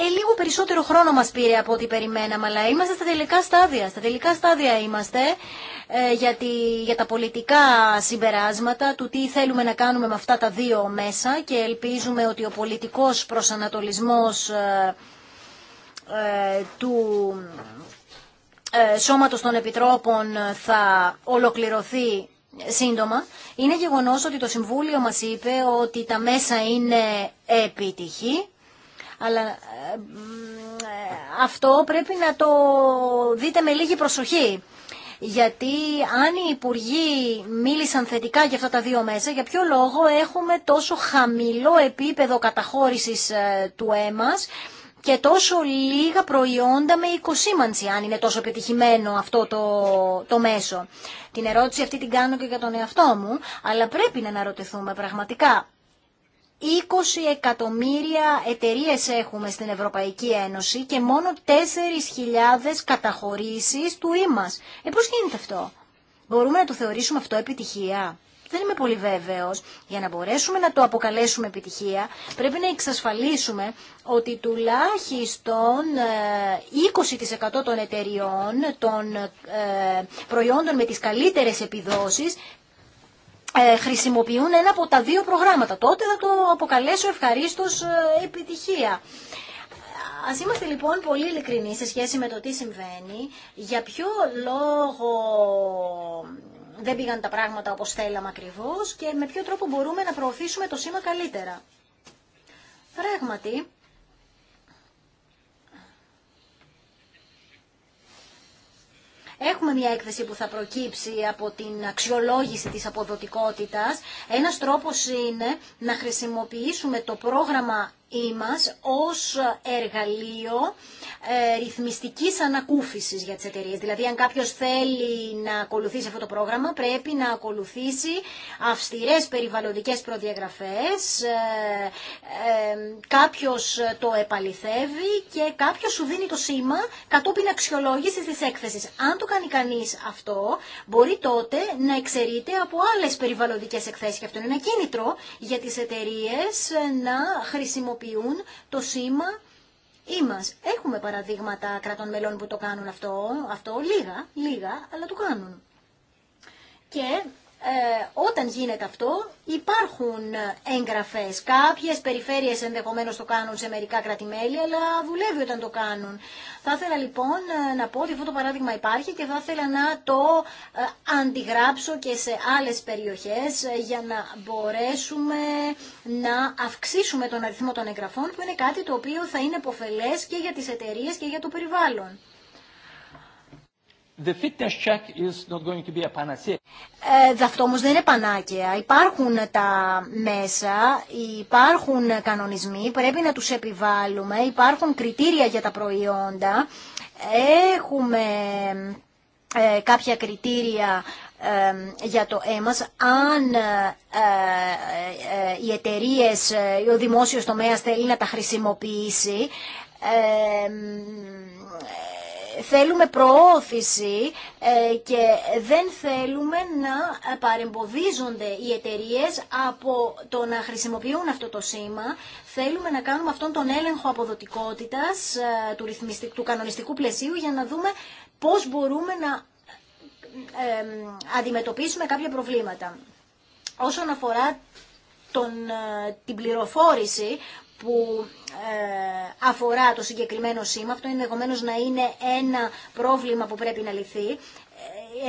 λίγο περισσότερο χρόνο μας πήρε από ό,τι περιμέναμε, αλλά είμαστε στα τελικά στάδια. Στα τελικά στάδια είμαστε ε, για, τα πολιτικά συμπεράσματα του τι θέλουμε να κάνουμε με αυτά τα δύο μέσα και ελπίζουμε ότι ο πολιτικός προσανατολισμός... Ε, ε, του ε, σώματος των επιτρόπων θα ολοκληρωθεί σύντομα. Είναι γεγονός ότι το Συμβούλιο μας είπε ότι τα μέσα είναι επιτυχή, αλλά ε, αυτό πρέπει να το δείτε με λίγη προσοχή. Γιατί αν οι υπουργοί μίλησαν θετικά για αυτά τα δύο μέσα, για ποιο λόγο έχουμε τόσο χαμηλό επίπεδο καταχώρησης του ΕΜΑΣ, και τόσο λίγα προϊόντα με οικοσήμανση, αν είναι τόσο επιτυχημένο αυτό το, το μέσο. Την ερώτηση αυτή την κάνω και για τον εαυτό μου, αλλά πρέπει να αναρωτηθούμε πραγματικά 20 εκατομμύρια εταιρείες έχουμε στην Ευρωπαϊκή Ένωση και μόνο 4.000 καταχωρήσεις του ήμας. Ε, πώς γίνεται αυτό. Μπορούμε να το θεωρήσουμε αυτό επιτυχία δεν είμαι πολύ βέβαιος. Για να μπορέσουμε να το αποκαλέσουμε επιτυχία, πρέπει να εξασφαλίσουμε ότι τουλάχιστον 20% ε, των εταιριών, των ε, προϊόντων με τις καλύτερες επιδόσεις, ε, χρησιμοποιούν ένα από τα δύο προγράμματα. Τότε θα το αποκαλέσω ευχαρίστως επιτυχία. Α είμαστε λοιπόν πολύ ειλικρινεί σε σχέση με το τι συμβαίνει, για ποιο λόγο δεν πήγαν τα πράγματα όπως θέλαμε ακριβώ και με ποιο τρόπο μπορούμε να προωθήσουμε το σήμα καλύτερα. Πράγματι, Έχουμε μια έκθεση που θα προκύψει από την αξιολόγηση της αποδοτικότητας. Ένας τρόπος είναι να χρησιμοποιήσουμε το πρόγραμμα μας ως εργαλείο ε, ρυθμιστικής ανακούφισης για τις εταιρείες. Δηλαδή αν κάποιος θέλει να ακολουθήσει αυτό το πρόγραμμα πρέπει να ακολουθήσει αυστηρές περιβαλλοντικές προδιαγραφές, ε, ε, κάποιος το επαληθεύει και κάποιος σου δίνει το σήμα κατόπιν αξιολόγησης της έκθεσης. Αν το κάνει κανείς αυτό μπορεί τότε να εξαιρείται από άλλες περιβαλλοντικές εκθέσεις και αυτό είναι ένα κίνητρο για τις εταιρείες να χρησιμοποιήσουν χρησιμοποιούν το σήμα ήμας Έχουμε παραδείγματα κρατών μελών που το κάνουν αυτό, αυτό λίγα, λίγα, αλλά το κάνουν. Και ε, όταν γίνεται αυτό υπάρχουν ε, έγγραφες. Κάποιες περιφέρειες ενδεχομένως το κάνουν σε μερικά κρατημέλη, αλλά δουλεύει όταν το κάνουν. Θα ήθελα λοιπόν ε, να πω ότι αυτό το παράδειγμα υπάρχει και θα ήθελα να το ε, αντιγράψω και σε άλλες περιοχές για να μπορέσουμε να αυξήσουμε τον αριθμό των εγγραφών που είναι κάτι το οποίο θα είναι υποφελέ και για τις εταιρείε και για το περιβάλλον αυτό όμω δεν είναι πανάκια. Υπάρχουν τα μέσα, υπάρχουν κανονισμοί, πρέπει να τους επιβάλλουμε, υπάρχουν κριτήρια για τα προϊόντα, έχουμε ε, κάποια κριτήρια ε, για το έμας αν ε, οι εταιρείε, ο δημόσιος τομέας θέλει να τα χρησιμοποιήσει θέλουμε προώθηση ε, και δεν θέλουμε να παρεμποδίζονται οι εταιρείε από το να χρησιμοποιούν αυτό το σήμα. Θέλουμε να κάνουμε αυτόν τον έλεγχο αποδοτικότητας ε, του, κανονιστικού πλαισίου για να δούμε πώς μπορούμε να ε, αντιμετωπίσουμε κάποια προβλήματα. Όσον αφορά τον, την πληροφόρηση που ε, αφορά το συγκεκριμένο σήμα. Αυτό ενδεχομένω να είναι ένα πρόβλημα που πρέπει να λυθεί. Ε,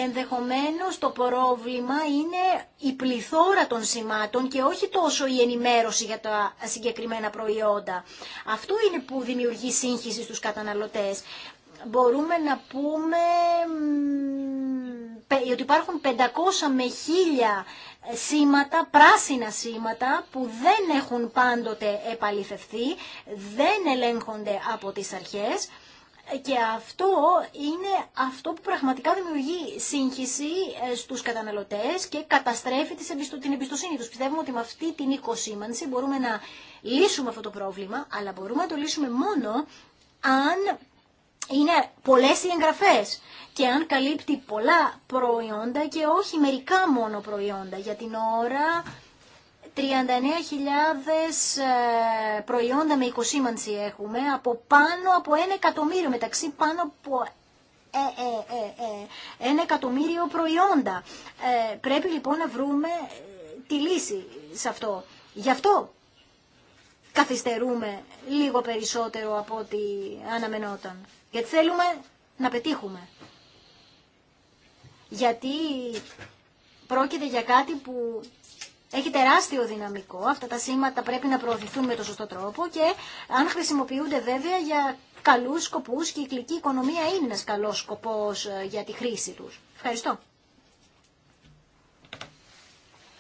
ενδεχομένως το πρόβλημα είναι η πληθώρα των σημάτων και όχι τόσο η ενημέρωση για τα συγκεκριμένα προϊόντα. Αυτό είναι που δημιουργεί σύγχυση στους καταναλωτές. Μπορούμε να πούμε ότι υπάρχουν 500 με 1000 σήματα, πράσινα σήματα που δεν έχουν πάντοτε επαληθευτεί, δεν ελέγχονται από τις αρχές και αυτό είναι αυτό που πραγματικά δημιουργεί σύγχυση ε, στους καταναλωτές και καταστρέφει την εμπιστοσύνη τους. Πιστεύουμε ότι με αυτή την οικοσήμανση μπορούμε να λύσουμε αυτό το πρόβλημα, αλλά μπορούμε να το λύσουμε μόνο αν είναι πολλές οι εγγραφές και αν καλύπτει πολλά προϊόντα και όχι μερικά μόνο προϊόντα. Για την ώρα 39.000 ε, προϊόντα με οικοσήμανση έχουμε από πάνω από ένα εκατομμύριο, μεταξύ πάνω από ε, ε, ε, ε ένα εκατομμύριο προϊόντα. Ε, πρέπει λοιπόν να βρούμε τη λύση σε αυτό. Γι' αυτό καθυστερούμε λίγο περισσότερο από ό,τι αναμενόταν και θέλουμε να πετύχουμε. Γιατί πρόκειται για κάτι που έχει τεράστιο δυναμικό. Αυτά τα σήματα πρέπει να προωθηθούν με το σωστό τρόπο και αν χρησιμοποιούνται βέβαια για καλούς σκοπούς, η κυκλική οικονομία είναι ένας καλός σκοπός ε, για τη χρήση τους. Ευχαριστώ.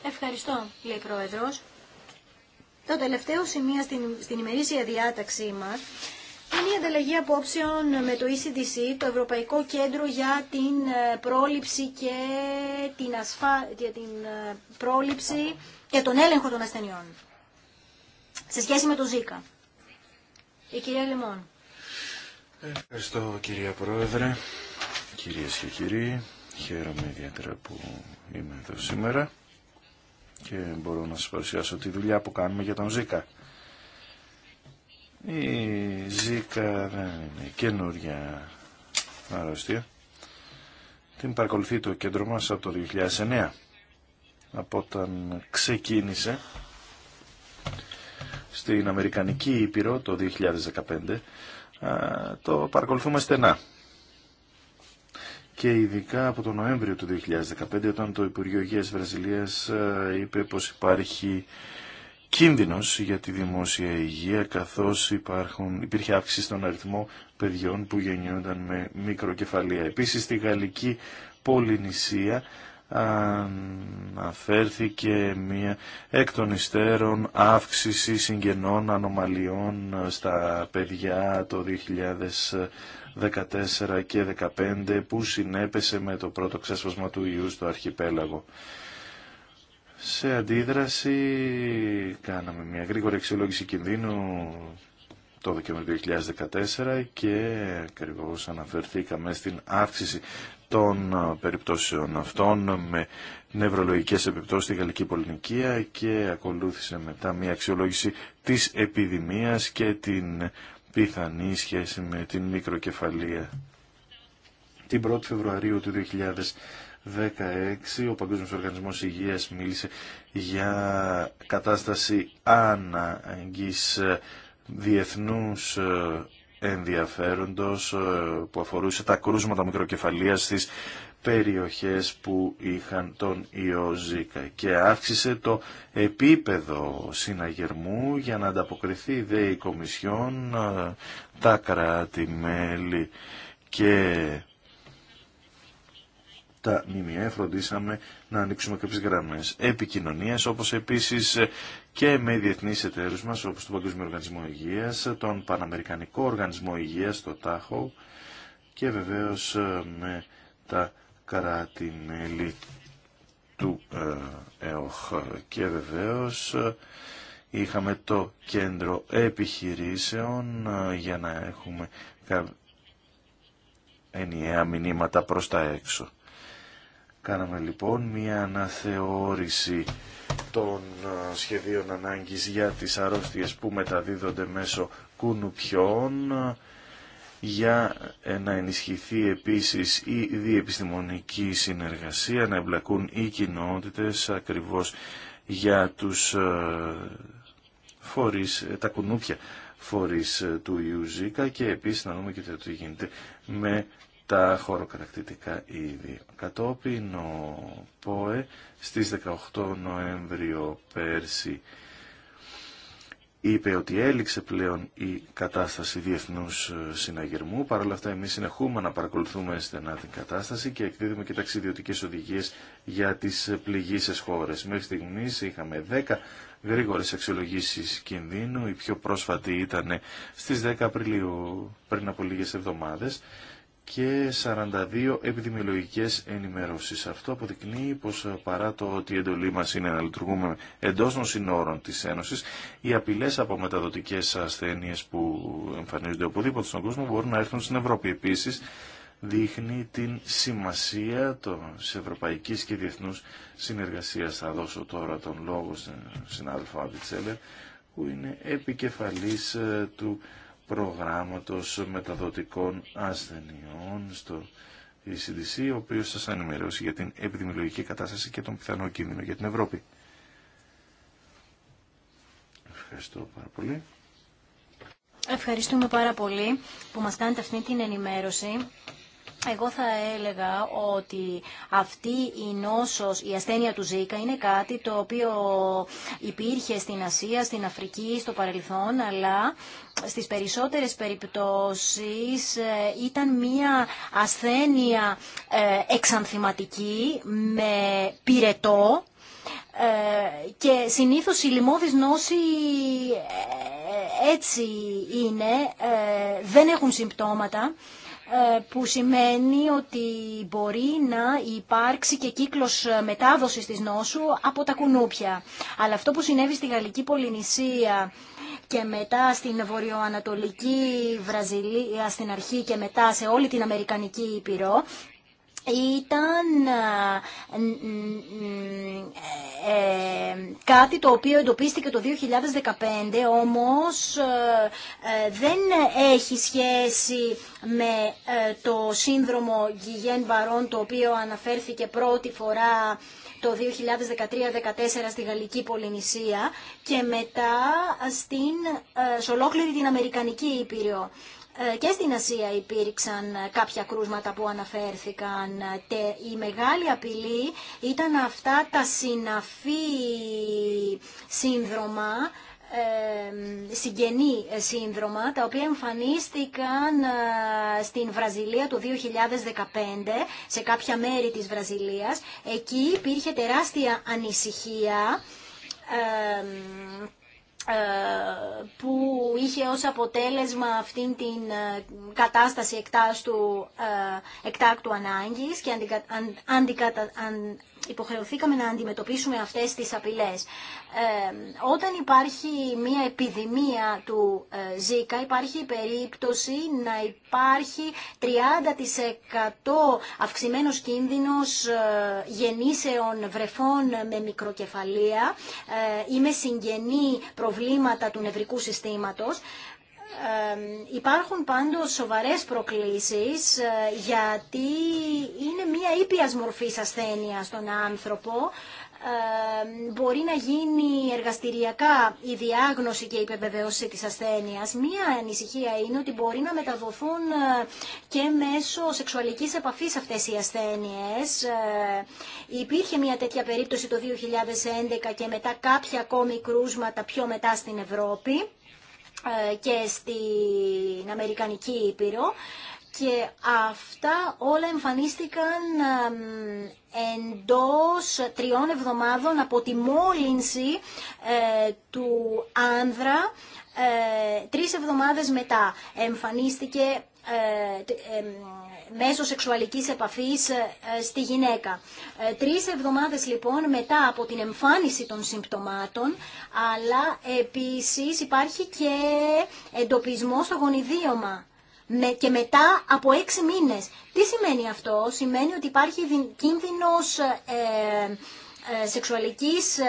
Ευχαριστώ, λέει Πρόεδρος. Το τελευταίο σημείο στην, στην ημερήσια διάταξή μας ανταλλαγή απόψεων με το ECDC, το Ευρωπαϊκό Κέντρο για την ε, πρόληψη και την, ασφα... για την ε, πρόληψη και τον έλεγχο των ασθενειών. Σε σχέση με το ΖΙΚΑ. Η κυρία Λεμόν. Ευχαριστώ κυρία Πρόεδρε, κυρίες και κύριοι. Χαίρομαι ιδιαίτερα που είμαι εδώ σήμερα και μπορώ να σας παρουσιάσω τη δουλειά που κάνουμε για τον ΖΙΚΑ. Η ζήκα δεν είναι καινούρια αρρώστια. Την παρακολουθεί το κέντρο μας από το 2009, από όταν ξεκίνησε στην Αμερικανική Ήπειρο το 2015, το παρακολουθούμε στενά. Και ειδικά από τον Νοέμβριο του 2015, όταν το Υπουργείο Υγείας Βραζιλίας είπε πως υπάρχει κίνδυνος για τη δημόσια υγεία καθώς υπάρχουν, υπήρχε αύξηση στον αριθμό παιδιών που γεννιόνταν με μικροκεφαλία. Επίσης στη γαλλική Πολυνησία αναφέρθηκε μια εκ των υστέρων αύξηση συγγενών ανομαλιών ε, στα παιδιά το 2014 και 2015 που συνέπεσε με το πρώτο ξέσπασμα του ιού στο αρχιπέλαγο. Σε αντίδραση κάναμε μια γρήγορη αξιολόγηση κινδύνου το Δεκέμβριο 2014 και ακριβώ αναφερθήκαμε στην αύξηση των περιπτώσεων αυτών με νευρολογικές επιπτώσεις στη Γαλλική Πολυνικία και ακολούθησε μετά μια αξιολόγηση της επιδημίας και την πιθανή σχέση με την μικροκεφαλία. Την 1η Φεβρουαρίου του 16 ο Παγκόσμιος Οργανισμός Υγείας μίλησε για κατάσταση αναγκής διεθνούς ε, ενδιαφέροντος ε, που αφορούσε τα κρούσματα μικροκεφαλίας στις περιοχές που είχαν τον ιό και αύξησε το επίπεδο συναγερμού για να ανταποκριθεί δε η Κομισιόν, ε, τα κράτη-μέλη και τα ΜΜΕ φροντίσαμε να ανοίξουμε κάποιες γραμμές επικοινωνίας, όπως επίσης και με διεθνείς εταίρους μας, όπως τον Παγκόσμιο Οργανισμό Υγείας, τον Παναμερικανικό Οργανισμό Υγείας, το ΤΑΧΟ, και βεβαίως ε, με τα κράτη-μέλη του ε, ΕΟΧ. Και βεβαίως ε, είχαμε το κέντρο επιχειρήσεων για να έχουμε ενιαία μηνύματα προς τα έξω. Κάναμε λοιπόν μία αναθεώρηση των σχεδίων ανάγκης για τις αρρώστιες που μεταδίδονται μέσω κουνουπιών για να ενισχυθεί επίσης η διεπιστημονική συνεργασία, να εμπλακούν οι κοινότητες ακριβώς για τους φορείς, τα κουνούπια φορείς ε, του Ιουζίκα και επίσης να δούμε και το τι γίνεται με τα χώροκαρακτητικά είδη. Κατόπιν ο ΠΟΕ στις 18 Νοέμβριο πέρσι είπε ότι έληξε πλέον η κατάσταση διεθνούς συναγερμού. Παρ' όλα αυτά εμείς συνεχούμε να παρακολουθούμε στενά την κατάσταση και εκδίδουμε και ταξιδιωτικές οδηγίες για τις πληγήσεις χώρες. Μέχρι στιγμής είχαμε 10 γρήγορες αξιολογήσεις κινδύνου. Η πιο πρόσφατη ήταν στις 10 Απριλίου πριν από λίγες εβδομάδες και 42 επιδημιολογικές ενημερώσεις. Αυτό αποδεικνύει πως ε, παρά το ότι η εντολή μας είναι να λειτουργούμε εντός των συνόρων της Ένωσης, οι απειλές από μεταδοτικές ασθένειες που εμφανίζονται οπουδήποτε στον κόσμο μπορούν να έρθουν στην Ευρώπη. Επίσης, δείχνει την σημασία της ευρωπαϊκής και διεθνούς συνεργασίας. Θα δώσω τώρα τον λόγο στην συνάδελφο Αβιτσέλερ, που είναι επικεφαλής ε, του προγράμματος μεταδοτικών ασθενειών στο ECDC, ο οποίος σας ενημερώσει για την επιδημιολογική κατάσταση και τον πιθανό κίνδυνο για την Ευρώπη. Ευχαριστώ πάρα πολύ. Ευχαριστούμε πάρα πολύ που μας κάνετε αυτή την ενημέρωση εγώ θα έλεγα ότι αυτή η νόσος, η ασθένεια του Ζήκα είναι κάτι το οποίο υπήρχε στην Ασία, στην Αφρική, στο παρελθόν, αλλά στις περισσότερες περιπτώσεις ε, ήταν μία ασθένεια ε, εξανθηματική με πυρετό ε, και συνήθως η λοιμώδης νόση έτσι είναι, δεν έχουν συμπτώματα ε, που σημαίνει ότι μπορεί να υπάρξει και κύκλος μετάδοσης της νόσου από τα κουνούπια. Αλλά αυτό που συνέβη στη Γαλλική Πολυνησία και μετά στην βορειοανατολική Βραζιλία στην αρχή και μετά σε όλη την Αμερικανική Ήπειρο ήταν ε, ε, κάτι το οποίο εντοπίστηκε το 2015, όμως ε, δεν έχει σχέση με το σύνδρομο Γιγέν Βαρών, το οποίο αναφέρθηκε πρώτη φορά το 2013-2014 στη Γαλλική Πολυνησία και μετά στην, σε ολόκληρη την Αμερικανική Ήπειρο. Ε, και στην Ασία υπήρξαν ε, κάποια κρούσματα που αναφέρθηκαν. Ε, η μεγάλη απειλή ήταν αυτά τα συναφή σύνδρομα, συγγενή σύνδρομα, τα οποία εμφανίστηκαν στην Βραζιλία το 2015, σε κάποια μέρη της Βραζιλίας. Εκεί υπήρχε τεράστια ανησυχία ε, που είχε ως αποτέλεσμα αυτήν την ε, κατάσταση εκτάστου, ε, εκτάκτου ανάγκης και αν, αντικατα, αν, υποχρεωθήκαμε να αντιμετωπίσουμε αυτές τις απειλές. Ε, όταν υπάρχει μια επιδημία του ΖΙΚΑ υπάρχει περίπτωση να υπάρχει 30% αυξημένος κίνδυνος ε, γεννήσεων βρεφών με μικροκεφαλία ή με συγγενή προβλήματα του νευρικού συστήματος. Ε, υπάρχουν πάντως σοβαρές προκλήσεις ε, γιατί είναι μία ήπιας μορφής ασθένεια στον άνθρωπο μπορεί να γίνει εργαστηριακά η διάγνωση και η επιβεβαιώση της ασθένειας. Μία ανησυχία είναι ότι μπορεί να μεταδοθούν ε, και μέσω σεξουαλικής επαφής αυτές οι ασθένειες. Ε, υπήρχε μία τέτοια περίπτωση το 2011 και μετά κάποια ακόμη κρούσματα πιο μετά στην Ευρώπη ε, και στην Αμερικανική Ήπειρο και αυτά όλα εμφανίστηκαν εντός τριών εβδομάδων από τη μόλυνση ε, του άνδρα ε, τρεις εβδομάδες μετά. Εμφανίστηκε ε, μέσω σεξουαλικής επαφής στη γυναίκα. Τρεις εβδομάδες λοιπόν μετά από την εμφάνιση των συμπτωμάτων, αλλά επίσης υπάρχει και εντοπισμό στο γονιδίωμα και μετά από έξι μήνες. Τι σημαίνει αυτό, σημαίνει ότι υπάρχει κίνδυνος ε, ε, σεξουαλικής, ε,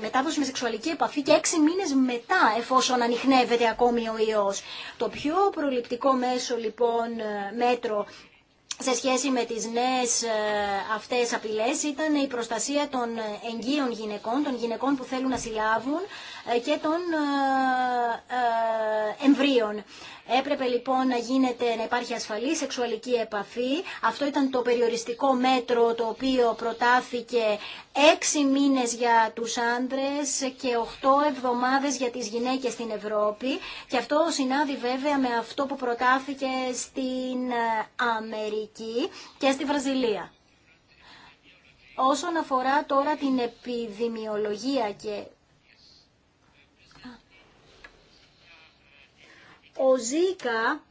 μετάδοση με σεξουαλική επαφή και έξι μήνες μετά εφόσον ανοιχνεύεται ακόμη ο ιός. Το πιο προληπτικό μέσο λοιπόν μέτρο σε σχέση με τις νέες αυτές απειλές ήταν η προστασία των εγγύων γυναικών, των γυναικών που θέλουν να συλλάβουν ε, και των ε, ε, εμβρίων. Έπρεπε λοιπόν να γίνεται, να υπάρχει ασφαλή σεξουαλική επαφή. Αυτό ήταν το περιοριστικό μέτρο το οποίο προτάθηκε έξι μήνες για τους άντρες και οχτώ εβδομάδες για τις γυναίκες στην Ευρώπη. Και αυτό συνάδει βέβαια με αυτό που προτάθηκε στην Αμερική και στη Βραζιλία. Όσον αφορά τώρα την επιδημιολογία και ο Ζήκα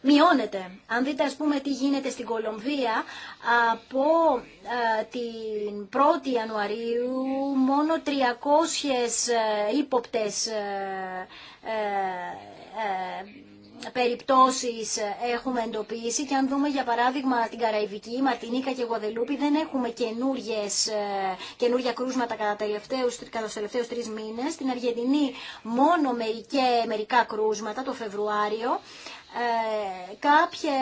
μειώνεται. Αν δείτε ας πούμε τι γίνεται στην Κολομβία, από ε, την 1η Ιανουαρίου μόνο 300 ε, ύποπτες ε, ε περιπτώσεις ε, έχουμε εντοπίσει και αν δούμε για παράδειγμα την Καραϊβική, Μαρτινίκα και Γουαδελούπη δεν έχουμε ε, καινούργια κρούσματα κατά, τελευταίους, κατά τους τελευταίους τρεις μήνες. Στην Αργεντινή μόνο μερικέ, μερικά κρούσματα το Φεβρουάριο. Ε, κάποια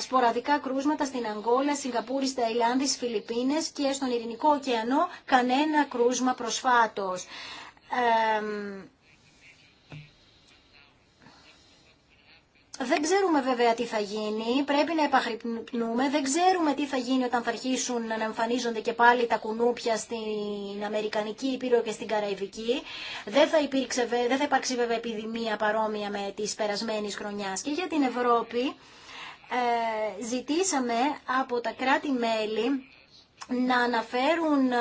σποραδικά κρούσματα στην Αγγόλα, Σιγκαπούρη, Ταϊλάνδη, Φιλιππίνες και στον Ειρηνικό ωκεανό κανένα κρούσμα προσφάτως. Ε, Δεν ξέρουμε βέβαια τι θα γίνει, πρέπει να επαχρυπνούμε, δεν ξέρουμε τι θα γίνει όταν θα αρχίσουν να εμφανίζονται και πάλι τα κουνούπια στην Αμερικανική Ήπειρο και στην Καραϊβική. Δεν θα, υπήρξε, δεν θα υπάρξει βέβαια επιδημία παρόμοια με τις περασμένες χρονιάς. Και για την Ευρώπη ε, ζητήσαμε από τα κράτη-μέλη να αναφέρουν ε,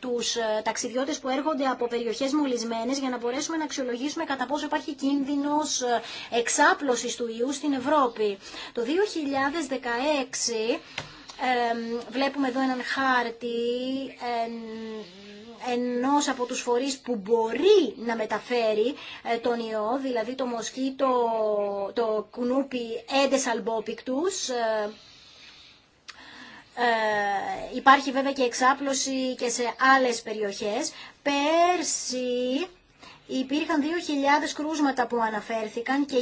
τους ε, ταξιδιώτες που έρχονται από περιοχές μολυσμένες για να μπορέσουμε να αξιολογήσουμε κατά πόσο υπάρχει κίνδυνος ε, εξάπλωσης του ιού στην Ευρώπη. Το 2016 βλέπουμε εδώ έναν χάρτη ενός από τους φορείς που μπορεί να μεταφέρει τον ιό, δηλαδή το μοσκίτο, το κουνούπι έντες αλμπόπικτους, ε, υπάρχει βέβαια και εξάπλωση και σε άλλες περιοχές. Πέρσι υπήρχαν 2.000 κρούσματα που αναφέρθηκαν και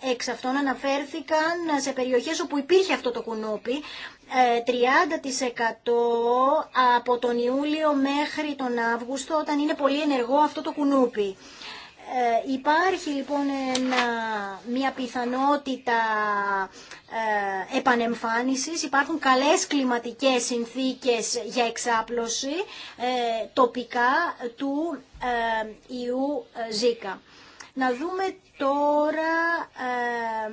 1.000 εξ αυτών αναφέρθηκαν σε περιοχές όπου υπήρχε αυτό το κουνούπι. 30% ε, από τον Ιούλιο μέχρι τον Αύγουστο όταν είναι πολύ ενεργό αυτό το κουνούπι. Ε, υπάρχει λοιπόν μια πιθανότητα ε, επανεμφάνισης, υπάρχουν καλές κλιματικές συνθήκες για εξάπλωση ε, τοπικά του ε, ιού Ζήκα. Να δούμε τώρα ε,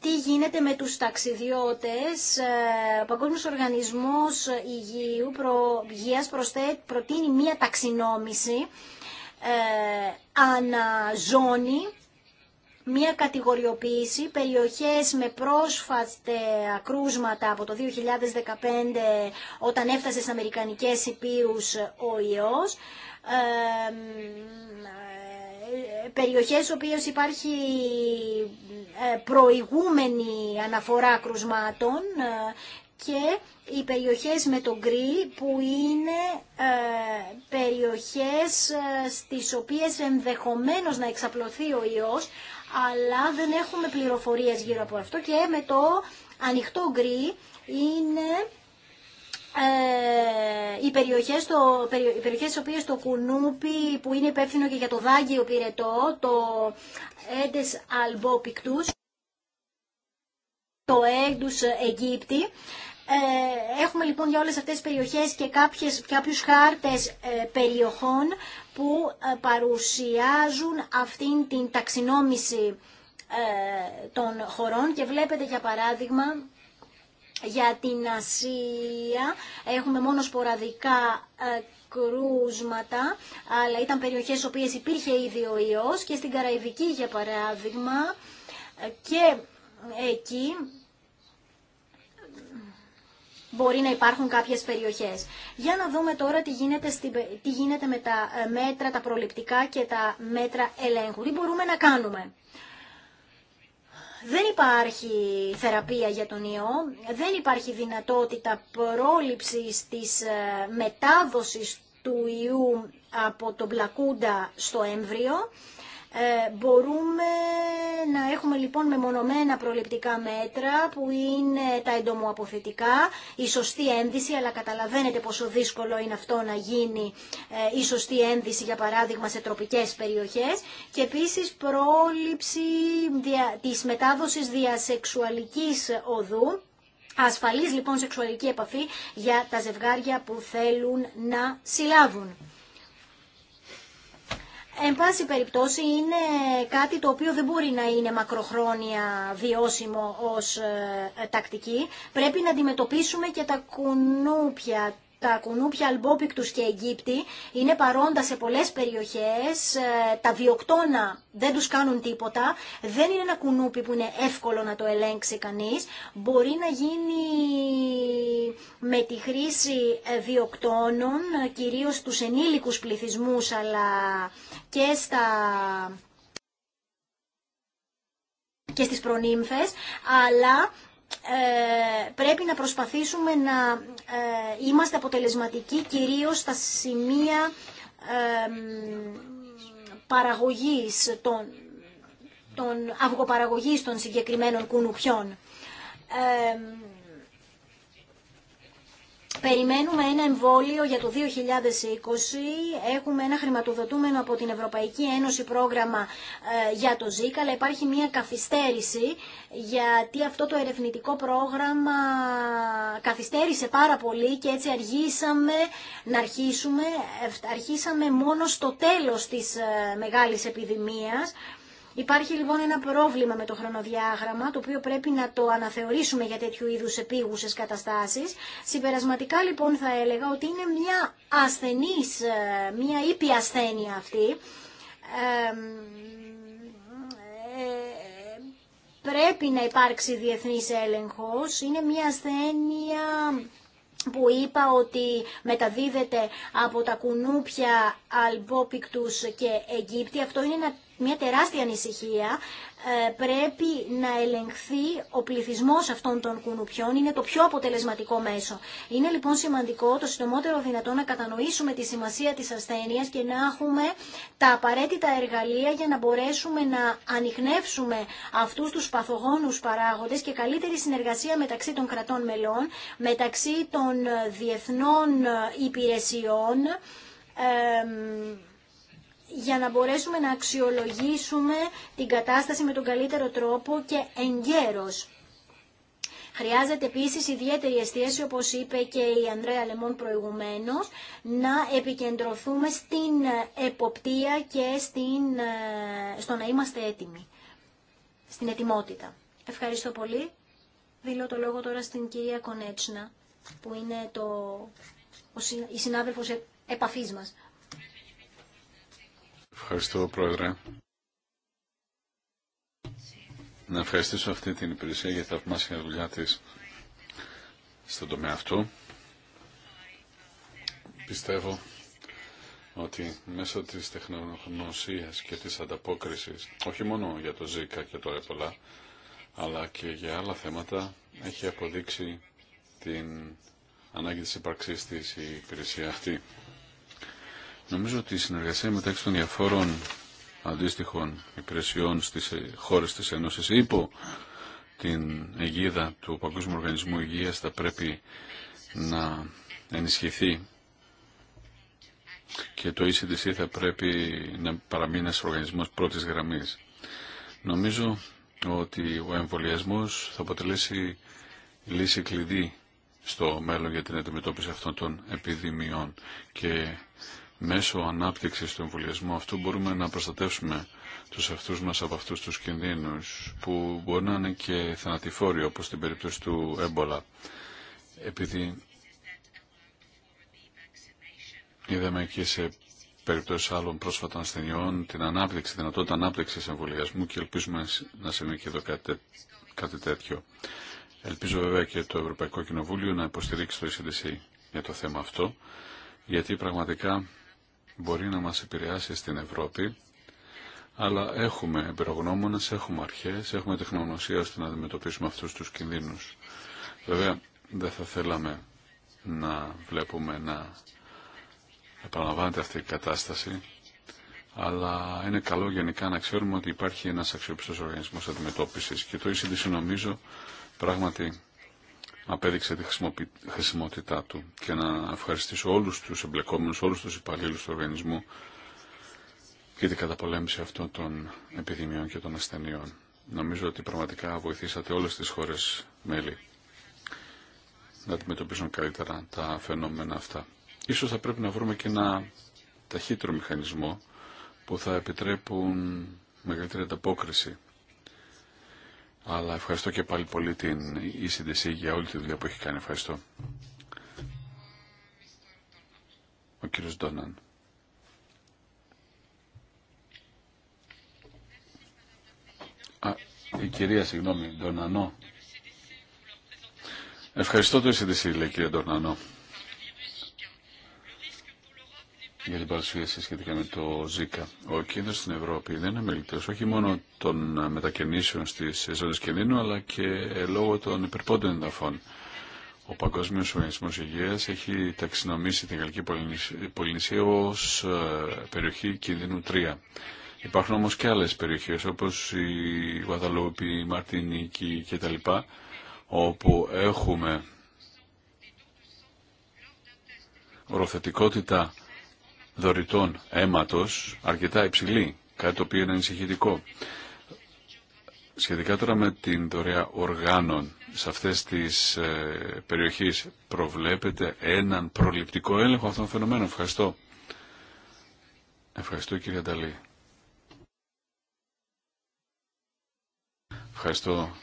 τι γίνεται με τους ταξιδιώτες. Ε, ο Παγκόσμιος Οργανισμός Υγείου, προ, Υγείας προτείνει μία ταξινόμηση ε, αναζώνη, μία κατηγοριοποίηση, περιοχές με πρόσφατα ακρούσματα από το 2015 όταν έφτασε στις Αμερικανικές Υπήρους ο ιός, ε, ε, περιοχές στις οποίες υπάρχει ε, προηγούμενη αναφορά κρουσμάτων ε, και οι περιοχές με το γκρι που είναι περιοχές στις οποίες ενδεχομένως να εξαπλωθεί ο ιός αλλά δεν έχουμε πληροφορίες γύρω από αυτό και με το ανοιχτό γκρι είναι ε, οι περιοχές, το, οι περιοχές οποίες το κουνούπι που είναι υπεύθυνο και για το δάγκιο πυρετό, το έντες αλμπόπικτους, το έντους Αιγύπτη, ε, έχουμε λοιπόν για όλες αυτές τις περιοχές και κάποιες, κάποιους χάρτες ε, περιοχών που παρουσιάζουν αυτήν την ταξινόμηση των χωρών και βλέπετε για παράδειγμα για την Ασία έχουμε μόνο σποραδικά ε, κρούσματα, αλλά ήταν περιοχές οποίες υπήρχε ήδη ο ιός και στην Καραϊβική για παράδειγμα ε, και εκεί μπορεί να υπάρχουν κάποιες περιοχές. Για να δούμε τώρα τι γίνεται, τι γίνεται με τα ε, μέτρα, τα προληπτικά και τα μέτρα ελέγχου. Τι μπορούμε να κάνουμε δεν υπάρχει θεραπεία για τον ιό, δεν υπάρχει δυνατότητα πρόληψης της ε, μετάδοσης του ιού από τον πλακούντα στο έμβριο ε, μπορούμε να έχουμε λοιπόν μεμονωμένα προληπτικά μέτρα που είναι τα εντομοαποθετικά, η σωστή ένδυση, αλλά καταλαβαίνετε πόσο δύσκολο είναι αυτό να γίνει ε, η σωστή ένδυση, για παράδειγμα, σε τροπικές περιοχές και επίσης πρόληψη της μετάδοσης διασεξουαλικής οδού, ασφαλής λοιπόν σεξουαλική επαφή για τα ζευγάρια που θέλουν να συλλάβουν. Εν πάση περιπτώσει είναι κάτι το οποίο δεν μπορεί να είναι μακροχρόνια βιώσιμο ως ε, τακτική. Πρέπει να αντιμετωπίσουμε και τα κουνούπια, τα κουνούπια αλμπόπικτους και Αιγύπτιοι είναι παρόντα σε πολλές περιοχές, ε, τα βιοκτώνα δεν τους κάνουν τίποτα, δεν είναι ένα κουνούπι που είναι εύκολο να το ελέγξει κανείς, μπορεί να γίνει με τη χρήση ε, βιοκτώνων, κυρίως στους ενήλικους πληθυσμούς, αλλά και στα και στις προνύμφες, αλλά ε, πρέπει να προσπαθήσουμε να ε, είμαστε αποτελεσματικοί κυρίως στα σημεία παραγωγής των, των αυγοπαραγωγής των συγκεκριμένων κουνουπιών. Ε, Περιμένουμε ένα εμβόλιο για το 2020. Έχουμε ένα χρηματοδοτούμενο από την Ευρωπαϊκή Ένωση πρόγραμμα ε, για το ΖΙΚ, αλλά υπάρχει μια καθυστέρηση γιατί αυτό το ερευνητικό πρόγραμμα καθυστέρησε πάρα πολύ και έτσι αργήσαμε να αρχίσουμε. Ε, αρχίσαμε μόνο στο τέλος της ε, μεγάλης επιδημίας Υπάρχει λοιπόν ένα πρόβλημα με το χρονοδιάγραμμα, το οποίο πρέπει να το αναθεωρήσουμε για τέτοιου είδους επίγουσες καταστάσεις. Συμπερασματικά λοιπόν θα έλεγα ότι είναι μια ασθενής, ε, μια ήπια ασθένεια αυτή. Ε, πρέπει να υπάρξει διεθνής έλεγχος. Είναι μια ασθένεια που είπα ότι μεταδίδεται από τα κουνούπια Αλμπόπικτους και Αιγύπτη. Αυτό είναι ένα μια τεράστια ανησυχία. Ε, πρέπει να ελεγχθεί ο πληθυσμός αυτών των κουνουπιών. Είναι το πιο αποτελεσματικό μέσο. Είναι λοιπόν σημαντικό το συντομότερο δυνατό να κατανοήσουμε τη σημασία της ασθένειας και να έχουμε τα απαραίτητα εργαλεία για να μπορέσουμε να ανοιχνεύσουμε αυτούς τους παθογόνους παράγοντες και καλύτερη συνεργασία μεταξύ των κρατών μελών, μεταξύ των ε, διεθνών ε, υπηρεσιών, για να μπορέσουμε να αξιολογήσουμε την κατάσταση με τον καλύτερο τρόπο και εγκαίρως. Χρειάζεται επίσης ιδιαίτερη αισθέση, όπως είπε και η Ανδρέα Λεμόν προηγουμένως, να επικεντρωθούμε στην εποπτεία και στην, ε, στο να είμαστε έτοιμοι, στην ετοιμότητα. Ευχαριστώ πολύ. Δίνω το λόγο τώρα στην κυρία Κονέτσνα, που είναι το, η συνάδελφος επαφής μας. Ευχαριστώ, Πρόεδρε. Να ευχαριστήσω αυτή την υπηρεσία για τα θαυμάσια δουλειά της στον τομέα αυτό. Πιστεύω ότι μέσω της τεχνογνωσίας και της ανταπόκρισης, όχι μόνο για το ΖΙΚΑ και το ΕΠΟΛΑ, αλλά και για άλλα θέματα, έχει αποδείξει την ανάγκη της υπαρξής της η υπηρεσία αυτή. Νομίζω ότι η συνεργασία μεταξύ των διαφόρων αντίστοιχων υπηρεσιών στις ε, χώρες της Ένωσης υπό την αιγίδα του Παγκόσμιου Οργανισμού Υγείας θα πρέπει να ενισχυθεί και το ECDC θα πρέπει να παραμείνει ένα οργανισμός πρώτης γραμμής. Νομίζω ότι ο εμβολιασμό θα αποτελέσει λύση κλειδί στο μέλλον για την αντιμετώπιση αυτών των επιδημιών και μέσω ανάπτυξης του εμβολιασμού αυτού μπορούμε να προστατεύσουμε τους αυτούς μας από αυτούς τους κινδύνους που μπορεί να είναι και θανατηφόροι όπως στην περίπτωση του έμπολα. Επειδή είδαμε και σε περιπτώσει άλλων πρόσφατων ασθενειών την ανάπτυξη, δυνατότητα ανάπτυξη εμβολιασμού και ελπίζουμε να συμβεί και εδώ κάτι, τέτοιο. Ελπίζω βέβαια και το Ευρωπαϊκό Κοινοβούλιο να υποστηρίξει το ECDC για το θέμα αυτό, γιατί πραγματικά μπορεί να μας επηρεάσει στην Ευρώπη, αλλά έχουμε εμπειρογνώμονες, έχουμε αρχές, έχουμε τεχνογνωσία ώστε να αντιμετωπίσουμε αυτούς τους κινδύνους. Βέβαια, δεν θα θέλαμε να βλέπουμε να επαναλαμβάνεται αυτή η κατάσταση, αλλά είναι καλό γενικά να ξέρουμε ότι υπάρχει ένας αξιόπιστος οργανισμός αντιμετώπισης και το ECDC νομίζω πράγματι απέδειξε τη χρησιμότητά του και να ευχαριστήσω όλους τους εμπλεκόμενους, όλους τους υπαλλήλους του οργανισμού για την καταπολέμηση αυτών των επιδημιών και των ασθενειών. Νομίζω ότι πραγματικά βοηθήσατε όλες τις χώρες μέλη να αντιμετωπίσουν καλύτερα τα φαινόμενα αυτά. Ίσως θα πρέπει να βρούμε και ένα ταχύτερο μηχανισμό που θα επιτρέπουν μεγαλύτερη ανταπόκριση αλλά ευχαριστώ και πάλι πολύ την ECDC για όλη τη δουλειά που έχει κάνει. Ευχαριστώ. Ο κύριος Ντόναν. η κυρία, συγγνώμη, Ντονανό. Ευχαριστώ το ECDC, λέει κύριε Ντονανό για την παρουσίαση σχετικά με το ΖΙΚΑ. Ο κίνδυνος στην Ευρώπη δεν είναι μελητός όχι μόνο των μετακινήσεων στις ζώνες κινδύνου, αλλά και ε, λόγω των υπερπόντων ενταφών. Ο Παγκόσμιο Οργανισμό Υγεία έχει ταξινομήσει την Γαλλική Πολυνησία ω ε, περιοχή κινδύνου 3. Υπάρχουν όμω και άλλε περιοχέ όπω η Γουαδαλούπη, η Μαρτινίκη κτλ. όπου έχουμε οροθετικότητα δωρητών αίματος αρκετά υψηλή, κάτι το οποίο είναι ανησυχητικό. Σχετικά τώρα με την δωρεά οργάνων, σε αυτές τις ε, περιοχές προβλέπετε έναν προληπτικό έλεγχο αυτών των φαινομένων. Ευχαριστώ. Ευχαριστώ κύριε Ανταλή. Ευχαριστώ.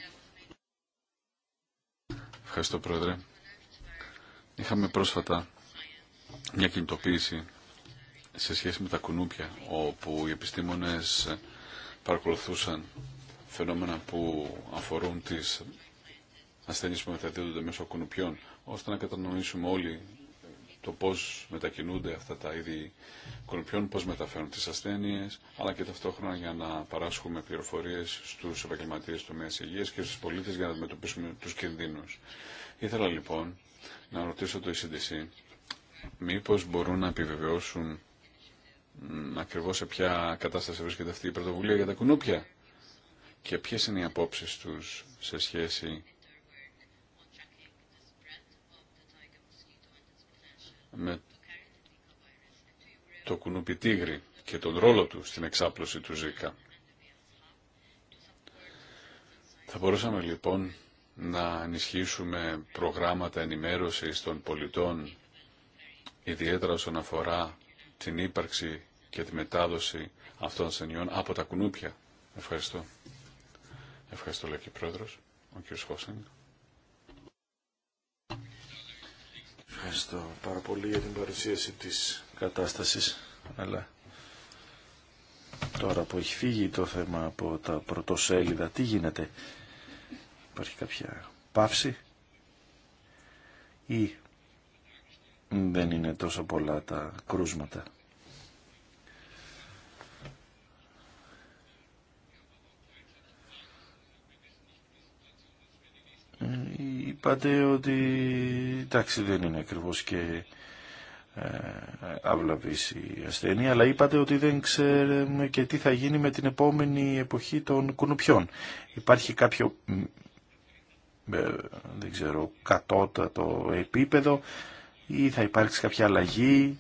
Ευχαριστώ πρόεδρε. Είχαμε πρόσφατα μια κινητοποίηση σε σχέση με τα κουνούπια, όπου οι επιστήμονες παρακολουθούσαν φαινόμενα που αφορούν τις ασθένειες που μεταδίδονται μέσω κουνουπιών, ώστε να κατανοήσουμε όλοι το πώς μετακινούνται αυτά τα είδη κουνουπιών, πώς μεταφέρουν τις ασθένειες, αλλά και ταυτόχρονα για να παράσχουμε πληροφορίες στους επαγγελματίες του μιας υγείας και στους πολίτες για να αντιμετωπίσουμε τους κινδύνους. Ήθελα λοιπόν να ρωτήσω το ECDC μήπως μπορούν να επιβεβαιώσουν ακριβώς σε ποια κατάσταση βρίσκεται αυτή η πρωτοβουλία για τα κουνούπια και ποιες είναι οι απόψεις τους σε σχέση με το κουνούπι τίγρη και τον ρόλο του στην εξάπλωση του ΖΙΚΑ. Θα μπορούσαμε λοιπόν να ενισχύσουμε προγράμματα ενημέρωσης των πολιτών ιδιαίτερα όσον αφορά την ύπαρξη και τη μετάδοση αυτών των ασθενειών από τα κουνούπια. Ευχαριστώ. Ευχαριστώ, λέει και πρόεδρος, ο κ. Χώσεν. Ευχαριστώ πάρα πολύ για την παρουσίαση της κατάστασης, αλλά τώρα που έχει φύγει το θέμα από τα πρωτοσέλιδα, τι γίνεται, υπάρχει κάποια παύση ή δεν είναι τόσο πολλά τα κρούσματα. Ε, είπατε ότι εντάξει δεν είναι ακριβώς και ε, αυλαβής η ασθένεια, αλλά είπατε ότι δεν ξέρουμε και τι θα γίνει με την επόμενη εποχή των κουνουπιών. Υπάρχει κάποιο, ε, δεν ξέρω, κατώτατο επίπεδο ή θα υπάρξει κάποια αλλαγή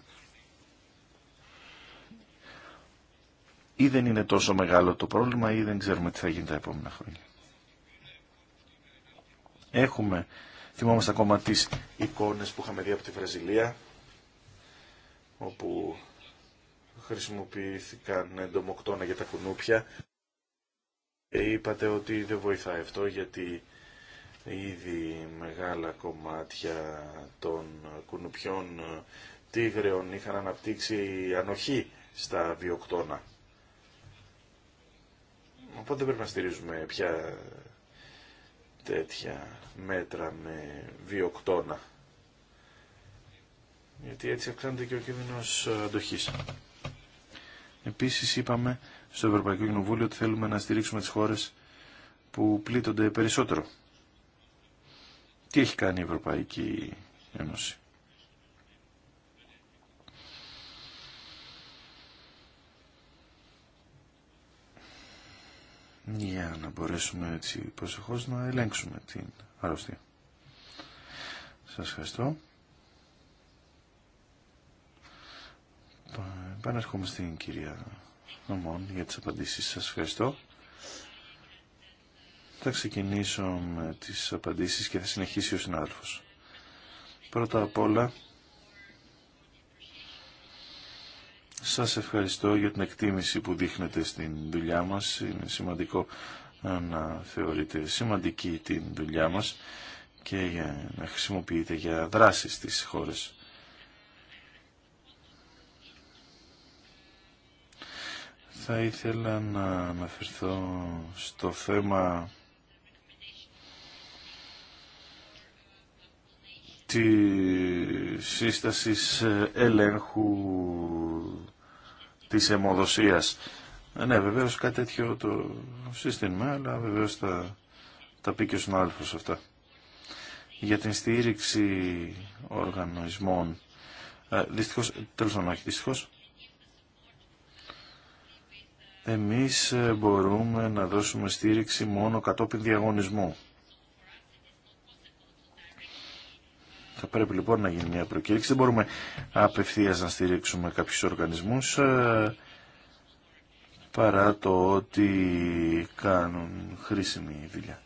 ή δεν είναι τόσο μεγάλο το πρόβλημα ή δεν ξέρουμε τι θα γίνει τα επόμενα χρόνια. Έχουμε, θυμόμαστε ακόμα τις εικόνες που είχαμε δει από τη Βραζιλία όπου χρησιμοποιήθηκαν εντομοκτώνα για τα κουνούπια. Είπατε ότι δεν βοηθάει αυτό γιατί ήδη μεγάλα κομμάτια των κουνουπιών ε, τίγρεων είχαν αναπτύξει ανοχή στα βιοκτώνα. Οπότε δεν πρέπει να στηρίζουμε πια τέτοια μέτρα με βιοκτώνα. Γιατί έτσι αυξάνεται και ο κίνδυνος ε, αντοχής. Επίσης είπαμε στο Ευρωπαϊκό Κοινοβούλιο ότι θέλουμε να στηρίξουμε τις χώρες που πλήττονται περισσότερο τι έχει κάνει η Ευρωπαϊκή Ένωση. για να μπορέσουμε έτσι προσεχώς να ελέγξουμε την αρρωστία. Σας ευχαριστώ. Επανερχόμαστε στην κυρία Νομών για τις απαντήσεις. Σας ευχαριστώ. Θα ξεκινήσω με τις απαντήσεις και θα συνεχίσει ο συνάδελφος. Πρώτα απ' όλα, σας ευχαριστώ για την εκτίμηση που δείχνετε στην δουλειά μας. Είναι σημαντικό να θεωρείτε σημαντική την δουλειά μας και να χρησιμοποιείτε για δράσεις στις χώρες. Θα ήθελα να αναφερθώ στο θέμα τη σύσταση ε, ελέγχου της αιμοδοσίας. Ναι, βεβαίως κάτι τέτοιο το σύστημα, αλλά βεβαίως τα, τα πει και ο συνάδελφος αυτά. Για την στήριξη οργανισμών, ε, δυστυχώς, τέλος πάντων έχει δυστυχώς, εμείς ε, μπορούμε να δώσουμε στήριξη μόνο κατόπιν διαγωνισμού. Θα πρέπει λοιπόν να γίνει μια προκήρυξη. Δεν μπορούμε απευθείας να στηρίξουμε κάποιου οργανισμούς ε, παρά το ότι κάνουν χρήσιμη δουλειά.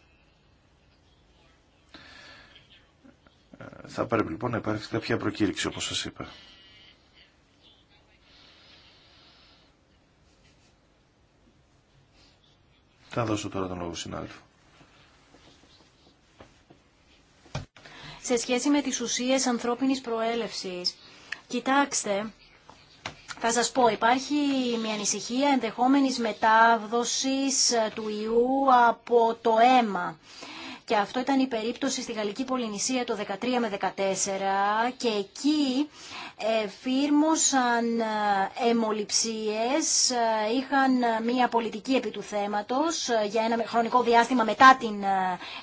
Ε, θα πρέπει λοιπόν να υπάρχει κάποια προκήρυξη όπως σας είπα. Θα δώσω τώρα τον λόγο συνάδελφο. σε σχέση με τις ουσίες ανθρώπινης προέλευσης. Κοιτάξτε, θα σας πω, υπάρχει μια ανησυχία ενδεχόμενης μετάδοσης του ιού από το αίμα και αυτό ήταν η περίπτωση στη Γαλλική Πολυνησία το 13 με 14 και εκεί ε, φύρμωσαν εμολυψίες, ε, είχαν ε, μια πολιτική επί του θέματος για ένα χρονικό διάστημα μετά την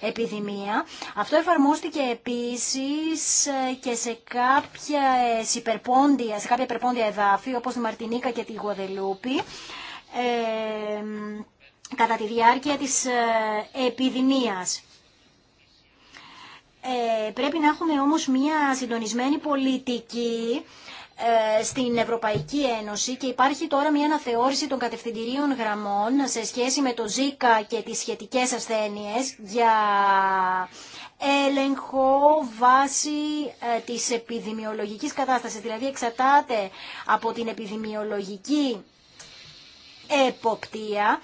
επιδημία. Αυτό εφαρμόστηκε επίσης και σε κάποια υπερπόντια, σε κάποια υπερπόντια εδάφη όπως τη Μαρτινίκα και τη Γουαδελούπη. Ε, κατά τη διάρκεια της επιδημίας. Ε, πρέπει να έχουμε όμως μια συντονισμένη πολιτική ε, στην Ευρωπαϊκή Ένωση και υπάρχει τώρα μια αναθεώρηση των κατευθυντηρίων γραμμών σε σχέση με το ΖΙΚΑ και τις σχετικές ασθένειες για έλεγχο βάση ε, της επιδημιολογικής κατάστασης. Δηλαδή εξατάτε από την επιδημιολογική εποπτεία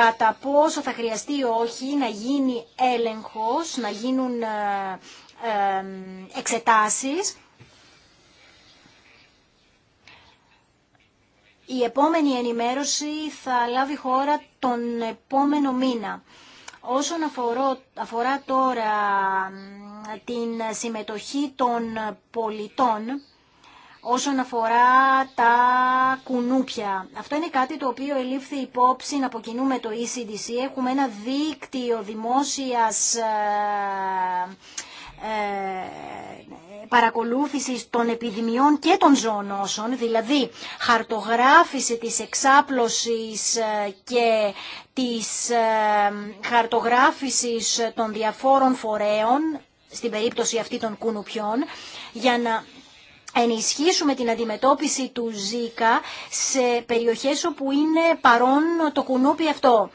κατά πόσο θα χρειαστεί ή όχι να γίνει έλεγχος, να γίνουν ε, ε, εξετάσεις. επόμενη ενημέρωση θα λάβει χώρα τον επόμενο μήνα. Όσον αφορά τώρα την συμμετοχή των πολιτών, όσον αφορά τα κουνούπια. Αυτό είναι κάτι το οποίο ελήφθη υπόψη να αποκοινούμε το ECDC. Έχουμε ένα δίκτυο δημόσιας ε, ε, παρακολούθησης των επιδημιών και των ζωονόσων, δηλαδή χαρτογράφηση της εξάπλωσης ε, και της χαρτογράφησης των διαφόρων φορέων, στην περίπτωση αυτή των κουνουπιών, για να ενισχύσουμε την αντιμετώπιση του ΖΙΚΑ σε περιοχές όπου είναι παρόν το κουνούπι αυτό.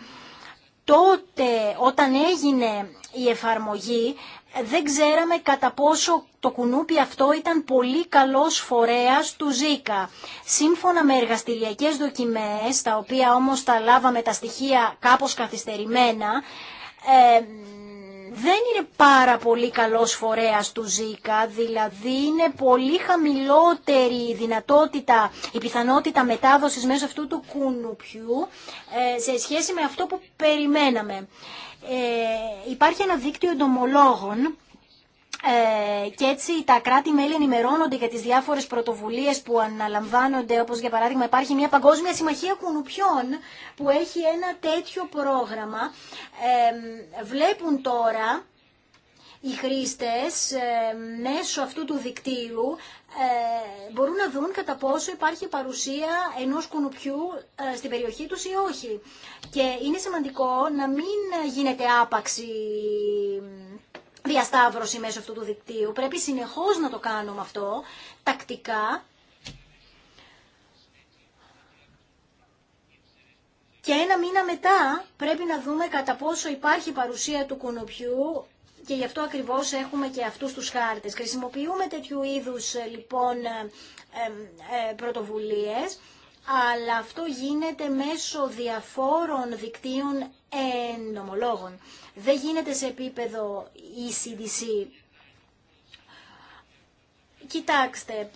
Τότε όταν έγινε η εφαρμογή δεν ξέραμε κατά πόσο το κουνούπι αυτό ήταν πολύ καλός φορέας του ΖΙΚΑ. Σύμφωνα με εργαστηριακές δοκιμές, τα οποία όμως τα λάβαμε τα στοιχεία κάπως καθυστερημένα, ε, δεν είναι πάρα πολύ καλός φορέας του ΖΙΚΑ, δηλαδή είναι πολύ χαμηλότερη η δυνατότητα, η πιθανότητα μετάδοσης μέσω αυτού του κουνουπιού ε, σε σχέση με αυτό που περιμέναμε. Ε, υπάρχει ένα δίκτυο εντομολόγων ε, και έτσι τα κράτη-μέλη ενημερώνονται για τις διάφορες πρωτοβουλίες που αναλαμβάνονται, όπως για παράδειγμα υπάρχει μια παγκόσμια συμμαχία κουνουπιών που έχει ένα τέτοιο πρόγραμμα. Ε, βλέπουν τώρα οι χρήστες μέσω αυτού του δικτύου ε, μπορούν να δουν κατά πόσο υπάρχει παρουσία ενός κουνουπιού ε, στην περιοχή τους ή όχι. Και είναι σημαντικό να μην γίνεται άπαξη διασταύρωση μέσω αυτού του δικτύου. Πρέπει συνεχώς να το κάνουμε αυτό, τακτικά, Και ένα μήνα μετά πρέπει να δούμε κατά πόσο υπάρχει παρουσία του κουνουπιού και γι' αυτό ακριβώς έχουμε και αυτούς τους χάρτες. Χρησιμοποιούμε τέτοιου είδους ε, λοιπόν ε, ε, πρωτοβουλίες, αλλά αυτό γίνεται μέσω διαφόρων δικτύων ενομολόγων δεν γίνεται σε επίπεδο ECDC. Κοιτάξτε,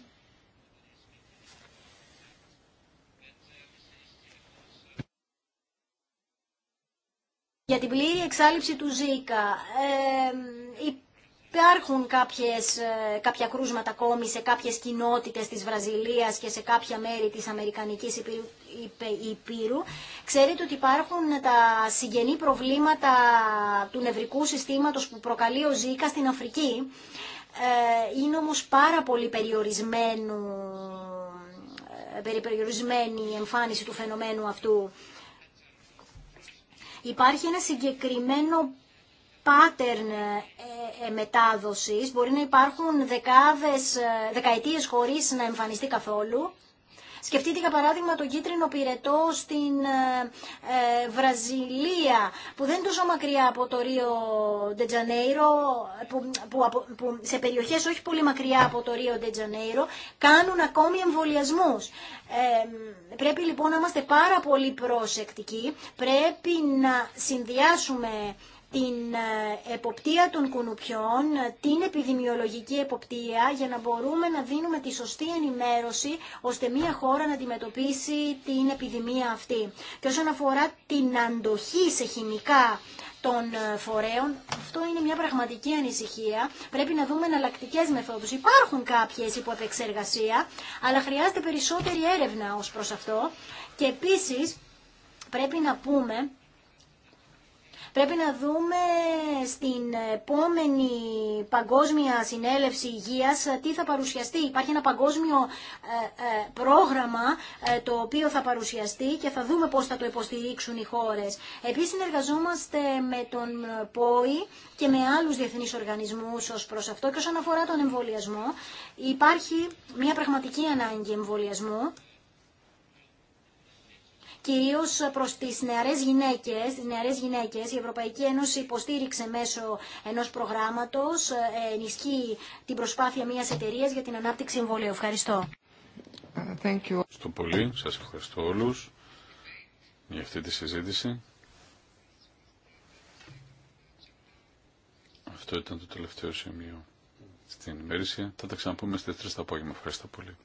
για την πλήρη εξάλληψη του ΖΙΚΑ. Ε, Υπάρχουν κάποιες, ε, κάποια κρούσματα ακόμη σε κάποιες κοινότητες της Βραζιλίας και σε κάποια μέρη της Αμερικανικής Υπήρου. Ξέρετε ότι υπάρχουν τα συγγενή προβλήματα του νευρικού συστήματος που προκαλεί ο Ζήκα στην Αφρική. Ε, είναι όμως πάρα πολύ περιορισμένου, ε, περιορισμένη η εμφάνιση του φαινομένου αυτού. Υπάρχει ένα συγκεκριμένο pattern ε, ε, μετάδοσης. Μπορεί να υπάρχουν δεκάδες, ε, δεκαετίες χωρίς να εμφανιστεί καθόλου. Σκεφτείτε για παράδειγμα τον κίτρινο πυρετό στην Βραζιλία που δεν είναι τόσο μακριά από το Ρίο Ντετζανέιρο που, σε περιοχές όχι πολύ μακριά από το Ρίο Ντετζανέιρο κάνουν ακόμη εμβολιασμούς. πρέπει λοιπόν να είμαστε πάρα πολύ προσεκτικοί. Πρέπει να συνδυάσουμε την ε, εποπτεία των κουνουπιών, την επιδημιολογική εποπτεία για να μπορούμε να δίνουμε τη σωστή ενημέρωση ώστε μια χώρα να αντιμετωπίσει την επιδημία αυτή. Και όσον αφορά την αντοχή σε χημικά των ε, φορέων, αυτό είναι μια πραγματική ανησυχία. Πρέπει να δούμε εναλλακτικέ μεθόδους. Υπάρχουν κάποιες υπό αλλά χρειάζεται περισσότερη έρευνα ως προς αυτό. Και επίσης πρέπει να πούμε Πρέπει να δούμε στην επόμενη παγκόσμια συνέλευση υγείας ε, τι θα παρουσιαστεί. Υπάρχει ένα παγκόσμιο ε, ε, πρόγραμμα το οποίο θα παρουσιαστεί και θα δούμε πώς θα το υποστηρίξουν οι χώρες. Επίσης συνεργαζόμαστε με τον ΠΟΗ και με άλλους διεθνείς οργανισμούς ως προς αυτό και όσον αφορά τον εμβολιασμό υπάρχει μια πραγματική ανάγκη εμβολιασμού κυρίως προς τις νεαρές γυναίκες. Τις νεαρές γυναίκες η Ευρωπαϊκή Ένωση υποστήριξε μέσω ενός προγράμματος, ε, ενισχύει την προσπάθεια μιας εταιρείας για την ανάπτυξη εμβολίου. Ευχαριστώ. Thank Ευχαριστώ πολύ. Σας ευχαριστώ όλους για αυτή τη συζήτηση. Αυτό ήταν το τελευταίο σημείο στην ημερήσια. Θα τα ξαναπούμε στις 3 το απόγευμα. Ευχαριστώ πολύ.